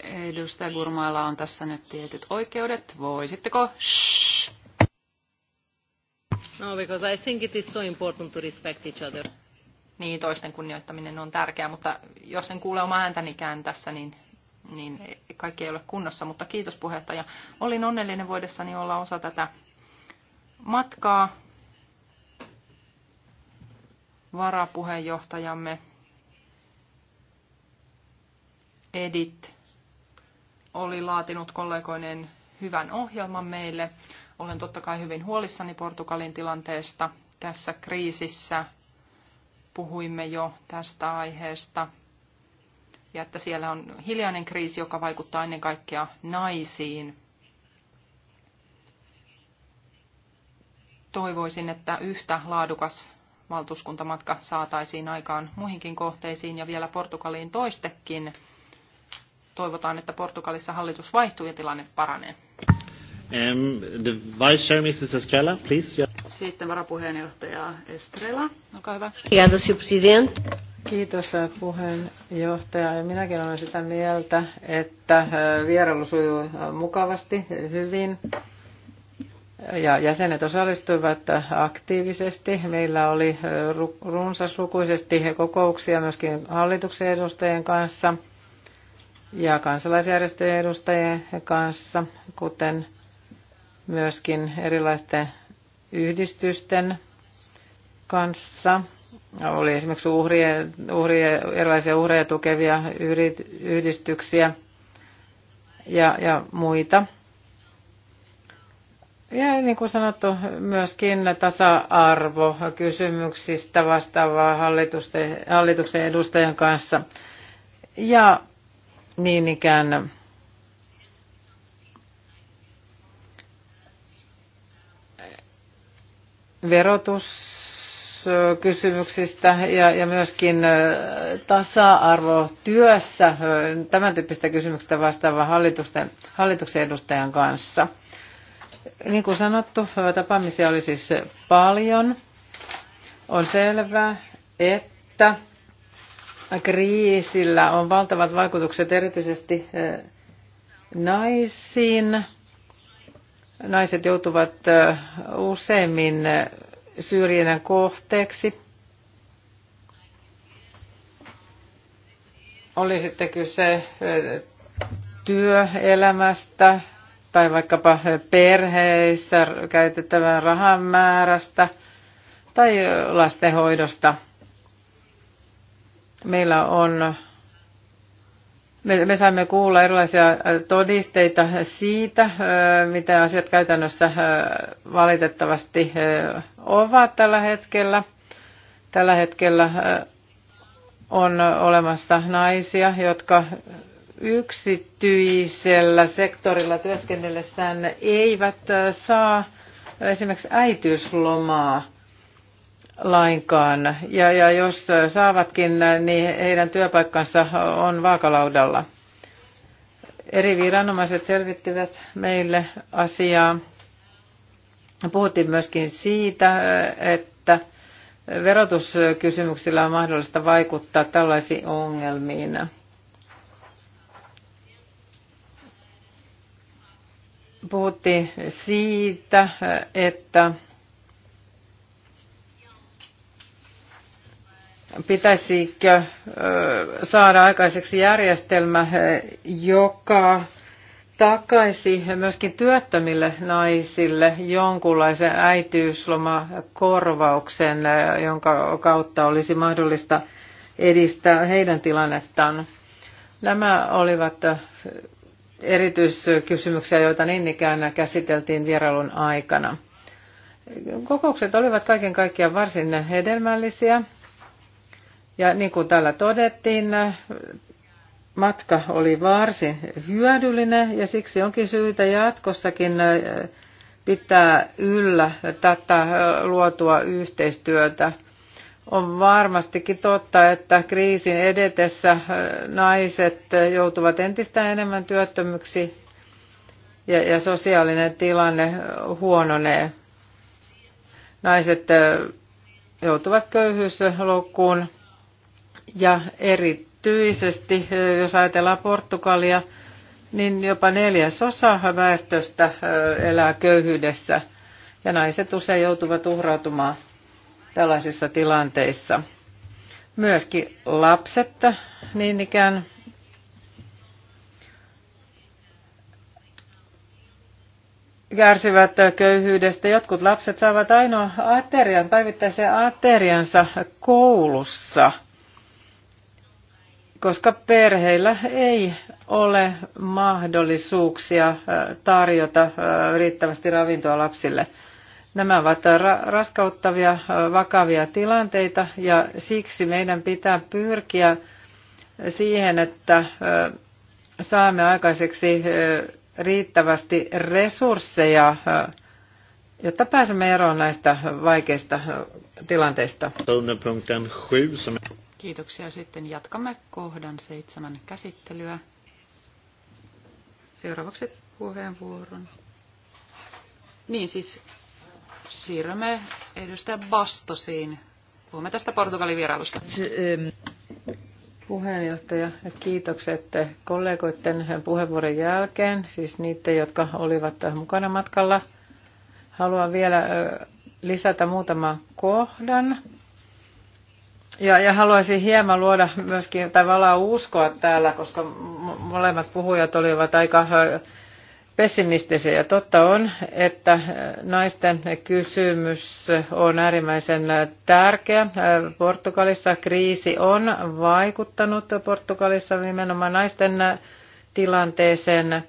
Edustaja Gurmailla on tässä nyt tietyt oikeudet. Voisitteko? Shh. No, because I think it is so important to respect each other. Niin, toisten kunnioittaminen on tärkeää, mutta jos en kuule omaa ääntänikään tässä, niin, niin kaikki ei ole kunnossa. Mutta kiitos puheenjohtaja. Olin onnellinen voidessani olla osa tätä matkaa. Varapuheenjohtajamme Edit oli laatinut kollegoinen hyvän ohjelman meille. Olen totta kai hyvin huolissani Portugalin tilanteesta tässä kriisissä. Puhuimme jo tästä aiheesta. Ja että siellä on hiljainen kriisi, joka vaikuttaa ennen kaikkea naisiin. Toivoisin, että yhtä laadukas valtuuskuntamatka saataisiin aikaan muihinkin kohteisiin ja vielä Portugaliin toistekin. Toivotaan, että Portugalissa hallitus vaihtuu ja tilanne paranee. Um, the Vice Chair, Mrs. Estrella, please. Yeah. Sitten varapuheenjohtaja Estrella, olkaa hyvä. Kiitos, president. Kiitos äh, puheenjohtaja. Ja minäkin olen sitä mieltä, että äh, vierailu sujuu äh, mukavasti, hyvin. Ja jäsenet osallistuivat aktiivisesti. Meillä oli runsaslukuisesti kokouksia myöskin hallituksen edustajien kanssa ja kansalaisjärjestöjen edustajien kanssa, kuten myöskin erilaisten yhdistysten kanssa. Oli esimerkiksi uhrie, uhrie, erilaisia uhreja tukevia yhdistyksiä ja, ja muita. Ja niin kuin sanottu, myöskin tasa-arvo kysymyksistä vastaavaa hallituksen edustajan kanssa. Ja niin ikään verotuskysymyksistä ja, ja myöskin tasa-arvo työssä, tämän tyyppistä kysymyksistä vastaava hallituksen edustajan kanssa. Niin kuin sanottu, tapaamisia oli siis paljon. On selvää, että kriisillä on valtavat vaikutukset erityisesti naisiin naiset joutuvat useimmin syrjinnän kohteeksi. Oli sitten kyse työelämästä tai vaikkapa perheissä käytettävän rahan määrästä tai lastenhoidosta. Meillä on Me, me saimme kuulla erilaisia äh, todisteita siitä, äh, mitä asiat käytännössä äh, valitettavasti ovat tällä hetkellä. Tällä hetkellä on olemassa naisia, jotka yksityisellä sektorilla työskennellessään eivät saa esimerkiksi äitiyslomaa lainkaan. Ja, ja jos saavatkin, niin heidän työpaikkansa on vaakalaudalla. Eri viranomaiset selvittivät meille asiaa. Puhuttiin myöskin siitä, että verotuskysymyksillä on mahdollista vaikuttaa tällaisiin ongelmiin. Puhuttiin siitä, että pitäisikö saada aikaiseksi järjestelmä, joka takaisi myöskin työttömille naisille jonkunlaisen äitiyslomakorvauksen, jonka kautta olisi mahdollista edistää heidän tilannettaan. Nämä olivat erityiskysymyksiä, joita niin ikään käsiteltiin vierailun aikana. Kokoukset olivat kaiken kaikkiaan varsin hedelmällisiä. Ja niin kuin täällä todettiin, matka oli varsin hyödyllinen ja siksi onkin syytä jatkossakin pitää yllä tätä luotua yhteistyötä. On varmastikin totta, että kriisin edetessä naiset joutuvat entistä enemmän työttömyksi ja, ja sosiaalinen tilanne huononee. Naiset joutuvat köyhyysloukkuun Ja erityisesti, eh, jos ajatellaan Portugalia, niin jopa neljäsosa väestöstä eh, elää köyhyydessä. Ja naiset usein joutuvat uhrautumaan tällaisissa tilanteissa. Myöskin lapset niin ikään kärsivät köyhyydestä. Jotkut lapset saavat ainoa aterian, päivittäisen ateriansa koulussa – koska perheillä ei ole mahdollisuuksia äh, tarjota äh, riittävästi ravintoa lapsille. Nämä ovat raskauttavia, äh, vakavia tilanteita ja siksi meidän pitää pyrkiä siihen, että saamme aikaiseksi riittävästi resursseja, jotta pääsemme eroon näistä vaikeista tilanteista. Kiitoksia. Sitten jatkamme kohdan seitsemän käsittelyä. Seuraavaksi puheenvuoron. Niin siis siirrymme edustaja Bastosiin. Puhumme tästä Portugalin vierailusta. Puheenjohtaja, kiitokset kollegoiden puheenvuoron jälkeen, siis niiden, jotka olivat mukana matkalla. Haluan vielä lisätä muutaman kohdan Ja, ja haluaisin hieman luoda myöskin tai valaa uskoa täällä, koska molemmat puhujat olivat aika pessimistisiä. Totta on, että naisten kysymys on äärimmäisen tärkeä. Portugalissa kriisi on vaikuttanut Portugalissa nimenomaan naisten tilanteeseen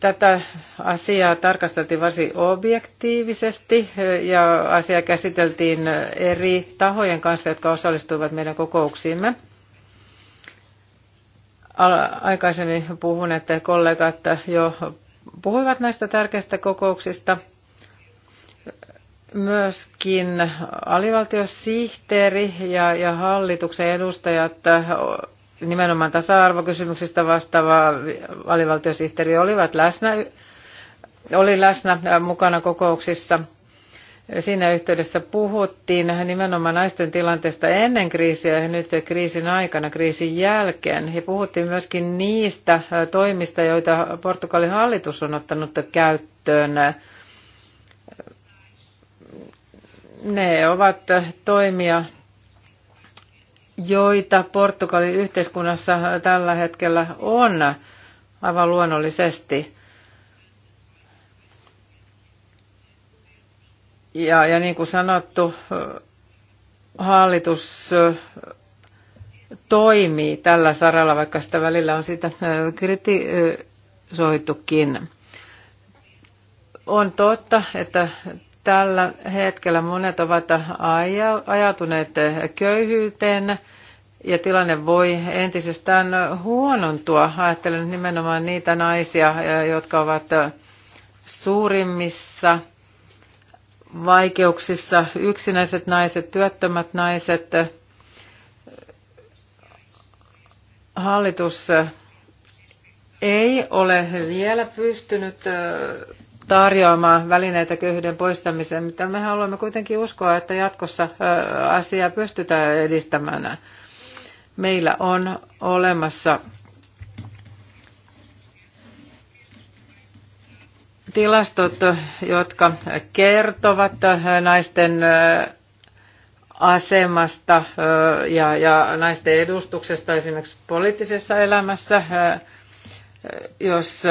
Tätä asiaa tarkasteltiin varsin objektiivisesti e, ja asia käsiteltiin eri tahojen kanssa, jotka osallistuivat meidän kokouksiimme. Aikaisemmin puhuneet kollegat jo puhuivat näistä tärkeistä kokouksista. Myöskin alivaltiosihteeri ja, ja hallituksen edustajat nimenomaan tasa-arvokysymyksistä vastaava alivaltiosihteeri olivat läsnä, oli läsnä äh, mukana kokouksissa. Siinä yhteydessä puhuttiin nimenomaan naisten tilanteesta ennen kriisiä ja nyt kriisin aikana, kriisin jälkeen. Ja puhuttiin myöskin niistä äh, toimista, joita Portugalin hallitus on ottanut käyttöön. Ne ovat toimia, joita Portugalin yhteiskunnassa tällä hetkellä on aivan luonnollisesti. Ja, ja niin kuin sanottu, hallitus toimii tällä saralla, vaikka sitä välillä on sitä kritisoitukin. On totta, että Tällä hetkellä monet ovat ajatuneet köyhyyteen ja tilanne voi entisestään huonontua. Ajattelen nimenomaan niitä naisia, jotka ovat suurimmissa vaikeuksissa, yksinäiset naiset, työttömät naiset. Hallitus ei ole vielä pystynyt tarjoamaan välineitä köyhyyden poistamiseen, mutta me haluamme kuitenkin uskoa, että jatkossa asiaa pystytään edistämään. Meillä on olemassa tilastot, jotka kertovat naisten asemasta ja, ja naisten edustuksesta esimerkiksi poliittisessa elämässä. Jos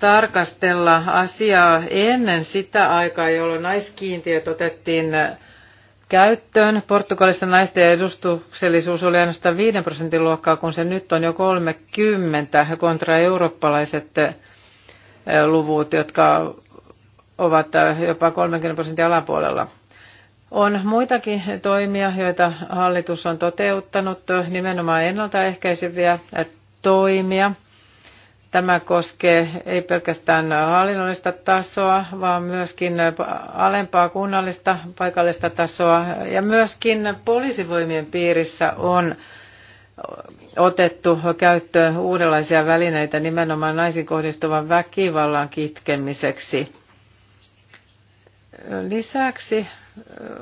tarkastella asiaa ennen sitä aikaa, jolloin naiskiintiöt otettiin käyttöön. Portugalissa naisten edustuksellisuus oli ainoastaan 5 prosentin luokkaa, kun se nyt on jo 30 kontra eurooppalaiset luvut, jotka ovat jopa 30 prosentin alapuolella. On muitakin toimia, joita hallitus on toteuttanut, nimenomaan ennaltaehkäiseviä toimia – Tämä koskee ei pelkästään hallinnollista tasoa, vaan myöskin alempaa kunnallista paikallista tasoa. Ja myöskin poliisivoimien piirissä on otettu käyttöön uudenlaisia välineitä nimenomaan naisiin kohdistuvan väkivallan kitkemiseksi. Lisäksi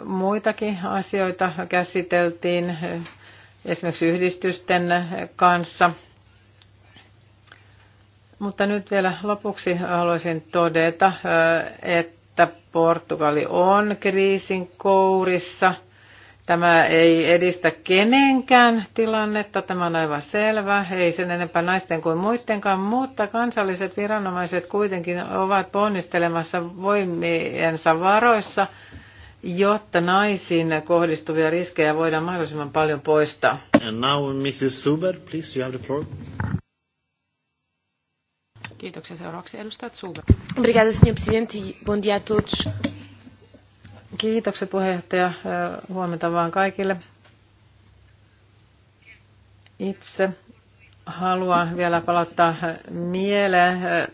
muitakin asioita käsiteltiin esimerkiksi yhdistysten kanssa – Mutta nyt vielä lopuksi haluaisin todeta, että Portugali on kriisin kourissa. Tämä ei edistä kenenkään tilannetta, tämä on aivan selvä, ei sen enempää naisten kuin muidenkaan, mutta kansalliset viranomaiset kuitenkin ovat ponnistelemassa voimiensa varoissa, jotta naisiin kohdistuvia riskejä voidaan mahdollisimman paljon poistaa. And now Mrs. Suber, please, you have the floor. Kiitoksia seuraavaksi edustajat Suuve. Obrigada, senhor presidente. E bom dia a todos. Kiitokset puheenjohtaja. Huomenta vaan kaikille. Itse haluan vielä palauttaa mieleen eh,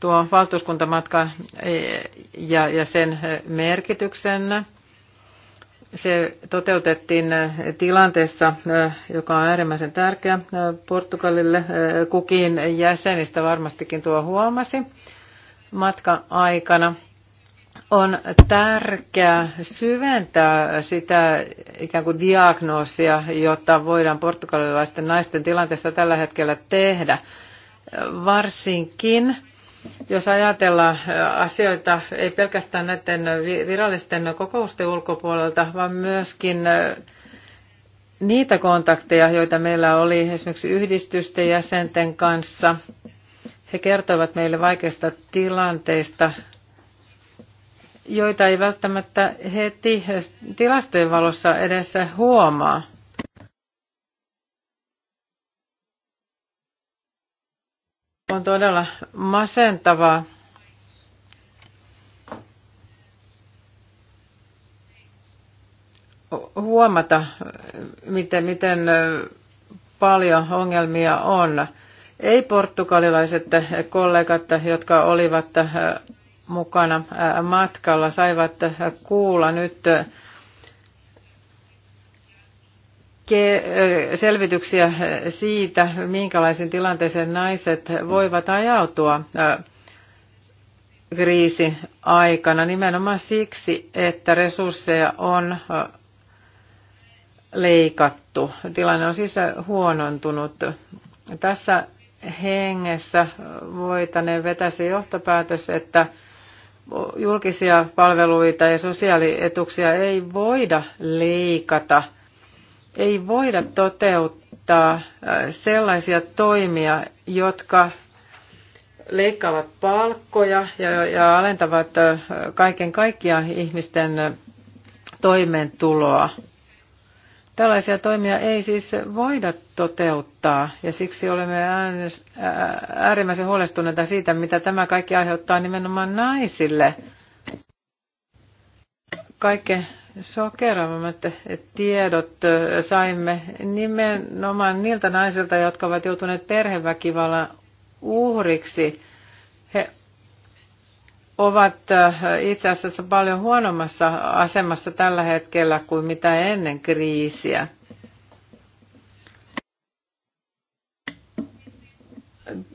tuo valtuuskuntamatka eh, ja, ja sen eh, merkityksen. Se toteutettiin äh, tilanteessa, äh, joka on äärimmäisen tärkeä äh, Portugalille. Kukin jäsenistä varmastikin tuo huomasi matkan aikana. On tärkeää syventää sitä ikään kuin diagnoosia, jota voidaan portugalilaisten naisten tilanteessa tällä hetkellä tehdä. Varsinkin Jos ajatellaan asioita ei pelkästään näiden virallisten kokousten ulkopuolelta, vaan myöskin niitä kontakteja, joita meillä oli esimerkiksi yhdistysten jäsenten kanssa. He kertoivat meille vaikeista tilanteista, joita ei välttämättä heti tilastojen valossa edes huomaa. On todella masentavaa. huomata, miten, miten paljon ongelmia on. Ei portugalilaiset kollegat, jotka olivat mukana matkalla, saivat kuulla nyt selvityksiä siitä, minkälaisen tilanteeseen naiset voivat ajautua kriisin aikana nimenomaan siksi, että resursseja on leikattu. Tilanne on siis huonontunut. Tässä hengessä voitaneen vetää se johtopäätös, että julkisia palveluita ja sosiaalietuksia ei voida leikata – ei voida toteuttaa äh, sellaisia toimia, jotka leikkaavat palkkoja ja, ja alentavat äh, kaiken kaikkiaan ihmisten äh, toimeentuloa. Tällaisia toimia ei siis voida toteuttaa ja siksi olemme äärimmäisen huolestuneita siitä, mitä tämä kaikki aiheuttaa nimenomaan naisille. Kaiken sokeramat tiedot saimme nimenomaan niiltä naisilta, jotka ovat joutuneet perheväkivallan uhriksi. He ovat äh, itse asiassa paljon huonommassa asemassa tällä hetkellä kuin mitä ennen kriisiä.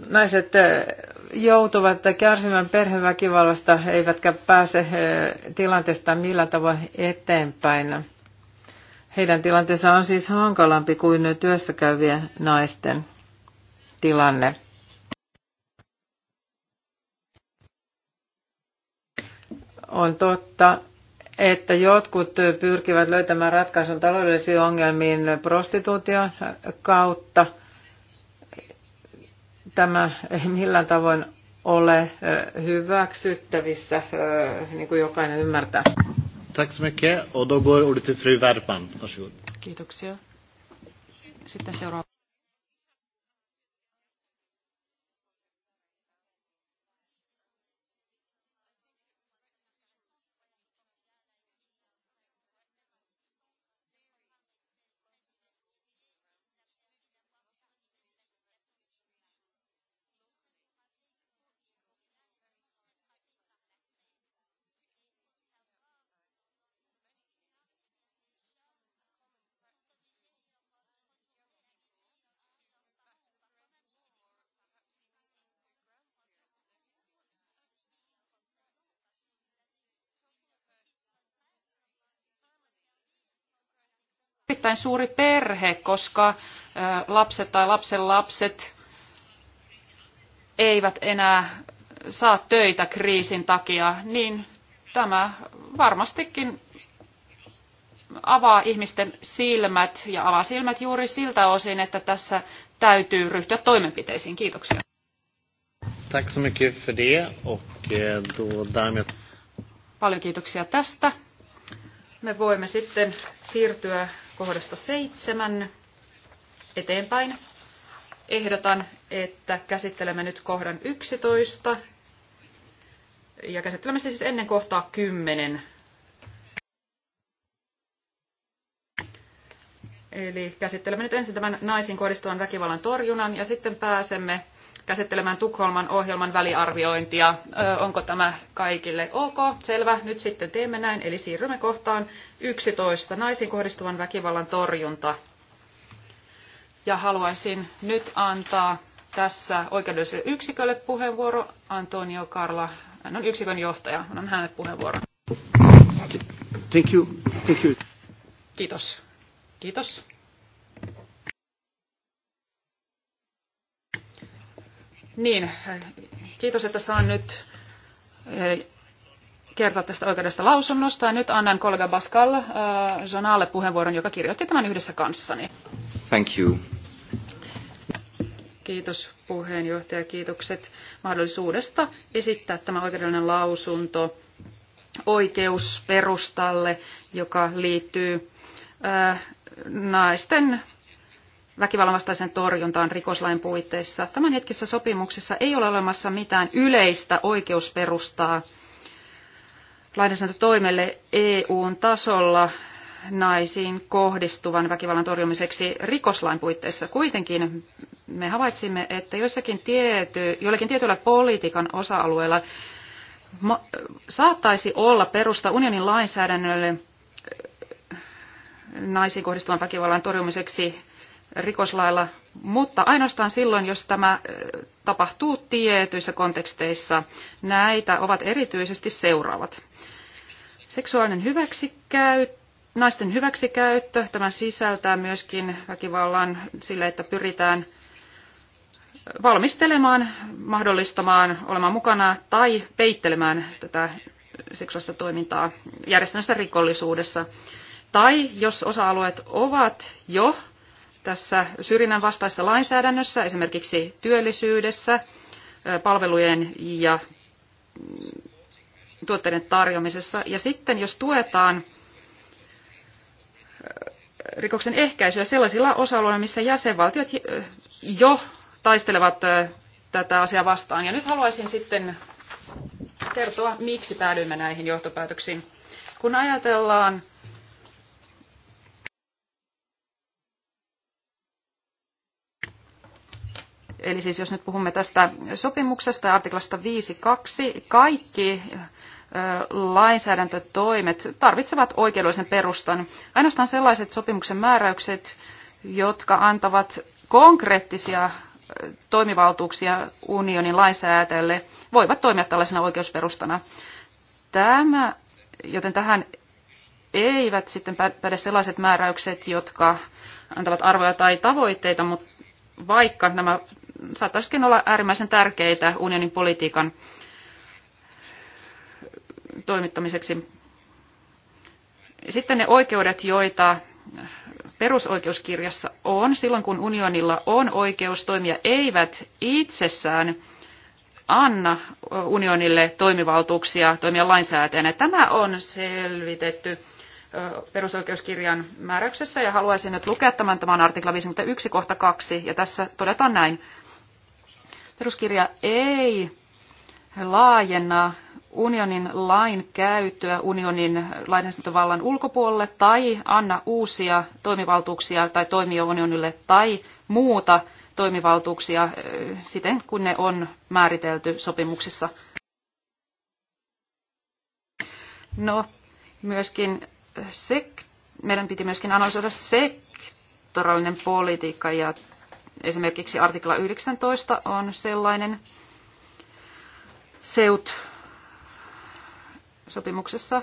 Naiset äh, joutuvat kärsimään perheväkivallasta eivätkä pääse eh, tilanteesta millään tavoin eteenpäin. Heidän tilanteensa on siis hankalampi kuin työssäkäyvien naisten tilanne. On totta, että jotkut pyrkivät löytämään ratkaisun taloudellisiin ongelmiin prostituution kautta – tämä ei millään tavoin ole hyväksyttävissä, niin kuin jokainen ymmärtää. Tack så mycket. Och då går ordet till fru Werpan. Varsågod. Kiitoksia. Sitten seuraava. erittäin suuri perhe, koska lapset tai lapsenlapset eivät enää saa töitä kriisin takia, niin tämä varmastikin avaa ihmisten silmät ja avaa silmät juuri siltä osin, että tässä täytyy ryhtyä toimenpiteisiin. Kiitoksia. Tack så mycket för det och eh, då därmed... Paljon kiitoksia tästä. Me voimme sitten siirtyä kohdasta seitsemän eteenpäin. Ehdotan, että käsittelemme nyt kohdan 11 ja käsittelemme siis ennen kohtaa 10. Eli käsittelemme nyt ensin tämän naisiin kohdistuvan väkivallan torjunnan ja sitten pääsemme käsittelemään Tukholman ohjelman väliarviointia. Onko tämä kaikille ok? Selvä, nyt sitten teemme näin. Eli siirrymme kohtaan 11. Naisiin kohdistuvan väkivallan torjunta. Ja haluaisin nyt antaa tässä oikeudelliselle yksikölle puheenvuoro. Antonio Karla, hän on yksikön johtaja. Annan hänelle puheenvuoron. Thank you. Thank you. Kiitos. Kiitos. Niin, kiitos, että saan nyt eh, kertoa tästä oikeudesta lausunnosta. Ja nyt annan kollega Pascal äh, Jonalle puheenvuoron, joka kirjoitti tämän yhdessä kanssani. Thank you. Kiitos puheenjohtaja, kiitokset mahdollisuudesta esittää tämä oikeudellinen lausunto oikeusperustalle, joka liittyy äh, naisten väkivallan vastaisen torjuntaan rikoslain puitteissa. Tämän hetkisessä sopimuksessa ei ole olemassa mitään yleistä oikeusperustaa lainsäädäntötoimelle EUn tasolla naisiin kohdistuvan väkivallan torjumiseksi rikoslain puitteissa. Kuitenkin me havaitsimme, että joissakin tiety, joillakin tietyillä politiikan osa-alueilla saattaisi olla perusta unionin lainsäädännölle naisiin kohdistuvan väkivallan torjumiseksi rikoslailla, mutta ainoastaan silloin, jos tämä tapahtuu tietyissä konteksteissa. Näitä ovat erityisesti seuraavat. Seksuaalinen hyväksikäyttö, naisten hyväksikäyttö, tämä sisältää myöskin väkivallan sille, että pyritään valmistelemaan, mahdollistamaan, olemaan mukana tai peittelemään tätä seksuaalista toimintaa järjestössä rikollisuudessa. Tai jos osa-alueet ovat jo tässä syrjinnän vastaisessa lainsäädännössä, esimerkiksi työllisyydessä, palvelujen ja mm, tuotteiden tarjoamisessa. Ja sitten jos tuetaan rikoksen ehkäisyä sellaisilla osa-alueilla, missä jäsenvaltiot jo taistelevat tätä asiaa vastaan. Ja nyt haluaisin sitten kertoa, miksi päädyimme näihin johtopäätöksiin. Kun ajatellaan Eli siis jos nyt puhumme tästä sopimuksesta artiklasta 5.2, kaikki lainsäädäntötoimet tarvitsevat oikeudellisen perustan. Ainoastaan sellaiset sopimuksen määräykset, jotka antavat konkreettisia toimivaltuuksia unionin lainsäätäjälle, voivat toimia tällaisena oikeusperustana. Tämä, joten tähän eivät sitten päde sellaiset määräykset, jotka antavat arvoja tai tavoitteita, vaikka nämä saattaisikin olla äärimmäisen tärkeitä unionin politiikan toimittamiseksi. Sitten ne oikeudet, joita perusoikeuskirjassa on, silloin kun unionilla on oikeus toimia, eivät itsessään anna unionille toimivaltuuksia toimia lainsäätäjänä. Tämä on selvitetty perusoikeuskirjan määräyksessä ja haluaisin nyt lukea tämän, tämä on artikla 51 kohta 2 ja tässä todetaan näin. Peruskirja ei laajenna unionin lain käyttöä unionin lainsäädäntövallan ulkopuolelle tai anna uusia toimivaltuuksia tai toimia unionille tai muuta toimivaltuuksia siten, kun ne on määritelty sopimuksissa. No, myöskin sek- meidän piti myöskin analysoida sektorallinen politiikka ja esimerkiksi artikla 19 on sellainen seut sopimuksessa,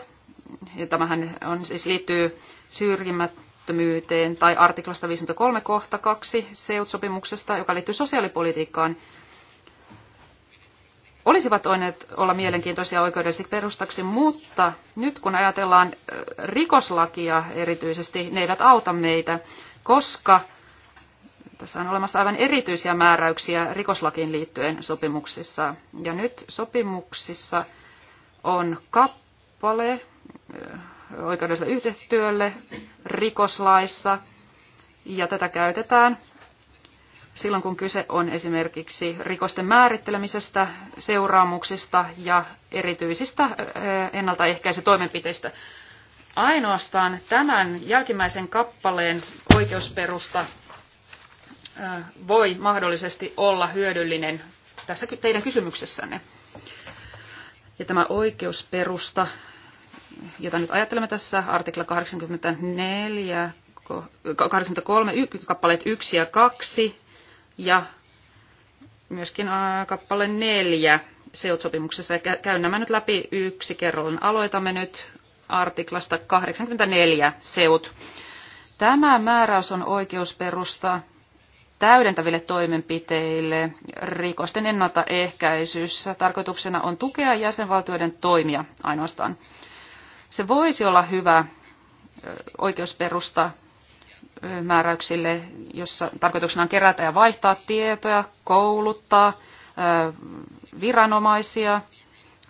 ja tämähän on, siis liittyy syrjimättömyyteen, tai artiklasta 53 kohta 2 seut sopimuksesta, joka liittyy sosiaalipolitiikkaan – olisivat voineet olla mielenkiintoisia oikeudelliseksi perustaksi, mutta nyt kun ajatellaan rikoslakia erityisesti, ne eivät auta meitä, koska tässä on olemassa aivan erityisiä määräyksiä rikoslakiin liittyen sopimuksissa. Ja nyt sopimuksissa on kappale oikeudelliselle yhteistyölle rikoslaissa, ja tätä käytetään – silloin kun kyse on esimerkiksi rikosten määrittelemisestä, seuraamuksista ja erityisistä ennaltaehkäisytoimenpiteistä. Ainoastaan tämän jälkimmäisen kappaleen oikeusperusta voi mahdollisesti olla hyödyllinen tässä teidän kysymyksessänne. Ja tämä oikeusperusta, jota nyt ajattelemme tässä, artikla 84, 83, kappaleet 1 ja 2, ja myöskin äh, kappale neljä SEUT-sopimuksessa. Käyn nämä nyt läpi yksi kerrallaan. Aloitamme nyt artiklasta 84 SEUT. Tämä määräys on oikeusperusta täydentäville toimenpiteille rikosten ennaltaehkäisyssä. Tarkoituksena on tukea jäsenvaltioiden toimia ainoastaan. Se voisi olla hyvä oikeusperusta määräyksille, jossa tarkoituksena on kerätä ja vaihtaa tietoja, kouluttaa viranomaisia,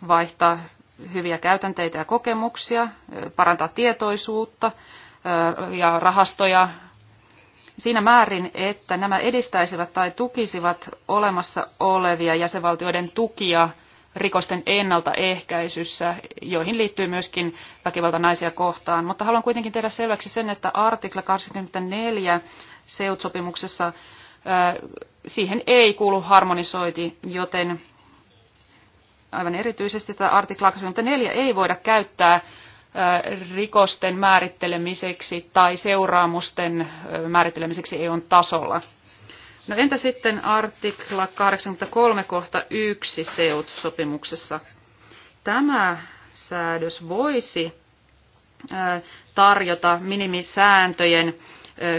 vaihtaa hyviä käytänteitä ja kokemuksia, parantaa tietoisuutta ja rahastoja siinä määrin, että nämä edistäisivät tai tukisivat olemassa olevia jäsenvaltioiden tukia – rikosten ennaltaehkäisyssä, joihin liittyy myöskin väkivalta naisia kohtaan. Mutta haluan kuitenkin tehdä selväksi sen, että artikla 24 SEUT-sopimuksessa siihen ei kuulu harmonisointi, joten aivan erityisesti tätä artiklaa 24 ei voida käyttää rikosten määrittelemiseksi tai seuraamusten määrittelemiseksi EUn tasolla. No entä sitten artikla 83 kohta 1 SEUT-sopimuksessa? Tämä säädös voisi tarjota minimisääntöjen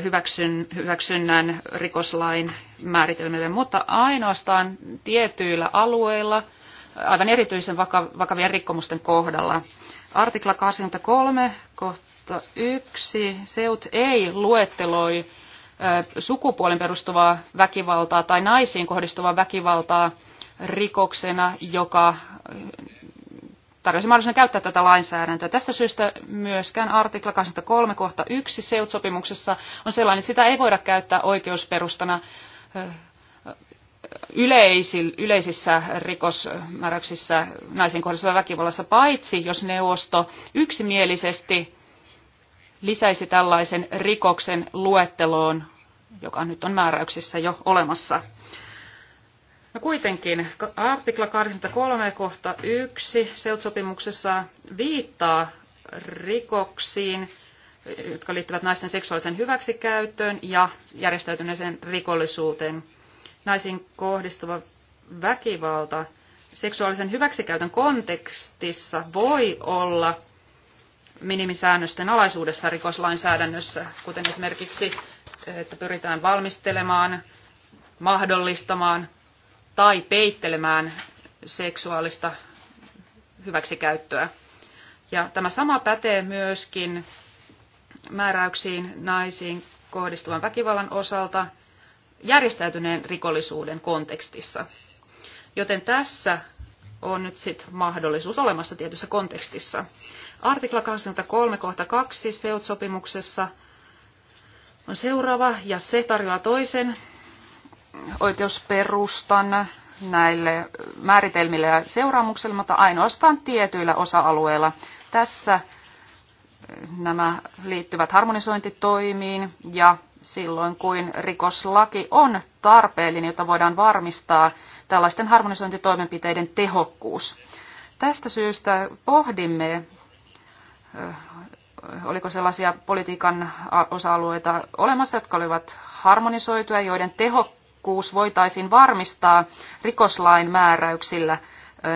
hyväksyn, hyväksynnän rikoslain määritelmille, mutta ainoastaan tietyillä alueilla, aivan erityisen vakavien rikkomusten kohdalla. Artikla 83, kohta 1, SEUT ei luetteloi sukupuolen perustuvaa väkivaltaa tai naisiin kohdistuvaa väkivaltaa rikoksena, joka tarjosi mahdollisuuden käyttää tätä lainsäädäntöä. Tästä syystä myöskään artikla 23 kohta 1 SEUT-sopimuksessa on sellainen, että sitä ei voida käyttää oikeusperustana yleisissä rikosmääräyksissä naisiin kohdistuvassa väkivallassa, paitsi jos neuvosto yksimielisesti lisäisi tällaisen rikoksen luetteloon, joka nyt on määräyksissä jo olemassa. No kuitenkin artikla 83 kohta 1 seutsopimuksessa viittaa rikoksiin, jotka liittyvät naisten seksuaalisen hyväksikäyttöön ja järjestäytyneeseen rikollisuuteen. Naisiin kohdistuva väkivalta seksuaalisen hyväksikäytön kontekstissa voi olla minimisäännösten alaisuudessa rikoslainsäädännössä, kuten esimerkiksi, että pyritään valmistelemaan, mahdollistamaan tai peittelemään seksuaalista hyväksikäyttöä. Ja tämä sama pätee myöskin määräyksiin naisiin kohdistuvan väkivallan osalta järjestäytyneen rikollisuuden kontekstissa. Joten tässä on nyt sitten mahdollisuus olemassa tietyssä kontekstissa. Artikla 23 kohta 2 SEUT-sopimuksessa on seuraava ja se tarjoaa toisen oikeusperustan näille määritelmille ja seuraamuksille, mutta ainoastaan tietyillä osa-alueilla. Tässä eh, nämä liittyvät harmonisointitoimiin ja silloin, kun rikoslaki on tarpeellinen, jotta voidaan varmistaa tällaisten harmonisointitoimenpiteiden tehokkuus. Tästä syystä pohdimme Äh, oliko sellaisia politiikan osa-alueita olemassa, jotka olivat harmonisoituja, joiden tehokkuus voitaisiin varmistaa rikoslain määräyksillä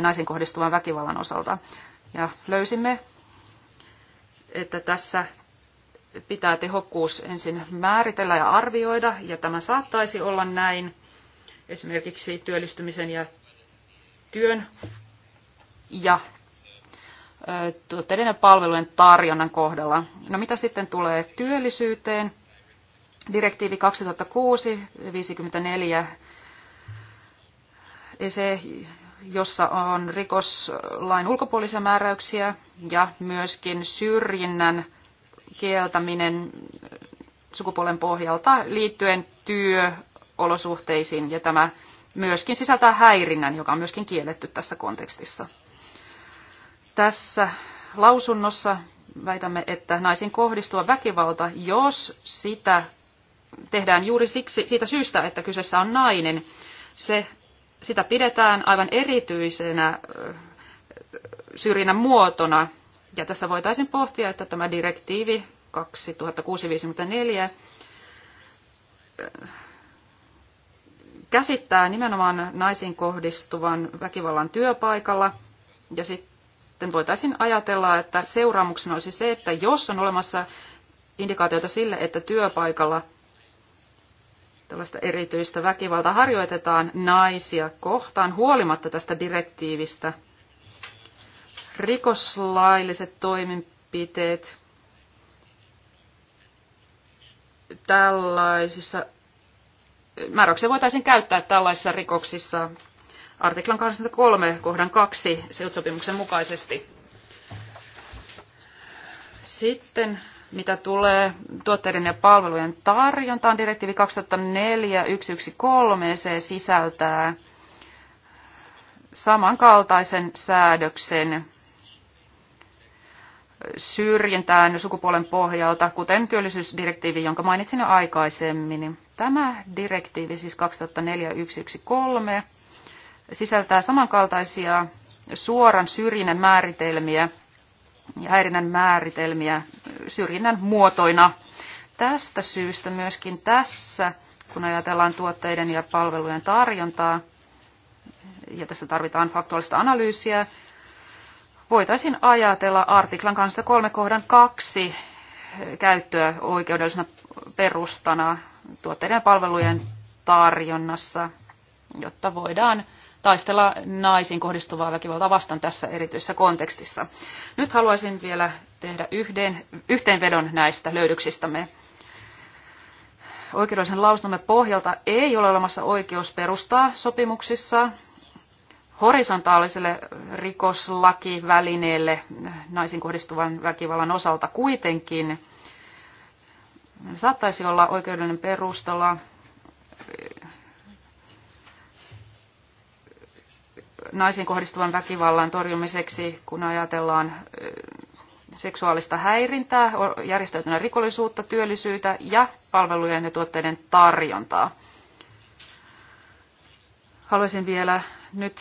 naisen kohdistuvan väkivallan osalta. Ja löysimme, että tässä pitää tehokkuus ensin määritellä ja arvioida, ja tämä saattaisi olla näin esimerkiksi työllistymisen ja työn ja tuotteiden ja palvelujen tarjonnan kohdalla. No mitä sitten tulee työllisyyteen? Direktiivi 2006-54 EC, jossa on rikoslain ulkopuolisia määräyksiä ja myöskin syrjinnän kieltäminen sukupuolen pohjalta liittyen työolosuhteisiin ja tämä myöskin sisältää häirinnän, joka on myöskin kielletty tässä kontekstissa. Tässä lausunnossa väitämme, että naisiin kohdistuva väkivalta, jos sitä tehdään juuri siksi, siitä syystä, että kyseessä on nainen, se, sitä pidetään aivan erityisenä syrjinnän muotona. Ja tässä voitaisiin pohtia, että tämä direktiivi 2654 käsittää nimenomaan naisiin kohdistuvan väkivallan työpaikalla ja sitten Sitten voitaisiin ajatella, että seuraamuksena olisi se, että jos on olemassa indikaatioita sille, että työpaikalla tällaista erityistä väkivaltaa harjoitetaan naisia kohtaan huolimatta tästä direktiivistä, rikoslailliset toimenpiteet tällaisissa määräyksiä voitaisiin käyttää tällaisissa rikoksissa artiklan 83 kohdan 2 seutsopimuksen mukaisesti. Sitten mitä tulee tuotteiden ja palvelujen tarjontaan, direktiivi 2004-113 se sisältää samankaltaisen säädöksen syrjintään sukupuolen pohjalta, kuten työllisyysdirektiivi, jonka mainitsin jo aikaisemmin. Tämä direktiivi siis 2004-113 samankaltaisia suoran syrjinnän määritelmiä ja häirinnän määritelmiä syrjinnän muotoina. Tästä syystä myöskin tässä, kun ajatellaan tuotteiden ja palvelujen tarjontaa, ja tässä tarvitaan faktuaalista analyysiä, voitaisiin ajatella artiklan kanssa kolme kohdan kaksi käyttöä oikeudellisena perustana tuotteiden ja palvelujen tarjonnassa, jotta voidaan taistella naisiin kohdistuvaa väkivaltaa vastaan tässä erityisessä kontekstissa. Nyt haluaisin vielä tehdä yhden, yhteenvedon näistä löydöksistämme. Oikeudellisen lausunnomme pohjalta ei ole olemassa oikeus perustaa sopimuksissa horisontaaliselle rikoslakivälineelle naisiin kohdistuvan väkivallan osalta kuitenkin saattaisi olla oikeudellinen perustalla naisiin kohdistuvan väkivallan torjumiseksi, kun ajatellaan seksuaalista häirintää, järjestäytyneen rikollisuutta, työllisyyttä ja palvelujen ja tuotteiden tarjontaa. Haluaisin vielä nyt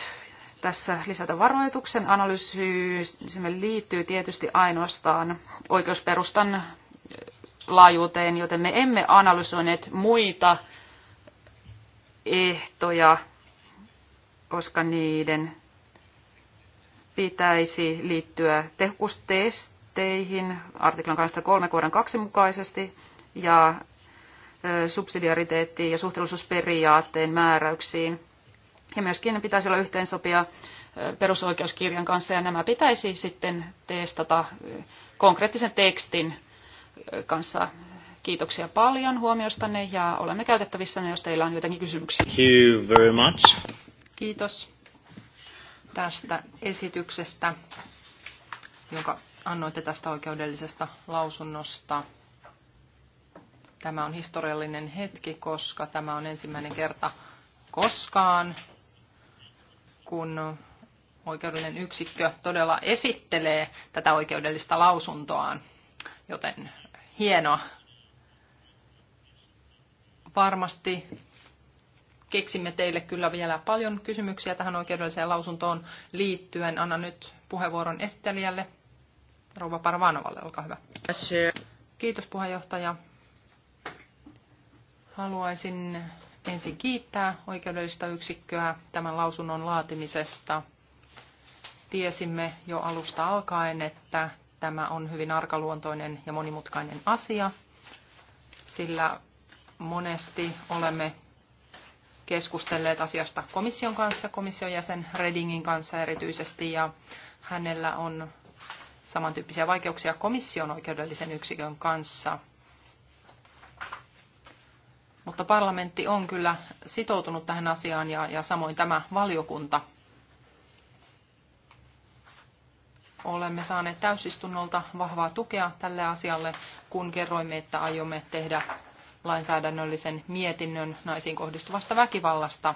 tässä lisätä varoituksen. Analyysimme liittyy tietysti ainoastaan oikeusperustan laajuuteen, joten me emme analysoineet muita ehtoja koska niiden pitäisi liittyä tehokkuustesteihin artiklan 23 kohdan 2 mukaisesti ja subsidiariteettiin ja suhteellisuusperiaatteen määräyksiin. Ja myöskin ne pitäisi olla yhteensopia perusoikeuskirjan kanssa ja nämä pitäisi sitten testata konkreettisen tekstin kanssa. Kiitoksia paljon huomiostanne ja olemme käytettävissä, jos teillä on jotakin kysymyksiä. Thank you very much. Kiitos tästä esityksestä, jonka annoitte tästä oikeudellisesta lausunnosta. Tämä on historiallinen hetki, koska tämä on ensimmäinen kerta koskaan, kun oikeudellinen yksikkö todella esittelee tätä oikeudellista lausuntoaan, joten hienoa. Varmasti keksimme teille kyllä vielä paljon kysymyksiä tähän oikeudelliseen lausuntoon liittyen. Anna nyt puheenvuoron esittelijälle, rouva Parvanovalle, olkaa hyvä. Kiitos puheenjohtaja. Haluaisin ensin kiittää oikeudellista yksikköä tämän lausunnon laatimisesta. Tiesimme jo alusta alkaen, että tämä on hyvin arkaluontoinen ja monimutkainen asia, sillä monesti olemme keskustelleet asiasta komission kanssa, komission jäsen Redingin kanssa erityisesti, ja hänellä on samantyyppisiä vaikeuksia komission oikeudellisen yksikön kanssa. Mutta parlamentti on kyllä sitoutunut tähän asiaan ja, ja samoin tämä valiokunta. Olemme saaneet täysistunnolta vahvaa tukea tälle asialle, kun kerroimme, että aiomme tehdä lainsäädännöllisen mietinnön naisiin kohdistuvasta väkivallasta.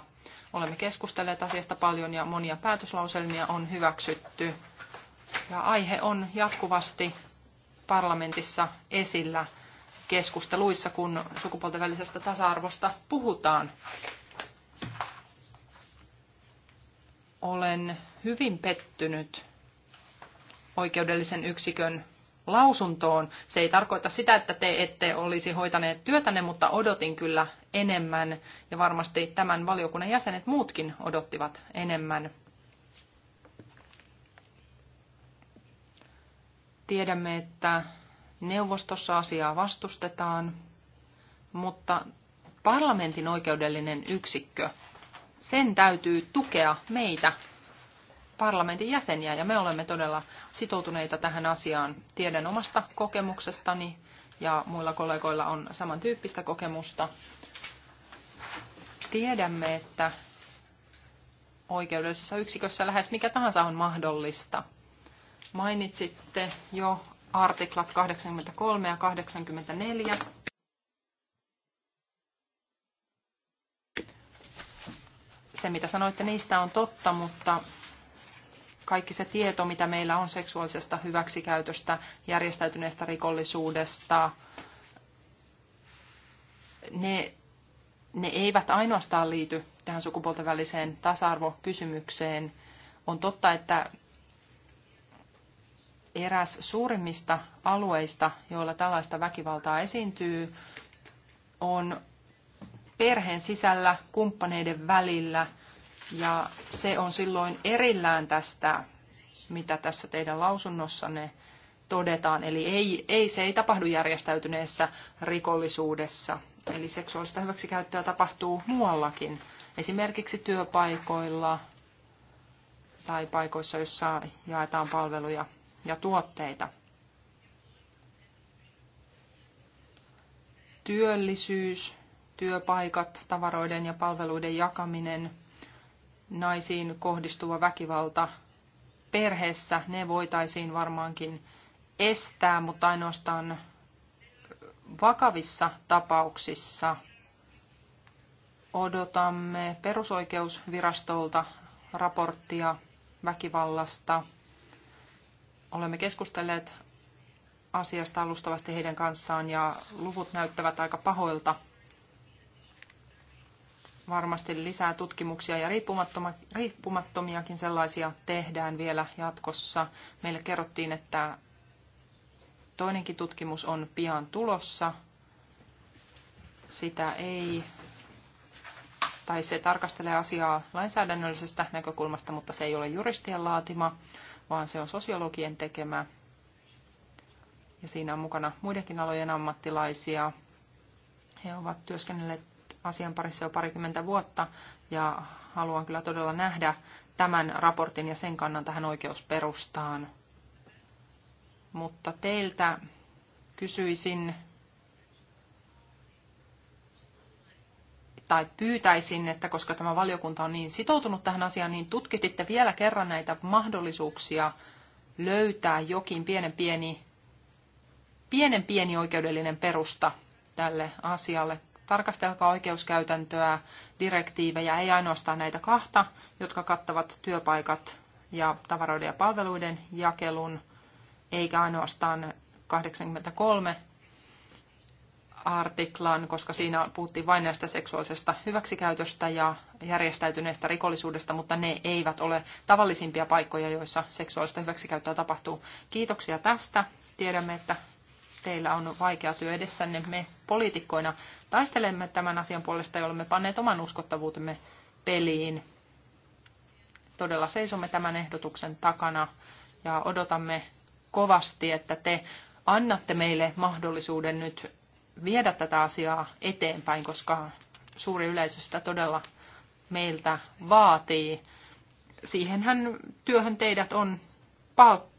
Olemme keskustelleet asiasta paljon ja monia päätöslauselmia on hyväksytty. Ja aihe on jatkuvasti parlamentissa esillä keskusteluissa, kun sukupuolten välisestä tasa-arvosta puhutaan. Olen hyvin pettynyt oikeudellisen yksikön lausuntoon. Se ei tarkoita sitä, että te ette olisi hoitaneet työtänne, mutta odotin kyllä enemmän ja varmasti tämän valiokunnan jäsenet muutkin odottivat enemmän. Tiedämme, että neuvostossa asiaa vastustetaan, mutta parlamentin oikeudellinen yksikkö, sen täytyy tukea meitä parlamentin jäseniä ja me olemme todella sitoutuneita tähän asiaan. Tiedän omasta kokemuksestani ja muilla kollegoilla on samantyyppistä kokemusta. Tiedämme, että oikeudellisessa yksikössä lähes mikä tahansa on mahdollista. Mainitsitte jo artiklat 83 ja 84. Se, mitä sanoitte, niistä on totta, mutta kaikki se tieto, mitä meillä on seksuaalisesta hyväksikäytöstä, järjestäytyneestä rikollisuudesta, ne, ne eivät ainoastaan liity tähän sukupuolten väliseen tasa-arvokysymykseen. On totta, että eräs suurimmista alueista, joilla tällaista väkivaltaa esiintyy, on perheen sisällä, kumppaneiden välillä – Ja se on silloin erillään tästä, mitä tässä teidän lausunnossanne todetaan. Eli ei, ei, se ei tapahdu järjestäytyneessä rikollisuudessa. Eli seksuaalista hyväksikäyttöä tapahtuu muuallakin, esimerkiksi työpaikoilla tai paikoissa, joissa jaetaan palveluja ja tuotteita. Työllisyys, työpaikat, tavaroiden ja palveluiden jakaminen – naisiin kohdistuva väkivalta perheessä, ne voitaisiin varmaankin estää, mutta ainoastaan vakavissa tapauksissa odotamme perusoikeusvirastolta raporttia väkivallasta. Olemme keskustelleet asiasta alustavasti heidän kanssaan ja luvut näyttävät aika pahoilta varmasti lisää tutkimuksia ja riippumattomiakin sellaisia tehdään vielä jatkossa. Meille kerrottiin, että toinenkin tutkimus on pian tulossa. Sitä ei, tai se tarkastelee asiaa lainsäädännöllisestä näkökulmasta, mutta se ei ole juristien laatima, vaan se on sosiologien tekemä. Ja siinä on mukana muidenkin alojen ammattilaisia. He ovat työskennelleet asian parissa jo parikymmentä vuotta ja haluan kyllä todella nähdä tämän raportin ja sen kannan tähän oikeusperustaan. Mutta teiltä kysyisin tai pyytäisin, että koska tämä valiokunta on niin sitoutunut tähän asiaan, niin tutkisitte vielä kerran näitä mahdollisuuksia löytää jokin pienen pieni, pienen pieni oikeudellinen perusta tälle asialle, tarkastelkaa oikeuskäytäntöä, direktiivejä, ei ainoastaan näitä kahta, jotka kattavat työpaikat ja tavaroiden ja palveluiden jakelun, eikä ainoastaan 83 artiklan, koska siinä puhuttiin vain näistä seksuaalisesta hyväksikäytöstä ja järjestäytyneestä rikollisuudesta, mutta ne eivät ole tavallisimpia paikkoja, joissa seksuaalista hyväksikäyttöä tapahtuu. Kiitoksia tästä. Tiedämme, että teillä on vaikea työ edessänne. Me poliitikkoina taistelemme tämän asian puolesta ja olemme panneet oman uskottavuutemme peliin. Todella seisomme tämän ehdotuksen takana ja odotamme kovasti, että te annatte meille mahdollisuuden nyt viedä tätä asiaa eteenpäin, koska suuri yleisö sitä todella meiltä vaatii. Siihenhän työhön teidät on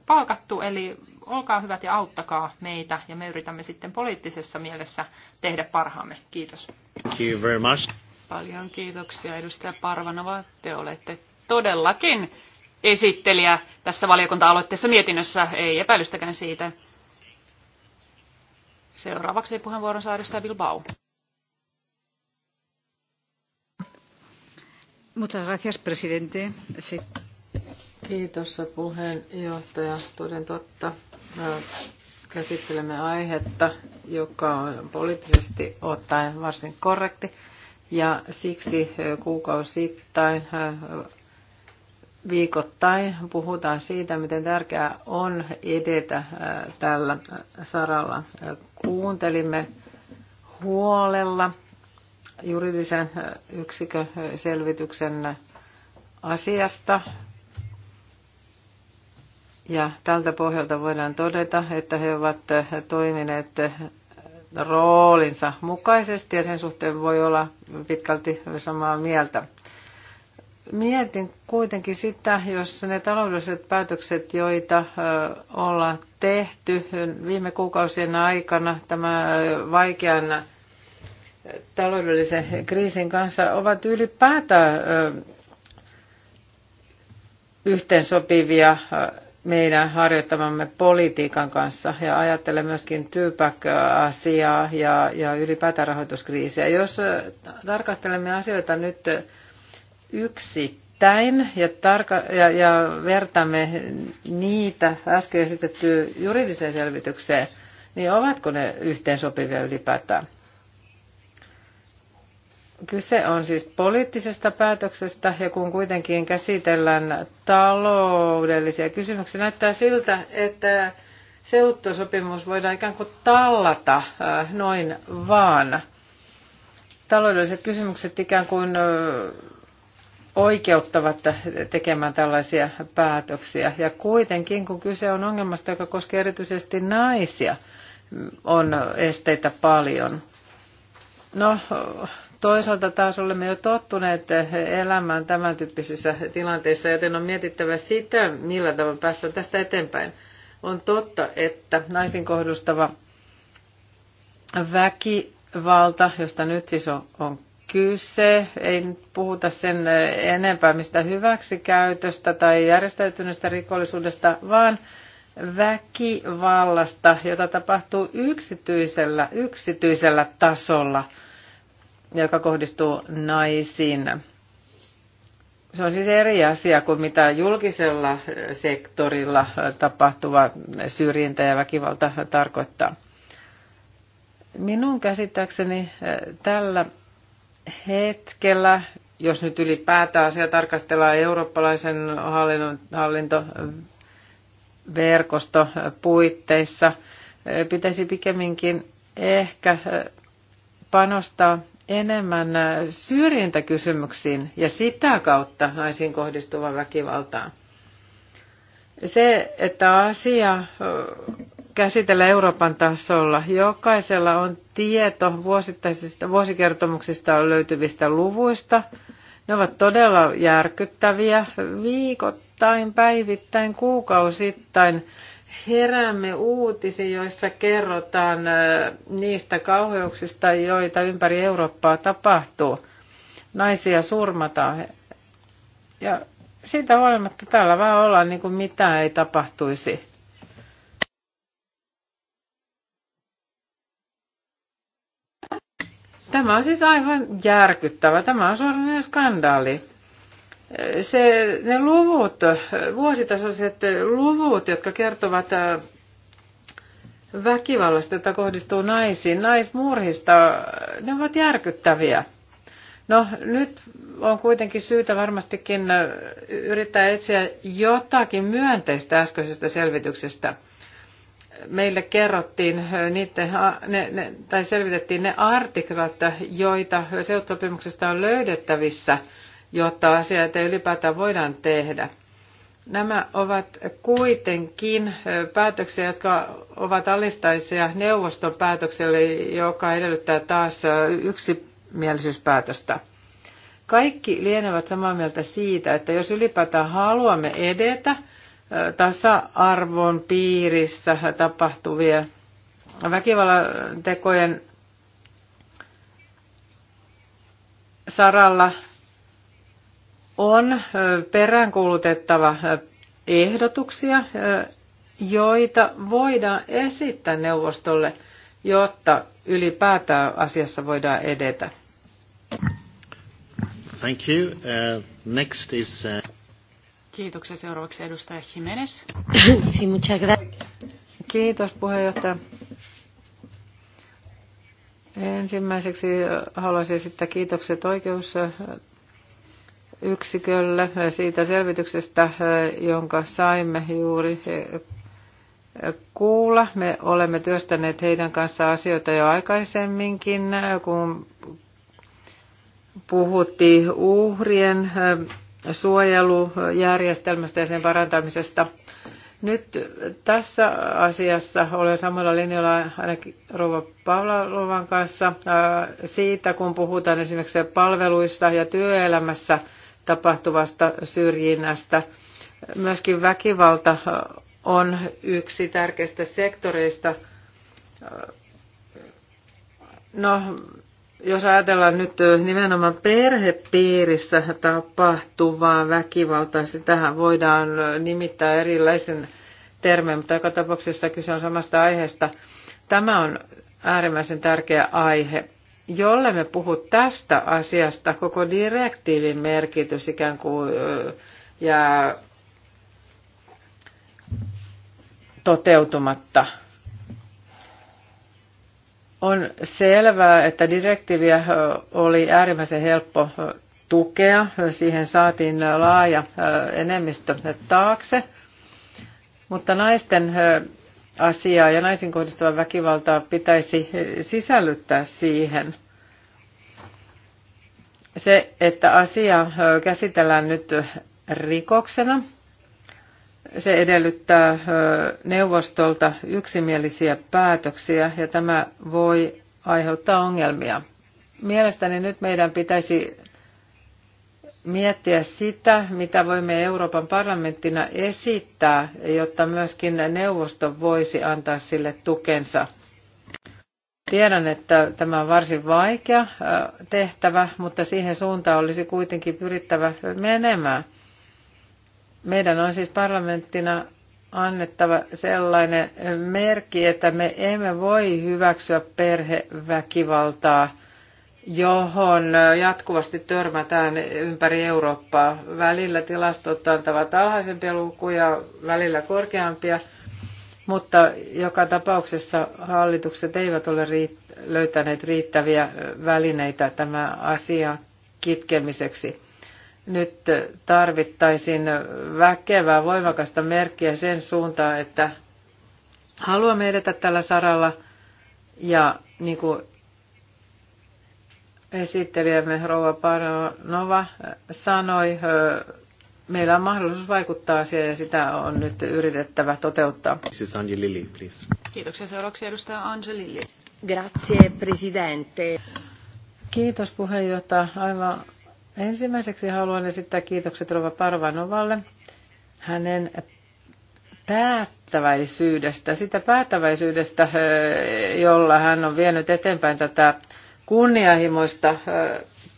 palkattu, eli olkaa hyvät ja auttakaa meitä, ja me yritämme sitten poliittisessa mielessä tehdä parhaamme. Kiitos. Thank you very much. Paljon kiitoksia, edustaja Parvanova. Te olette todellakin esittelijä tässä valiokunta-aloitteessa mietinnössä, ei epäilystäkään siitä. Seuraavaksi puheenvuoron saa edustaja Bilbao. Muchas gracias, presidente. Kiitos puheenjohtaja. Toden totta käsittelemme aihetta, joka on poliittisesti ottaen varsin korrekti. Ja siksi kuukausittain, viikoittain puhutaan siitä, miten tärkeää on edetä tällä saralla. Kuuntelimme huolella juridisen yksikön selvityksen asiasta Ja tältä pohjalta voidaan todeta, että he ovat toimineet roolinsa mukaisesti ja sen suhteen voi olla pitkälti samaa mieltä. Mietin kuitenkin sitä, jos ne taloudelliset päätökset, joita ollaan tehty viime kuukausien aikana tämä vaikean taloudellisen kriisin kanssa, ovat ylipäätään yhteensopivia meidän harjoittamamme politiikan kanssa ja ajattelen myöskin TYPAC-asiaa ja, ja ylipäätään rahoituskriisiä. Jos äh, tarkastelemme asioita nyt yksittäin ja, tarka- ja, ja vertaamme niitä äsken esitettyyn juridiseen selvitykseen, niin ovatko ne yhteensopivia ylipäätään? Kyse on siis poliittisesta päätöksestä ja kun kuitenkin käsitellään taloudellisia kysymyksiä, näyttää siltä, että seutosopimus voidaan ikään kuin tallata äh, noin vaan. Taloudelliset kysymykset ikään kuin äh, oikeuttavat tekemään tällaisia päätöksiä. Ja kuitenkin, kun kyse on ongelmasta, joka koskee erityisesti naisia, on esteitä paljon. No, Toisaalta taas olemme jo tottuneet elämään tämän tyyppisissä tilanteissa, joten on mietittävä sitä, millä tavalla päästään tästä eteenpäin. On totta, että naisin kohdustava väkivalta, josta nyt siis on, on kyse, ei nyt puhuta sen enempää mistä hyväksikäytöstä tai järjestäytyneestä rikollisuudesta, vaan väkivallasta, jota tapahtuu yksityisellä, yksityisellä tasolla – joka kohdistuu naisiin. Se on siis eri asia kuin mitä julkisella sektorilla tapahtuva syrjintä ja väkivalta tarkoittaa. Minun käsittääkseni eh, tällä hetkellä, jos nyt ylipäätään asia tarkastellaan eurooppalaisen hallinnon, hallintoverkosto puitteissa, eh, pitäisi pikemminkin ehkä eh, panostaa enemmän äh, syrjintäkysymyksiin ja sitä kautta naisiin kohdistuvaan väkivaltaan. Se, että asia äh, käsitellä Euroopan tasolla. Jokaisella on tieto vuosittaisista vuosikertomuksista löytyvistä luvuista. Ne ovat todella järkyttäviä viikoittain, päivittäin, kuukausittain heräämme uutisiin, joissa kerrotaan niistä kauheuksista, joita ympäri Eurooppaa tapahtuu. Naisia surmataan. Ja siitä huolimatta täällä vaan ollaan niin kuin mitään ei tapahtuisi. Tämä on siis aivan järkyttävä. Tämä on suoranainen skandaali se, ne luvut, vuositasoiset luvut, jotka kertovat äh, väkivallasta, jota kohdistuu naisiin, naismurhista, äh, ne ovat järkyttäviä. No nyt on kuitenkin syytä varmastikin äh, yrittää etsiä jotakin myönteistä äskeisestä selvityksestä. Meille kerrottiin niitä, ne, ne, tai selvitettiin ne artiklat, joita seutopimuksesta on löydettävissä – jotta asioita ylipäätään voidaan tehdä. Nämä ovat kuitenkin päätöksiä, jotka ovat alistaisia neuvoston päätökselle, joka edellyttää taas yksimielisyyspäätöstä. Kaikki lienevät samaa mieltä siitä, että jos ylipäätään haluamme edetä tasa-arvon piirissä tapahtuvia väkivallan tekojen saralla on peräänkuulutettava ehdotuksia, joita voidaan esittää neuvostolle, jotta ylipäätään asiassa voidaan edetä. Thank you. Uh, next is, uh... Kiitoksia. Seuraavaksi edustaja Jimenez. sí, muchas gracias. Kiitos puheenjohtaja. Ensimmäiseksi haluaisin esittää kiitokset oikeus yksikölle siitä selvityksestä, jonka saimme juuri kuulla. Me olemme työstäneet heidän kanssa asioita jo aikaisemminkin, kun puhuttiin uhrien suojelujärjestelmästä ja sen parantamisesta. Nyt tässä asiassa olen samalla linjalla ainakin Rouva Pavlovan kanssa siitä, kun puhutaan esimerkiksi palveluista ja työelämässä – tapahtuvasta syrjinnästä. Myöskin väkivalta on yksi tärkeistä sektoreista. No, jos ajatellaan nyt nimenomaan perhepiirissä tapahtuvaa väkivaltaa, sitähän voidaan nimittää erilaisen termein, mutta joka tapauksessa kyse on samasta aiheesta. Tämä on äärimmäisen tärkeä aihe. Jollemme puhu tästä asiasta, koko direktiivin merkitys ikään kuin jää toteutumatta. On selvää, että direktiiviä oli äärimmäisen helppo tukea. Siihen saatiin laaja enemmistö taakse. Mutta naisten asiaa ja naisiin kohdistuvan väkivaltaa pitäisi sisällyttää siihen. Se, että asia käsitellään nyt rikoksena, se edellyttää neuvostolta yksimielisiä päätöksiä ja tämä voi aiheuttaa ongelmia. Mielestäni nyt meidän pitäisi miettiä sitä, mitä voimme Euroopan parlamenttina esittää, jotta myöskin neuvosto voisi antaa sille tukensa. Tiedän, että tämä on varsin vaikea äh, tehtävä, mutta siihen suuntaan olisi kuitenkin pyrittävä menemään. Meidän on siis parlamenttina annettava sellainen merkki, että me emme voi hyväksyä perheväkivaltaa – johon jatkuvasti törmätään ympäri Eurooppaa. Välillä tilastot antavat alhaisempia lukuja, välillä korkeampia, mutta joka tapauksessa hallitukset eivät ole riitt- löytäneet riittäviä välineitä tämän asian kitkemiseksi. Nyt tarvittaisiin väkevää, voimakasta merkkiä sen suuntaan, että haluamme edetä tällä saralla ja niin kuin esittelijämme Rova Paranova sanoi, meillä on mahdollisuus vaikuttaa asiaan ja sitä on nyt yritettävä toteuttaa. Mrs. Angelilli, please. Kiitoksia. Seuraavaksi edustaja Angelilli. Grazie, presidente. Kiitos puheenjohtaja. Aivan ensimmäiseksi haluan esittää kiitokset Rova Parvanovalle hänen päättäväisyydestä, sitä päättäväisyydestä, jolla hän on vienyt eteenpäin tätä kunnianhimoista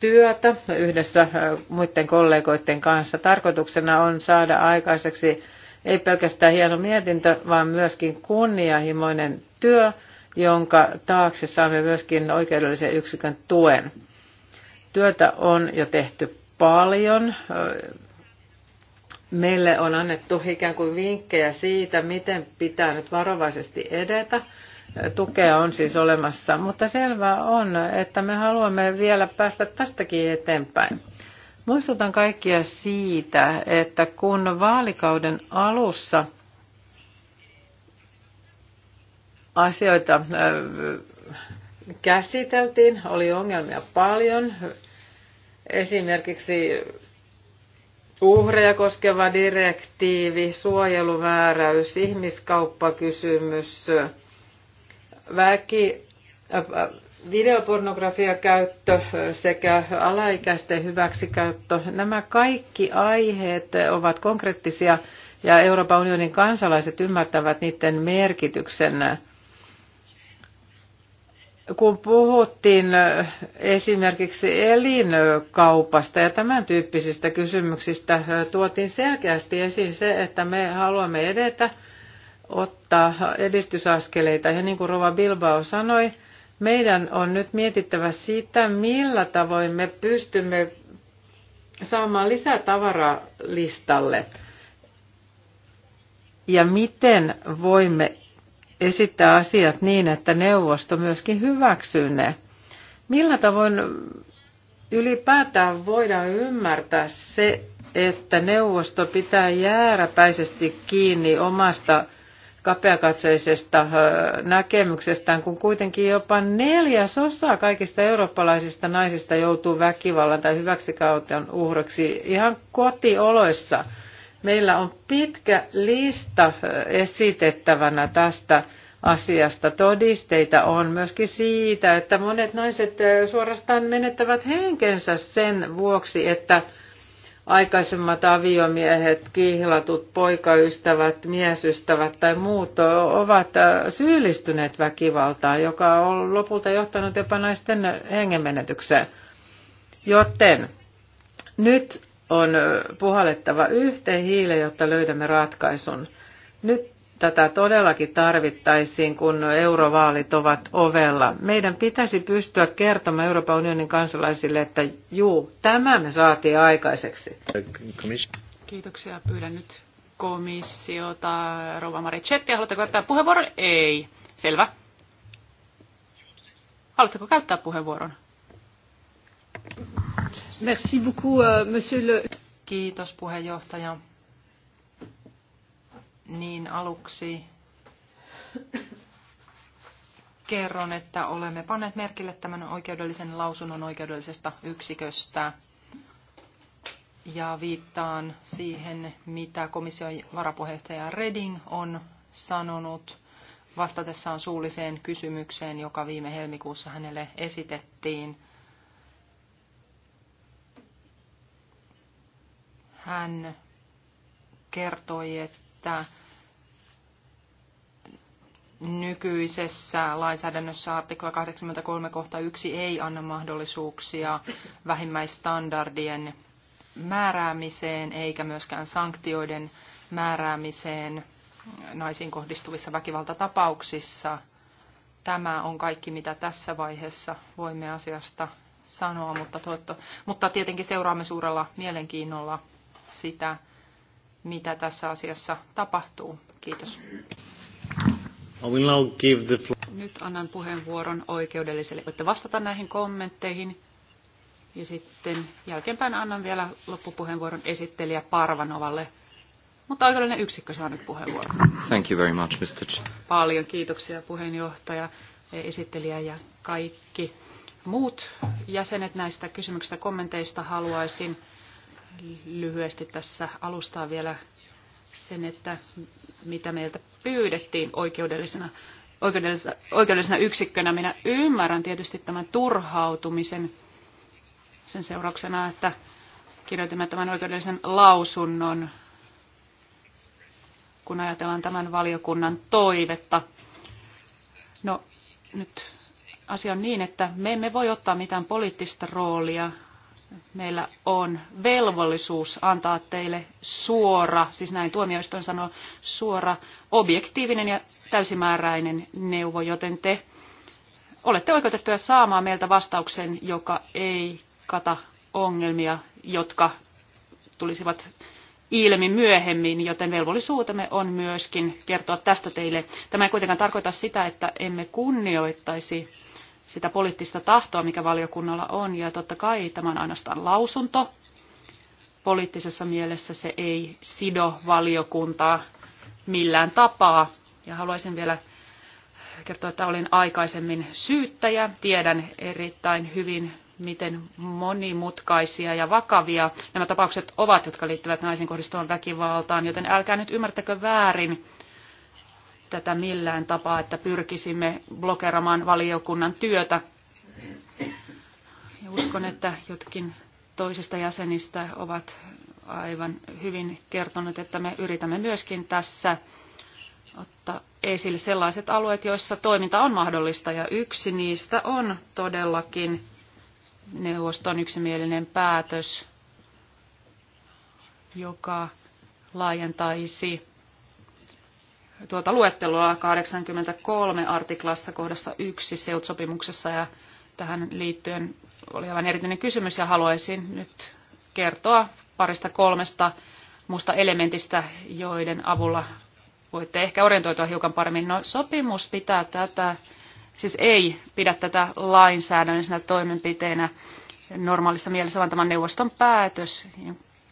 työtä yhdessä muiden kollegoiden kanssa. Tarkoituksena on saada aikaiseksi ei pelkästään hieno mietintö, vaan myöskin kunnianhimoinen työ, jonka taakse saamme myöskin oikeudellisen yksikön tuen. Työtä on jo tehty paljon. Meille on annettu ikään kuin vinkkejä siitä, miten pitää nyt varovaisesti edetä – tukea on siis olemassa, mutta selvää on, että me haluamme vielä päästä tästäkin eteenpäin. Muistutan kaikkia siitä, että kun vaalikauden alussa asioita käsiteltiin, oli ongelmia paljon. Esimerkiksi uhreja koskeva direktiivi, suojelumääräys, ihmiskauppakysymys, kysymys väki, videopornografian käyttö sekä alaikäisten hyväksikäyttö, nämä kaikki aiheet ovat konkreettisia ja Euroopan unionin kansalaiset ymmärtävät niiden merkityksen. Kun puhuttiin esimerkiksi elinkaupasta ja tämän tyyppisistä kysymyksistä, tuotiin selkeästi esiin se, että me haluamme edetä – ottaa edistysaskeleita. Ja niin kuin Rova Bilbao sanoi, meidän on nyt mietittävä sitä, millä tavoin me pystymme saamaan lisää tavaraa listalle. Ja miten voimme esittää asiat niin, että neuvosto myöskin hyväksyy ne. Millä tavoin ylipäätään voidaan ymmärtää se, että neuvosto pitää jääräpäisesti kiinni omasta kapeakatseisesta näkemyksestään, kun kuitenkin jopa neljäsosa kaikista eurooppalaisista naisista joutuu väkivallan tai hyväksikäytön uhreksi ihan kotioloissa. Meillä on pitkä lista esitettävänä tästä asiasta. Todisteita on myöskin siitä, että monet naiset suorastaan menettävät henkensä sen vuoksi, että aikaisemmat aviomiehet, kihlatut, poikaystävät, miesystävät tai muut ovat syyllistyneet väkivaltaan, joka on lopulta johtanut jopa naisten hengenmenetykseen. Joten nyt on puhallettava yhteen hiileen, jotta löydämme ratkaisun. Nyt Tätä todellakin tarvittaisiin, kun eurovaalit ovat ovella. Meidän pitäisi pystyä kertomaan Euroopan unionin kansalaisille, että juu, tämä me saatiin aikaiseksi. Kiitoksia. Pyydän nyt komissiota. Rouva Maricetti, haluatteko käyttää puheenvuoron? Ei. Selvä. Haluatteko käyttää puheenvuoron? Merci beaucoup, euh, monsieur le... Kiitos puheenjohtaja niin aluksi kerron, että olemme panneet merkille tämän oikeudellisen lausunnon oikeudellisesta yksiköstä ja viittaan siihen, mitä komission varapuheenjohtaja Reding on sanonut vastatessaan suulliseen kysymykseen, joka viime helmikuussa hänelle esitettiin. Hän kertoi, että nykyisessä lainsäädännössä artikla 83 kohta 1 ei anna mahdollisuuksia vähimmäisstandardien määräämiseen eikä myöskään sanktioiden määräämiseen naisiin kohdistuvissa väkivaltatapauksissa. Tämä on kaikki, mitä tässä vaiheessa voimme asiasta sanoa, mutta, toitto, mutta tietenkin seuraamme suurella mielenkiinnolla sitä, mitä tässä asiassa tapahtuu. Kiitos. Nyt annan puheenvuoron oikeudelliselle. Voitte vastata näihin kommentteihin. Ja sitten jälkeenpäin annan vielä loppupuheenvuoron esittelijä Parvanovalle. Mutta oikeudellinen yksikkö saa nyt puheenvuoron. Thank you very much, Mr. Ch- Paljon kiitoksia puheenjohtaja, esittelijä ja kaikki muut jäsenet näistä kysymyksistä kommenteista haluaisin lyhyesti tässä alustaa vielä sen, että mitä meiltä pyydettiin oikeudellisena, oikeudellisena, oikeudellisena yksikkönä. Minä ymmärrän tietysti tämän turhautumisen sen seurauksena, että kirjoitimme tämän oikeudellisen lausunnon, kun ajatellaan tämän valiokunnan toivetta. No nyt asia on niin, että me emme voi ottaa mitään poliittista roolia meillä on velvollisuus antaa teille suora, siis näin tuomioistuin sanoo, suora, objektiivinen ja täysimääräinen neuvo, joten te olette oikeutettuja saamaan meiltä vastauksen, joka ei kata ongelmia, jotka tulisivat ilmi myöhemmin, joten velvollisuutemme on myöskin kertoa tästä teille. Tämä ei kuitenkaan tarkoita sitä, että emme kunnioittaisi sitä poliittista tahtoa, mikä valiokunnalla on. Ja totta kai tämä on ainoastaan lausunto. Poliittisessa mielessä se ei sido valiokuntaa millään tapaa. Ja haluaisin vielä kertoa, että olin aikaisemmin syyttäjä. Tiedän erittäin hyvin, miten monimutkaisia ja vakavia nämä tapaukset ovat, jotka liittyvät naisiin kohdistuvan väkivaltaan, joten älkää nyt ymmärtäkö väärin, tätä millään tapaa, että pyrkisimme blokeramaan valiokunnan työtä. Ja uskon, että jotkin toisista jäsenistä ovat aivan hyvin kertonut, että me yritämme myöskin tässä ottaa esille sellaiset alueet, joissa toiminta on mahdollista. Ja yksi niistä on todellakin neuvoston yksimielinen päätös, joka laajentaisi tuota luettelua 83 artiklassa kohdassa 1 SEUT-sopimuksessa ja tähän liittyen oli aivan erityinen kysymys ja haluaisin nyt kertoa parista kolmesta muusta elementistä, joiden avulla voitte ehkä orientoitua hiukan paremmin. No, sopimus pitää tätä, siis ei pidä tätä lainsäädännöllisenä toimenpiteenä normaalissa mielessä, vaan tämän neuvoston päätös,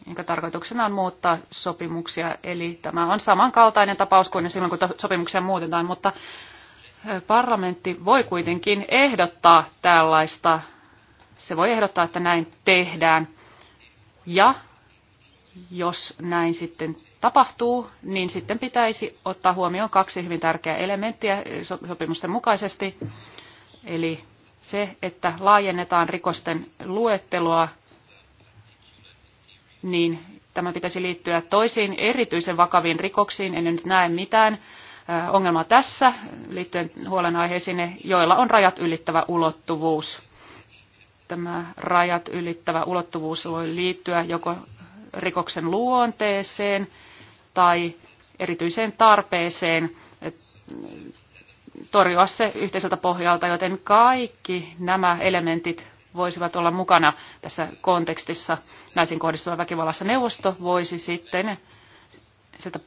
jonka tarkoituksena on muuttaa sopimuksia. Eli tämä on samankaltainen tapaus kuin silloin, kun sopimuksia muutetaan, mutta parlamentti voi kuitenkin ehdottaa tällaista. Se voi ehdottaa, että näin tehdään. Ja jos näin sitten tapahtuu, niin sitten pitäisi ottaa huomioon kaksi hyvin tärkeää elementtiä sopimusten mukaisesti. Eli se, että laajennetaan rikosten luetteloa niin tämä pitäisi liittyä toisiin erityisen vakaviin rikoksiin. En nyt näe mitään ongelmaa tässä liittyen huolenaiheisiin, joilla on rajat ylittävä ulottuvuus. Tämä rajat ylittävä ulottuvuus voi liittyä joko rikoksen luonteeseen tai erityiseen tarpeeseen torjua se yhteiseltä pohjalta, joten kaikki nämä elementit voisivat olla mukana tässä kontekstissa – naisiin kohdistuva väkivallassa neuvosto voisi sitten sieltä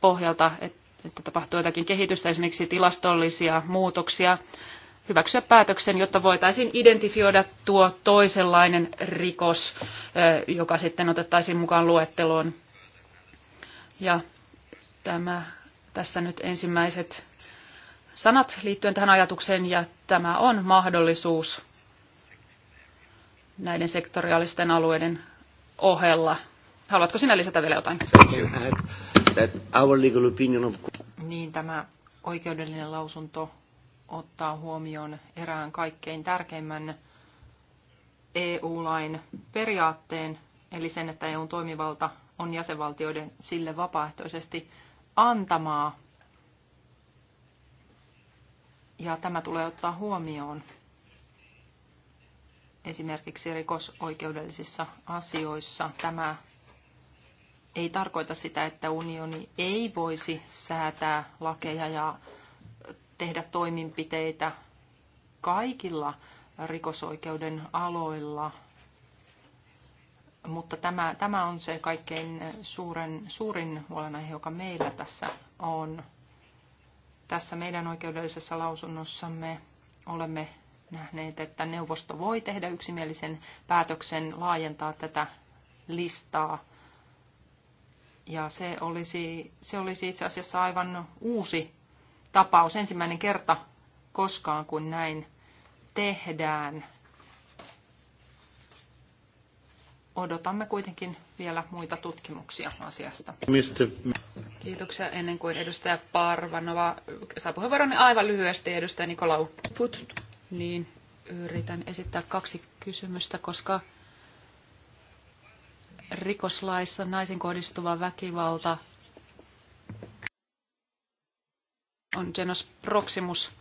pohjalta, että tapahtuu jotakin kehitystä, esimerkiksi tilastollisia muutoksia, hyväksyä päätöksen, jotta voitaisiin identifioida tuo toisenlainen rikos, joka sitten otettaisiin mukaan luetteloon. Ja tämä, tässä nyt ensimmäiset sanat liittyen tähän ajatukseen, ja tämä on mahdollisuus näiden sektoriaalisten alueiden ohella. Haluatko sinä lisätä vielä jotain? Niin, tämä oikeudellinen lausunto ottaa huomioon erään kaikkein tärkeimmän EU-lain periaatteen, eli sen, että EUn toimivalta on jäsenvaltioiden sille vapaaehtoisesti antamaa. Ja tämä tulee ottaa huomioon esimerkiksi rikosoikeudellisissa asioissa. Tämä ei tarkoita sitä, että unioni ei voisi säätää lakeja ja tehdä toimenpiteitä kaikilla rikosoikeuden aloilla, mutta tämä, tämä on se kaikkein suuren, suurin huolenaihe, joka meillä tässä on. Tässä meidän oikeudellisessa lausunnossamme olemme nähneet, että neuvosto voi tehdä yksimielisen päätöksen laajentaa tätä listaa. Ja se olisi, se olisi itse asiassa aivan uusi tapaus, ensimmäinen kerta koskaan, kun näin tehdään. Odotamme kuitenkin vielä muita tutkimuksia asiasta. Kiitoksia ennen kuin edustaja Parvanova saa puheenvuoron niin aivan lyhyesti edustaja Nikolau. Put niin yritän esittää kaksi kysymystä, koska rikoslaissa naisen kohdistuva väkivalta on genus proximus.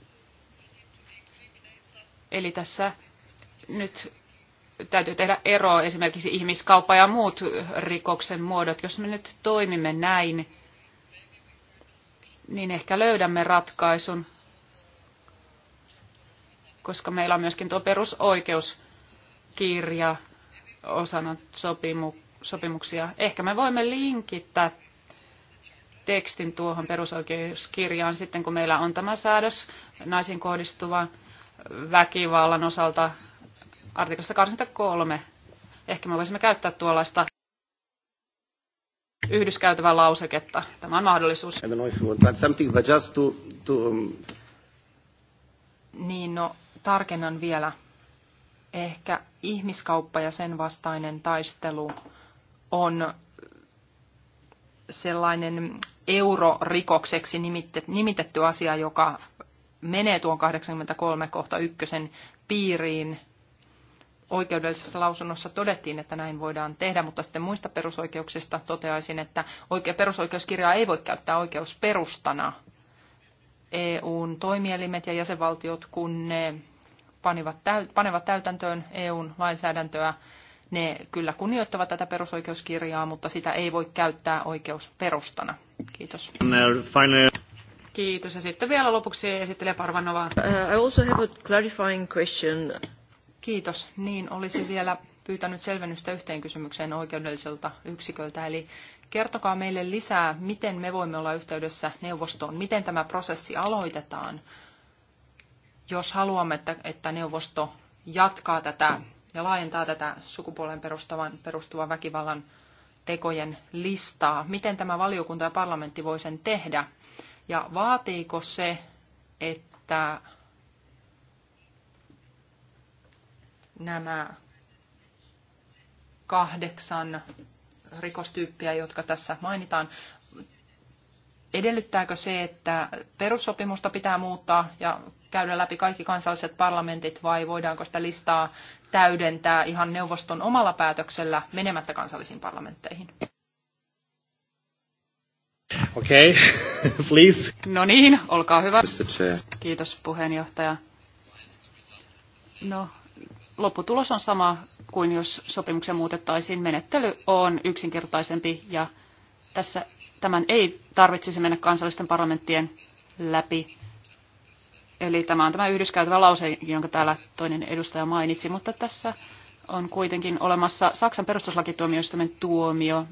Eli tässä nyt täytyy tehdä ero esimerkiksi ihmiskauppa ja muut rikoksen muodot. Jos me nyt toimimme näin, niin ehkä löydämme ratkaisun koska meillä on myöskin tuo perusoikeuskirja osana sopimu, sopimuksia. Ehkä me voimme linkittää tekstin tuohon perusoikeuskirjaan sitten, kun meillä on tämä säädös naisiin kohdistuvan väkivallan osalta artiklassa 23. Ehkä me voisimme käyttää tuollaista yhdyskäytävää lauseketta. Tämä on mahdollisuus. Um, niin, no tarkennan vielä. Ehkä ihmiskauppa ja sen vastainen taistelu on sellainen eurorikokseksi nimitetty asia, joka menee tuon 83 kohta ykkösen piiriin. Oikeudellisessa lausunnossa todettiin, että näin voidaan tehdä, mutta sitten muista perusoikeuksista toteaisin, että oikea perusoikeuskirjaa ei voi käyttää oikeusperustana. EUn toimielimet ja jäsenvaltiot, kun ne panivat täyt, panevat täytäntöön EUn lainsäädäntöä. Ne kyllä kunnioittavat tätä perusoikeuskirjaa, mutta sitä ei voi käyttää oikeusperustana. Kiitos. Kiitos. Ja sitten vielä lopuksi esittelee Parvanova. Uh, I also have a clarifying question. Kiitos. Niin, olisi vielä pyytänyt selvennystä yhteen kysymykseen oikeudelliselta yksiköltä. Eli kertokaa meille lisää, miten me voimme olla yhteydessä neuvostoon, miten tämä prosessi aloitetaan, jos haluamme, että, että neuvosto jatkaa tätä ja laajentaa tätä sukupuolen perustuvan, perustuvan väkivallan tekojen listaa, miten tämä valiokunta ja parlamentti voi sen tehdä ja vaatiiko se, että nämä kahdeksan rikostyyppiä, jotka tässä mainitaan, edellyttääkö se, että perussopimusta pitää muuttaa ja käydä läpi kaikki kansalliset parlamentit vai voidaanko sitä listaa täydentää ihan neuvoston omalla päätöksellä menemättä kansallisiin parlamentteihin? Okei, okay. please. No niin, olkaa hyvä. Kiitos puheenjohtaja. No, lopputulos on sama kuin jos sopimuksen muutettaisiin. Menettely on yksinkertaisempi ja tässä Tämän ei tarvitsisi mennä kansallisten parlamenttien läpi. Eli tämä on tämä yhdyskäytävä lause, jonka täällä toinen edustaja mainitsi, mutta tässä on kuitenkin olemassa Saksan perustuslakituomioistuimen tuomio,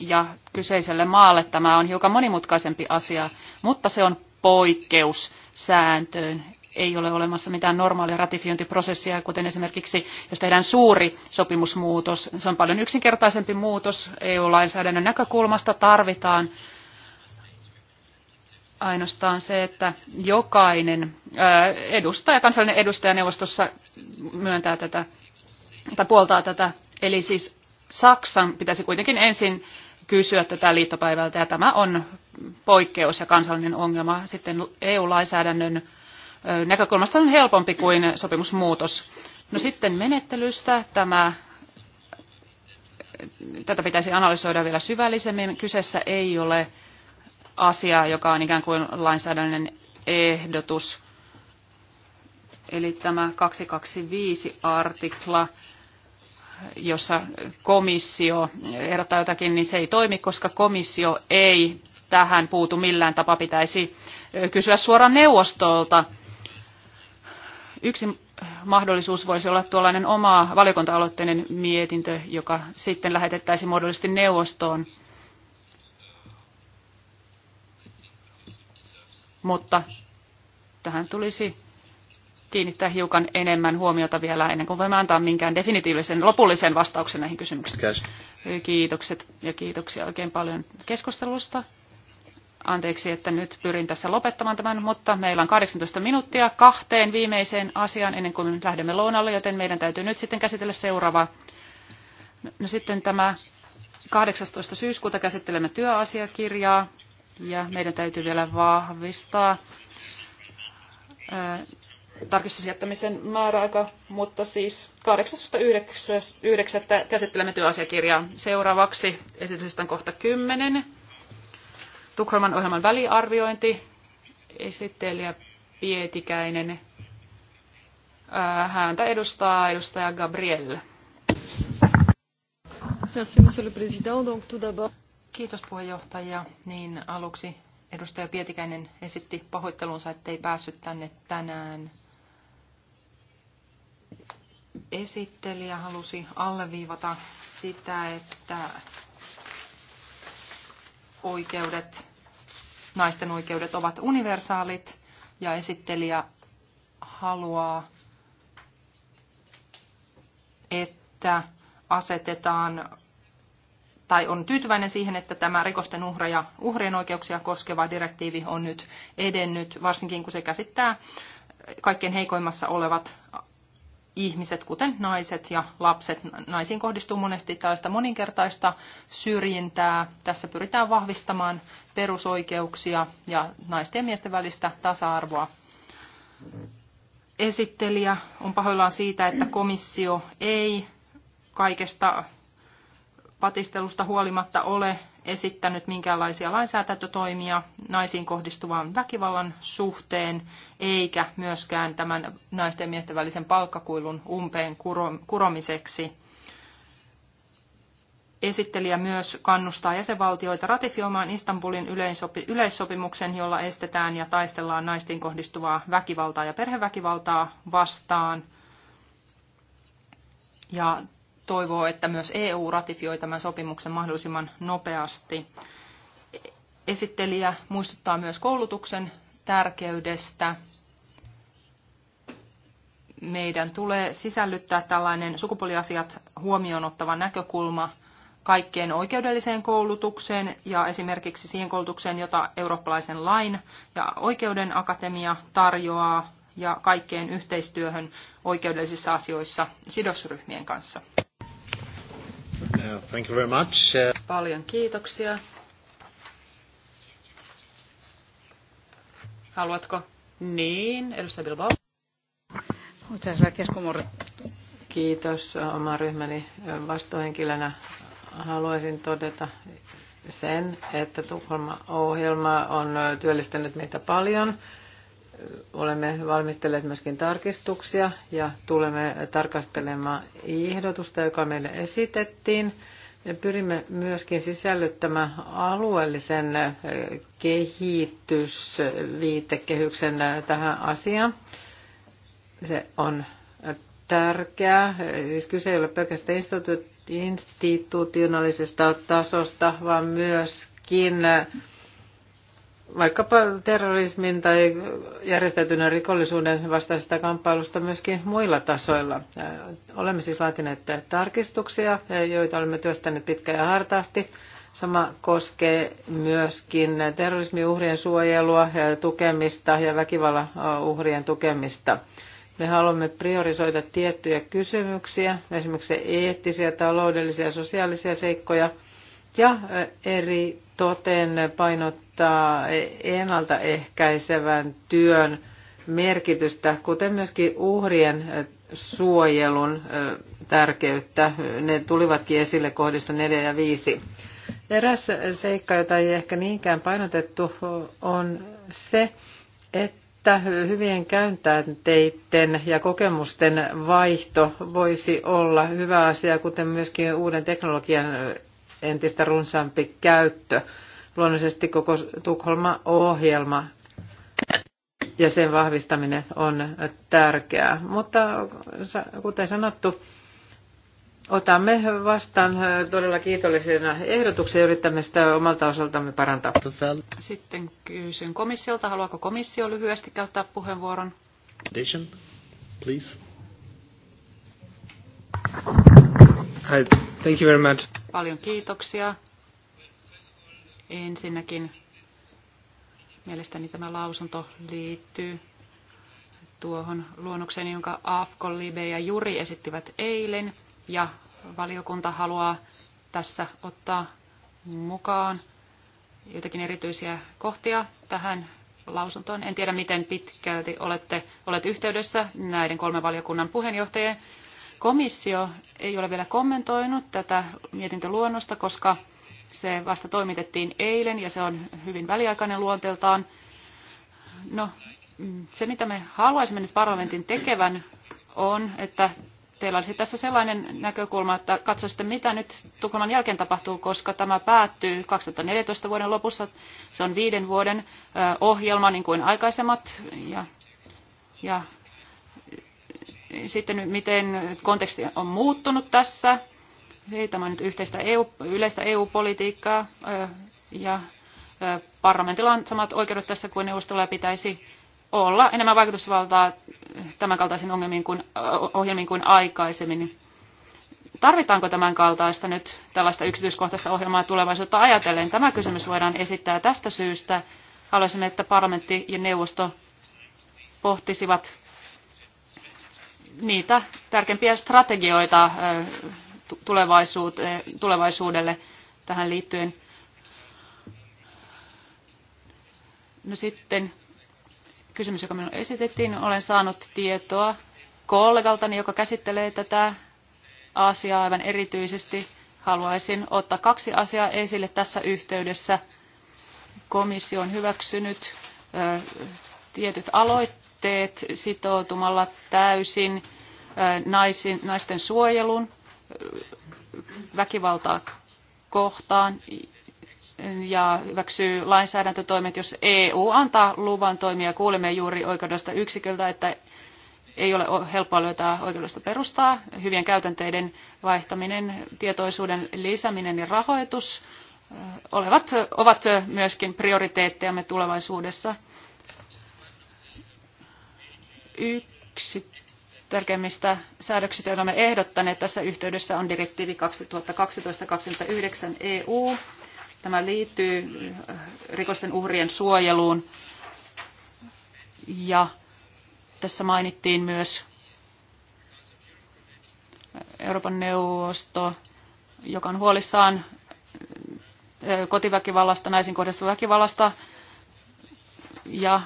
ja kyseiselle maalle tämä on hiukan monimutkaisempi asia, mutta se on poikkeus sääntöön, ei ole olemassa mitään normaalia ratifiointiprosessia, kuten esimerkiksi jos tehdään suuri sopimusmuutos. Se on paljon yksinkertaisempi muutos EU-lainsäädännön näkökulmasta. Tarvitaan ainoastaan se, että jokainen äh, edustaja, kansallinen edustaja neuvostossa myöntää tätä tai puoltaa tätä. Eli siis Saksan pitäisi kuitenkin ensin kysyä tätä liittopäivältä, ja tämä on poikkeus ja kansallinen ongelma. Sitten EU-lainsäädännön näkökulmasta on helpompi kuin sopimusmuutos. No sitten menettelystä tämä tätä pitäisi analysoida vielä syvällisemmin. Kyseessä ei ole asia, joka on ikään kuin lainsäädännön ehdotus. Eli tämä 225 artikla, jossa komissio ehdottaa jotakin, niin se ei toimi, koska komissio ei tähän puutu millään tapaa. Pitäisi kysyä suoraan neuvostolta Yksi mahdollisuus voisi olla tuollainen oma valiokunta-aloitteinen mietintö, joka sitten lähetettäisiin muodollisesti neuvostoon. Mutta tähän tulisi kiinnittää hiukan enemmän huomiota vielä ennen kuin voimme antaa minkään definitiivisen lopullisen vastauksen näihin kysymyksiin. Kiitokset ja kiitoksia oikein paljon keskustelusta. Anteeksi, että nyt pyrin tässä lopettamaan tämän, mutta meillä on 18 minuuttia kahteen viimeiseen asiaan ennen kuin lähdemme lounalle, joten meidän täytyy nyt sitten käsitellä seuraavaa. No sitten tämä 18. syyskuuta käsittelemme työasiakirjaa ja meidän täytyy vielä vahvistaa tarkistusjättämisen määräaika, mutta siis 18.9. käsittelemme työasiakirjaa. Seuraavaksi esityslistan kohta 10. Tukholman ohjelman väliarviointi, esittelijä Pietikäinen. Häntä edustaa edustaja Gabriel. Kiitos puheenjohtaja. Niin aluksi edustaja Pietikäinen esitti pahoittelunsa, ettei päässyt tänne tänään. Esittelijä halusi alleviivata sitä, että oikeudet, naisten oikeudet ovat universaalit ja esittelijä haluaa, että asetetaan tai on tyytyväinen siihen, että tämä rikosten uhreja, uhrien oikeuksia koskeva direktiivi on nyt edennyt, varsinkin kun se käsittää kaikkein heikoimmassa olevat ihmiset, kuten naiset ja lapset. Naisiin kohdistuu monesti tällaista moninkertaista syrjintää. Tässä pyritään vahvistamaan perusoikeuksia ja naisten ja miesten välistä tasa-arvoa. Esittelijä on pahoillaan siitä, että komissio ei kaikesta patistelusta huolimatta ole esittänyt minkäänlaisia lainsäädäntötoimia naisiin kohdistuvan väkivallan suhteen, eikä myöskään tämän naisten ja miesten välisen palkkakuilun umpeen kuromiseksi. Esittelijä myös kannustaa jäsenvaltioita ratifioimaan Istanbulin yleissopimuksen, jolla estetään ja taistellaan naistiin kohdistuvaa väkivaltaa ja perheväkivaltaa vastaan. Ja toivoo, että myös EU ratifioi tämän sopimuksen mahdollisimman nopeasti. Esittelijä muistuttaa myös koulutuksen tärkeydestä. Meidän tulee sisällyttää tällainen sukupuoliasiat huomioon ottava näkökulma kaikkeen oikeudelliseen koulutukseen ja esimerkiksi siihen koulutukseen, jota eurooppalaisen lain ja oikeuden akatemia tarjoaa ja kaikkeen yhteistyöhön oikeudellisissa asioissa sidosryhmien kanssa. Thank you very much. Uh, paljon kiitoksia. Haluatko? Niin, edustaja Bilbao. Muchas gracias, como... Kiitos oman ryhmäni vastuuhenkilönä. Haluaisin todeta sen, että Tukholman ohjelma on työllistänyt meitä paljon olemme valmistelleet myöskin tarkistuksia ja tulemme tarkastelemaan ehdotusta, joka meille esitettiin. Ja pyrimme myöskin sisällyttämään alueellisen kehitysviitekehyksen tähän asiaan. Se on tärkeää. Siis kyse ei ole pelkästään institutionaalisesta tasosta, vaan myöskin vaikkapa terrorismin tai järjestäytyneen rikollisuuden vastaisesta kamppailusta myöskin muilla tasoilla. Äh, olemme siis laatineet tarkistuksia, joita olemme työstäneet pitkään ja hartaasti. Sama koskee myöskin terrorismiuhrien suojelua, ja tukemista ja väkivallan äh, uhrien tukemista. Me haluamme priorisoida tiettyjä kysymyksiä, esimerkiksi eettisiä, taloudellisia ja sosiaalisia seikkoja ja äh, eri toten painottaa ennaltaehkäisevän työn merkitystä, kuten myöskin uhrien suojelun tärkeyttä. Ne tulivatkin esille kohdissa 4 ja 5. Eräs seikka, jota ei ehkä niinkään painotettu, on se, että hyvien käyntänteiden ja kokemusten vaihto voisi olla hyvä asia, kuten myöskin uuden teknologian entistä runsaampi käyttö. Luonnollisesti koko Tukholma-ohjelma ja sen vahvistaminen on tärkeää. Mutta kuten sanottu, otamme vastaan todella kiitollisena ehdotuksen yrittämme sitä omalta osaltamme parantaa. Sitten kysyn komissiolta, haluaako komissio lyhyesti käyttää puheenvuoron? Addition, please. Hi, thank you very much. Paljon kiitoksia. Ensinnäkin mielestäni tämä lausunto liittyy tuohon luonnokseen, jonka Afkon, Libe ja Juri esittivät eilen. Ja valiokunta haluaa tässä ottaa mukaan joitakin erityisiä kohtia tähän lausuntoon. En tiedä, miten pitkälti olette, olet yhteydessä näiden kolmen valiokunnan puheenjohtajien Komissio ei ole vielä kommentoinut tätä mietintöluonnosta, koska se vasta toimitettiin eilen ja se on hyvin väliaikainen luonteeltaan. No, mm, se mitä me haluaisimme nyt parlamentin tekevän on, että teillä olisi tässä sellainen näkökulma, että katsoisitte mitä nyt Tukholman jälkeen tapahtuu, koska tämä päättyy 2014 vuoden lopussa. Se on viiden vuoden ohjelma niin kuin aikaisemmat ja, ja Sitten miten konteksti on muuttunut tässä. Tämä on nyt yhteistä EU, yleistä EU-politiikkaa ja parlamentilla on samat oikeudet tässä kuin neuvostolla pitäisi olla enemmän vaikutusvaltaa tämänkaltaisiin ongelmiin kuin, ohjelmiin kuin aikaisemmin. Tarvitaanko tämän kaltaista nyt tällaista yksityiskohtaista ohjelmaa tulevaisuutta ajatellen? Tämä kysymys voidaan esittää tästä syystä. Haluaisimme, että parlamentti ja neuvosto pohtisivat niitä tärkeimpiä strategioita tulevaisuudelle tähän liittyen. No sitten kysymys, joka minulle esitettiin. Olen saanut tietoa kollegaltani, joka käsittelee tätä asiaa aivan erityisesti. Haluaisin ottaa kaksi asiaa esille tässä yhteydessä. Komissio on hyväksynyt tietyt aloitteet tavoitteet sitoutumalla täysin naisin, naisten suojelun väkivaltaa kohtaan ja hyväksyy lainsäädäntötoimet, jos EU antaa luvan toimia. Kuulemme juuri oikeudesta yksiköltä, että ei ole helppoa löytää oikeudellista perustaa. Hyvien käytänteiden vaihtaminen, tietoisuuden lisääminen ja rahoitus olevat, ovat myöskin prioriteettejamme tulevaisuudessa. Yksi tärkeimmistä säädöksistä, joita me ehdottaneet tässä yhteydessä, on direktiivi 2012-29 EU. Tämä liittyy äh, rikosten uhrien suojeluun. Ja tässä mainittiin myös äh, Euroopan neuvosto, joka on huolissaan äh, kotiväkivallasta, naisiin kohdistuvasta väkivallasta. Ja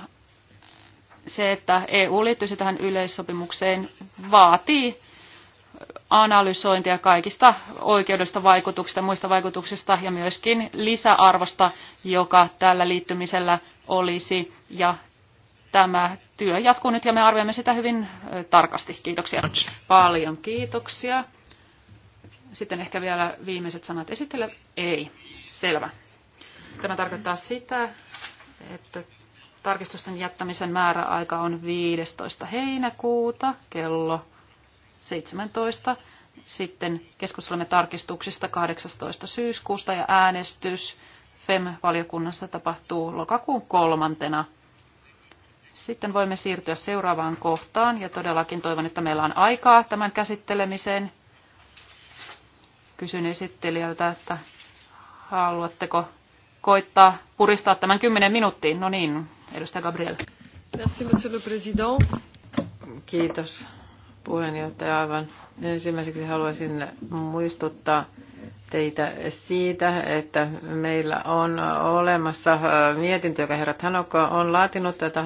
se, että EU liittyisi tähän yleissopimukseen, vaatii analysointia kaikista oikeudesta vaikutuksista, muista vaikutuksista ja myöskin lisäarvosta, joka tällä liittymisellä olisi. Ja tämä työ jatkuu nyt ja me arvioimme sitä hyvin tarkasti. Kiitoksia. Paljon kiitoksia. Sitten ehkä vielä viimeiset sanat esittele. Ei. Selvä. Tämä tarkoittaa sitä, että Tarkistusten jättämisen määräaika on 15. heinäkuuta kello 17. Sitten keskustelemme tarkistuksista 18. syyskuusta ja äänestys FEM-valiokunnassa tapahtuu lokakuun kolmantena. Sitten voimme siirtyä seuraavaan kohtaan ja todellakin toivon, että meillä on aikaa tämän käsittelemiseen. Kysyn esittelijältä, että haluatteko koittaa puristaa tämän 10 minuuttiin. No niin, Edustaja Gabriel. Merci, monsieur le président. Kiitos puheenjohtaja. Aivan ensimmäiseksi haluaisin muistuttaa teitä siitä, että meillä on olemassa mietintö, joka herra Hanokka on laatinut tätä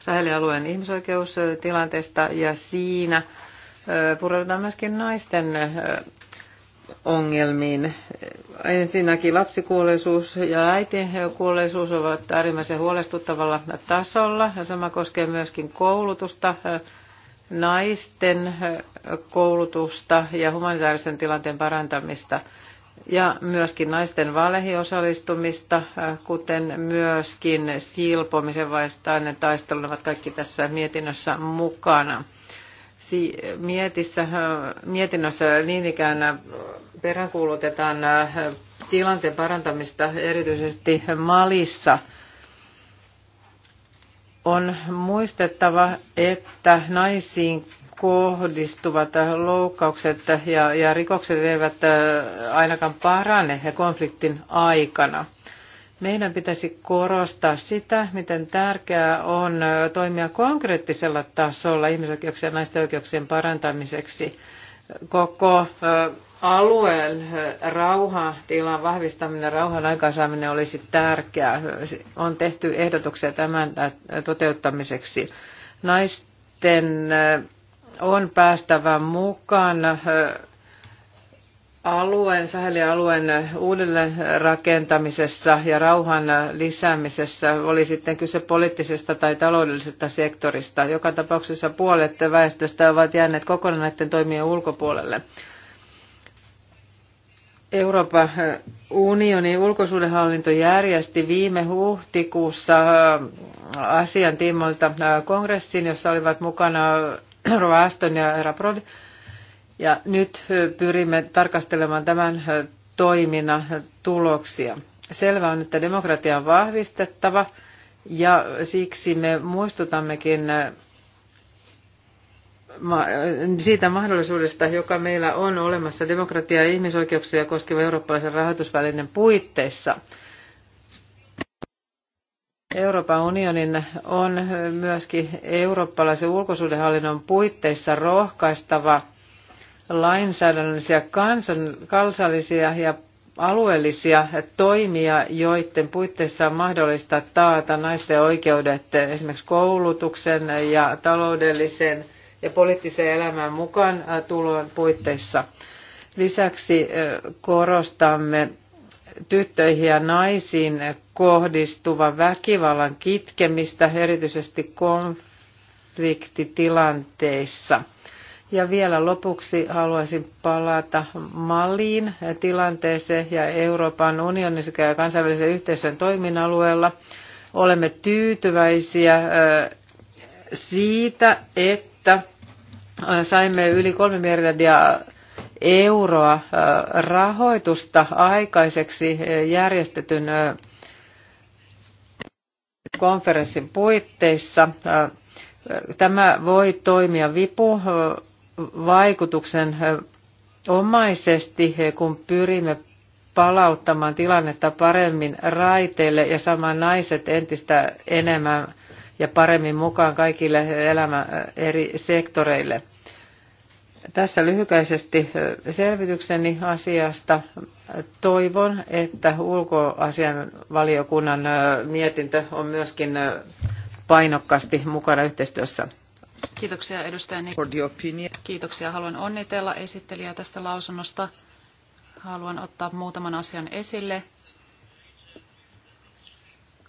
Sahelin alueen ihmisoikeustilanteesta ja siinä pureudutaan myöskin naisten ongelmiin. Ensinnäkin lapsikuolleisuus ja äitikuolleisuus ovat äärimmäisen huolestuttavalla tasolla. Ja sama koskee myöskin koulutusta, naisten koulutusta ja humanitaarisen tilanteen parantamista ja myöskin naisten valehiosallistumista, kuten myöskin silpomisen vastainen taistelu ovat kaikki tässä mietinnössä mukana mietissä, mietinnössä niin ikään peräänkuulutetaan äh, tilanteen parantamista erityisesti Malissa. On muistettava, että naisiin kohdistuvat loukkaukset ja, ja rikokset eivät äh, ainakaan parane konfliktin aikana. Meidän pitäisi korostaa sitä, miten tärkeää on toimia konkreettisella tasolla ihmisoikeuksien ja naisten oikeuksien parantamiseksi. Koko alueen rauhatilan vahvistaminen, rauhan aikaansaaminen olisi tärkeää. On tehty ehdotuksia tämän toteuttamiseksi. Naisten on päästävä mukaan alueen, Sahelin alueen uudelleen rakentamisessa ja rauhan lisäämisessä, oli sitten kyse poliittisesta tai taloudellisesta sektorista. Joka tapauksessa puolet väestöstä ovat jääneet kokonaan näiden toimien ulkopuolelle. Euroopan eh, unionin ulkosuudenhallinto järjesti viime huhtikuussa eh, asian tiimoilta eh, kongressin, jossa olivat mukana Rova Aston ja Herra Prodi, Ja nyt pyrimme tarkastelemaan tämän toiminnan tuloksia. Selvä on, että demokratia on vahvistettava ja siksi me muistutammekin siitä mahdollisuudesta, joka meillä on olemassa demokratia- ja ihmisoikeuksia koskeva eurooppalaisen rahoitusvälinen puitteissa. Euroopan unionin on myöskin eurooppalaisen ulkosuudenhallinnon puitteissa rohkaistava – lainsäädännöllisiä kansan, kansallisia ja alueellisia toimia, joiden puitteissa on mahdollista taata naisten oikeudet esimerkiksi koulutuksen ja taloudellisen ja poliittisen elämän mukaan äh, tulon puitteissa. Lisäksi äh, korostamme tyttöihin ja naisiin kohdistuvan väkivallan kitkemistä, erityisesti konfliktitilanteissa – Ja vielä lopuksi haluaisin palata Maliin tilanteeseen ja Euroopan unionin sekä kansainvälisen yhteisön toiminnalueella. Olemme tyytyväisiä siitä, että saimme yli 3 miljardia euroa rahoitusta aikaiseksi järjestetyn konferenssin puitteissa. Tämä voi toimia vipu vaikutuksen omaisesti, kun pyrimme palauttamaan tilannetta paremmin raiteille ja saamaan naiset entistä enemmän ja paremmin mukaan kaikille elämän eri sektoreille. Tässä lyhykäisesti selvitykseni asiasta. Toivon, että ulkoasian valiokunnan mietintö on myöskin painokkaasti mukana yhteistyössä. Kiitoksia edustaja Nik. Kiitoksia. Haluan onnitella esittelijää tästä lausunnosta. Haluan ottaa muutaman asian esille,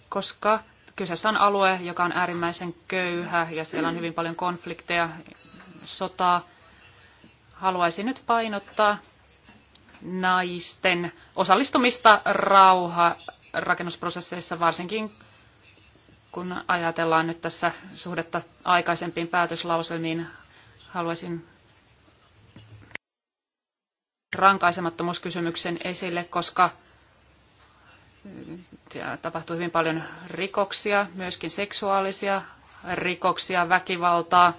koska kyseessä on alue, joka on äärimmäisen köyhä ja siellä on hyvin paljon konflikteja, sotaa. Haluaisin nyt painottaa naisten osallistumista rauha rakennusprosesseissa, varsinkin kun ajatellaan nyt tässä suhdetta aikaisempiin päätöslauselmiin, haluaisin rankaisemattomuuskysymyksen esille, koska tapahtui hyvin paljon rikoksia, myöskin seksuaalisia rikoksia, väkivaltaa.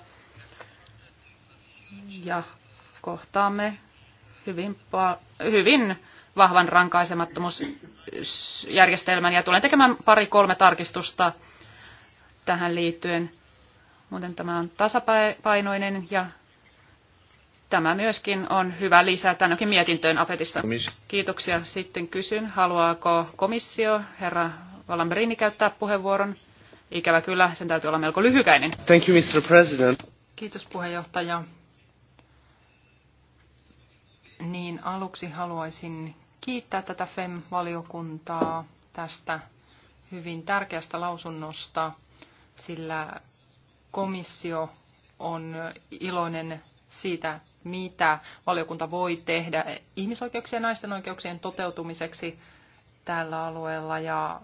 Ja kohtaamme hyvin, hyvin vahvan rankaisemattomuusjärjestelmän ja tulen tekemään pari-kolme tarkistusta tähän liittyen. Muuten tämä on tasapainoinen ja tämä myöskin on hyvä lisä tännekin mietintöön apetissa. Kiitoksia. Sitten kysyn, haluaako komissio, herra Valambrini, käyttää puheenvuoron? Ikävä kyllä, sen täytyy olla melko lyhykäinen. Thank you, Mr. President. Kiitos puheenjohtaja. Niin aluksi haluaisin kiittää tätä FEM-valiokuntaa tästä hyvin tärkeästä lausunnosta sillä komissio on iloinen siitä, mitä valiokunta voi tehdä ihmisoikeuksien ja naisten oikeuksien toteutumiseksi tällä alueella ja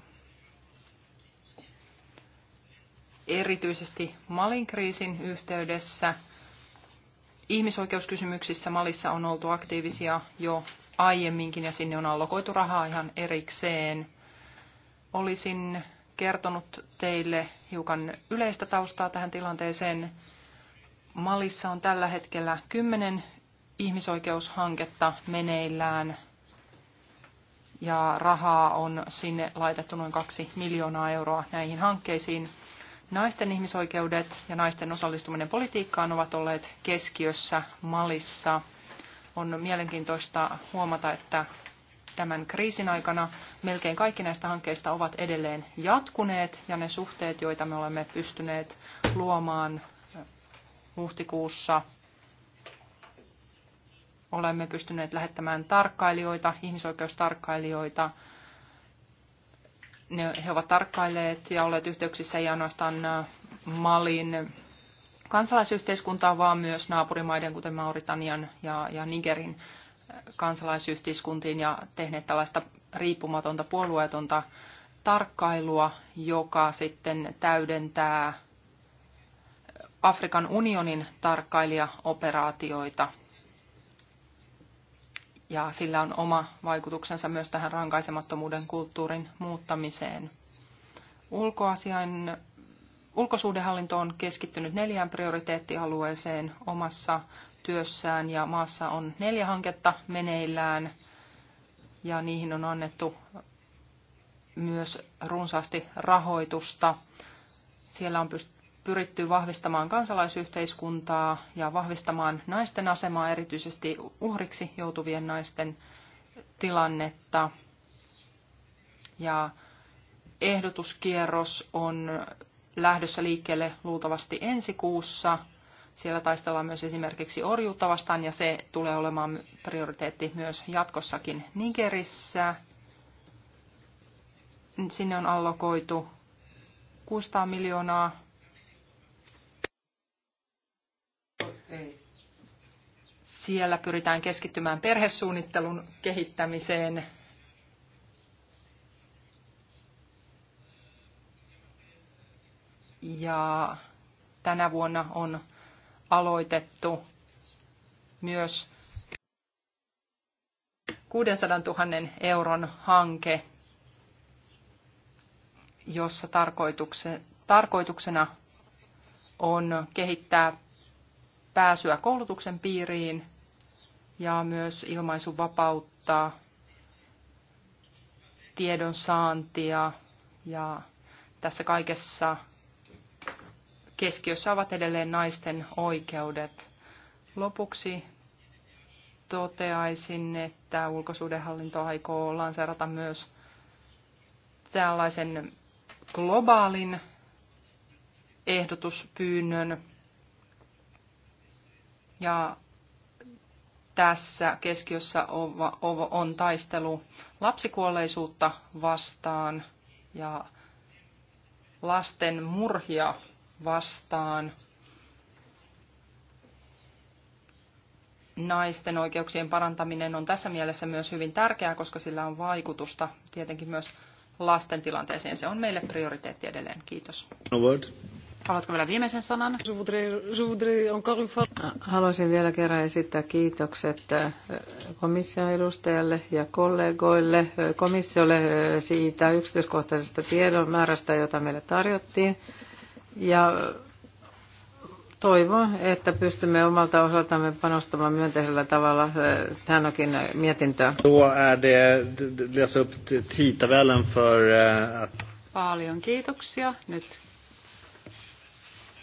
erityisesti Malin kriisin yhteydessä ihmisoikeuskysymyksissä Malissa on oltu aktiivisia jo aiemminkin ja sinne on allokoitu rahaa ihan erikseen. Olisin kertonut teille hiukan yleistä taustaa tähän tilanteeseen. Malissa on tällä hetkellä kymmenen ihmisoikeushanketta meneillään ja rahaa on sinne laitettu noin kaksi miljoonaa euroa näihin hankkeisiin. Naisten ihmisoikeudet ja naisten osallistuminen politiikkaan ovat olleet keskiössä Malissa. On mielenkiintoista huomata, että tämän kriisin aikana melkein kaikki näistä hankkeista ovat edelleen jatkuneet ja ne suhteet, joita me olemme pystyneet luomaan huhtikuussa, olemme pystyneet lähettämään tarkkailijoita, ihmisoikeustarkkailijoita. Ne, he ovat tarkkailleet ja olleet yhteyksissä ei ainoastaan Malin kansalaisyhteiskuntaa, vaan myös naapurimaiden, kuten Mauritanian ja, ja Nigerin kansalaisyhteiskuntiin ja tehneet tällaista riippumatonta puolueetonta tarkkailua, joka sitten täydentää Afrikan unionin tarkkailijaoperaatioita. Ja sillä on oma vaikutuksensa myös tähän rankaisemattomuuden kulttuurin muuttamiseen. Ulkoasian, ulkosuhdehallinto on keskittynyt neljään prioriteettialueeseen omassa työssään ja maassa on neljä hanketta meneillään ja niihin on annettu myös runsaasti rahoitusta. Siellä on pyritty vahvistamaan kansalaisyhteiskuntaa ja vahvistamaan naisten asemaa, erityisesti uhriksi joutuvien naisten tilannetta. Ja ehdotuskierros on lähdössä liikkeelle luultavasti ensi kuussa – Siellä taistellaan myös esimerkiksi orjuutta vastaan ja se tulee olemaan prioriteetti myös jatkossakin Nigerissä. Sinne on allokoitu 600 miljoonaa. Siellä pyritään keskittymään perhesuunnittelun kehittämiseen, ja tänä vuonna on aloitettu myös 600 000 euron hanke, jossa tarkoituksena on kehittää pääsyä koulutuksen piiriin ja myös ilmaisuvapauttaa tiedon saantia ja tässä kaikessa keskiössä ovat edelleen naisten oikeudet. Lopuksi toteaisin, että ulkosuudenhallinto aikoo lanseerata myös tällaisen globaalin ehdotuspyynnön. Ja tässä keskiössä on taistelu lapsikuolleisuutta vastaan ja lasten murhia vastaan, naisten oikeuksien parantaminen on tässä mielessä myös hyvin tärkeää, koska sillä on vaikutusta tietenkin myös lasten tilanteeseen. Se on meille prioriteetti edelleen. Kiitos. Haluatko vielä viimeisen sanan? Haluaisin vielä kerran esittää kiitokset äh, komission edustajalle ja kollegoille, äh, komissiolle äh, siitä yksityiskohtaisesta tiedon määrästä, jota meille tarjottiin. Ja toivon, että pystymme omalta osaltamme panostamaan myönteisellä tavalla eh, tähänkin mietintöön. Då är det, läsa upp tidtabellen för eh, att... Paljon kiitoksia. Nyt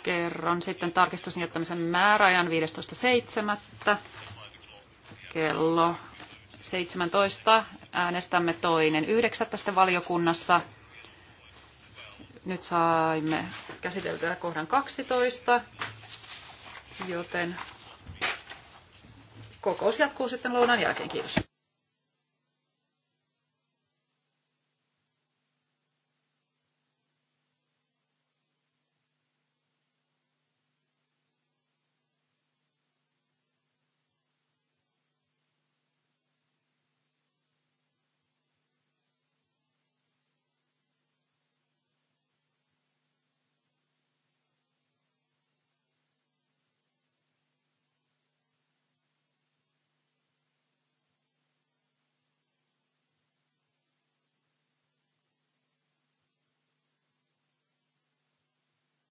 kerron sitten tarkistuksen jättämisen määräajan 15.7. kello 17. Äänestämme toinen 9. valiokunnassa Nyt saimme käsiteltyä kohdan 12, joten kokous jatkuu sitten lounan jälkeen. Kiitos.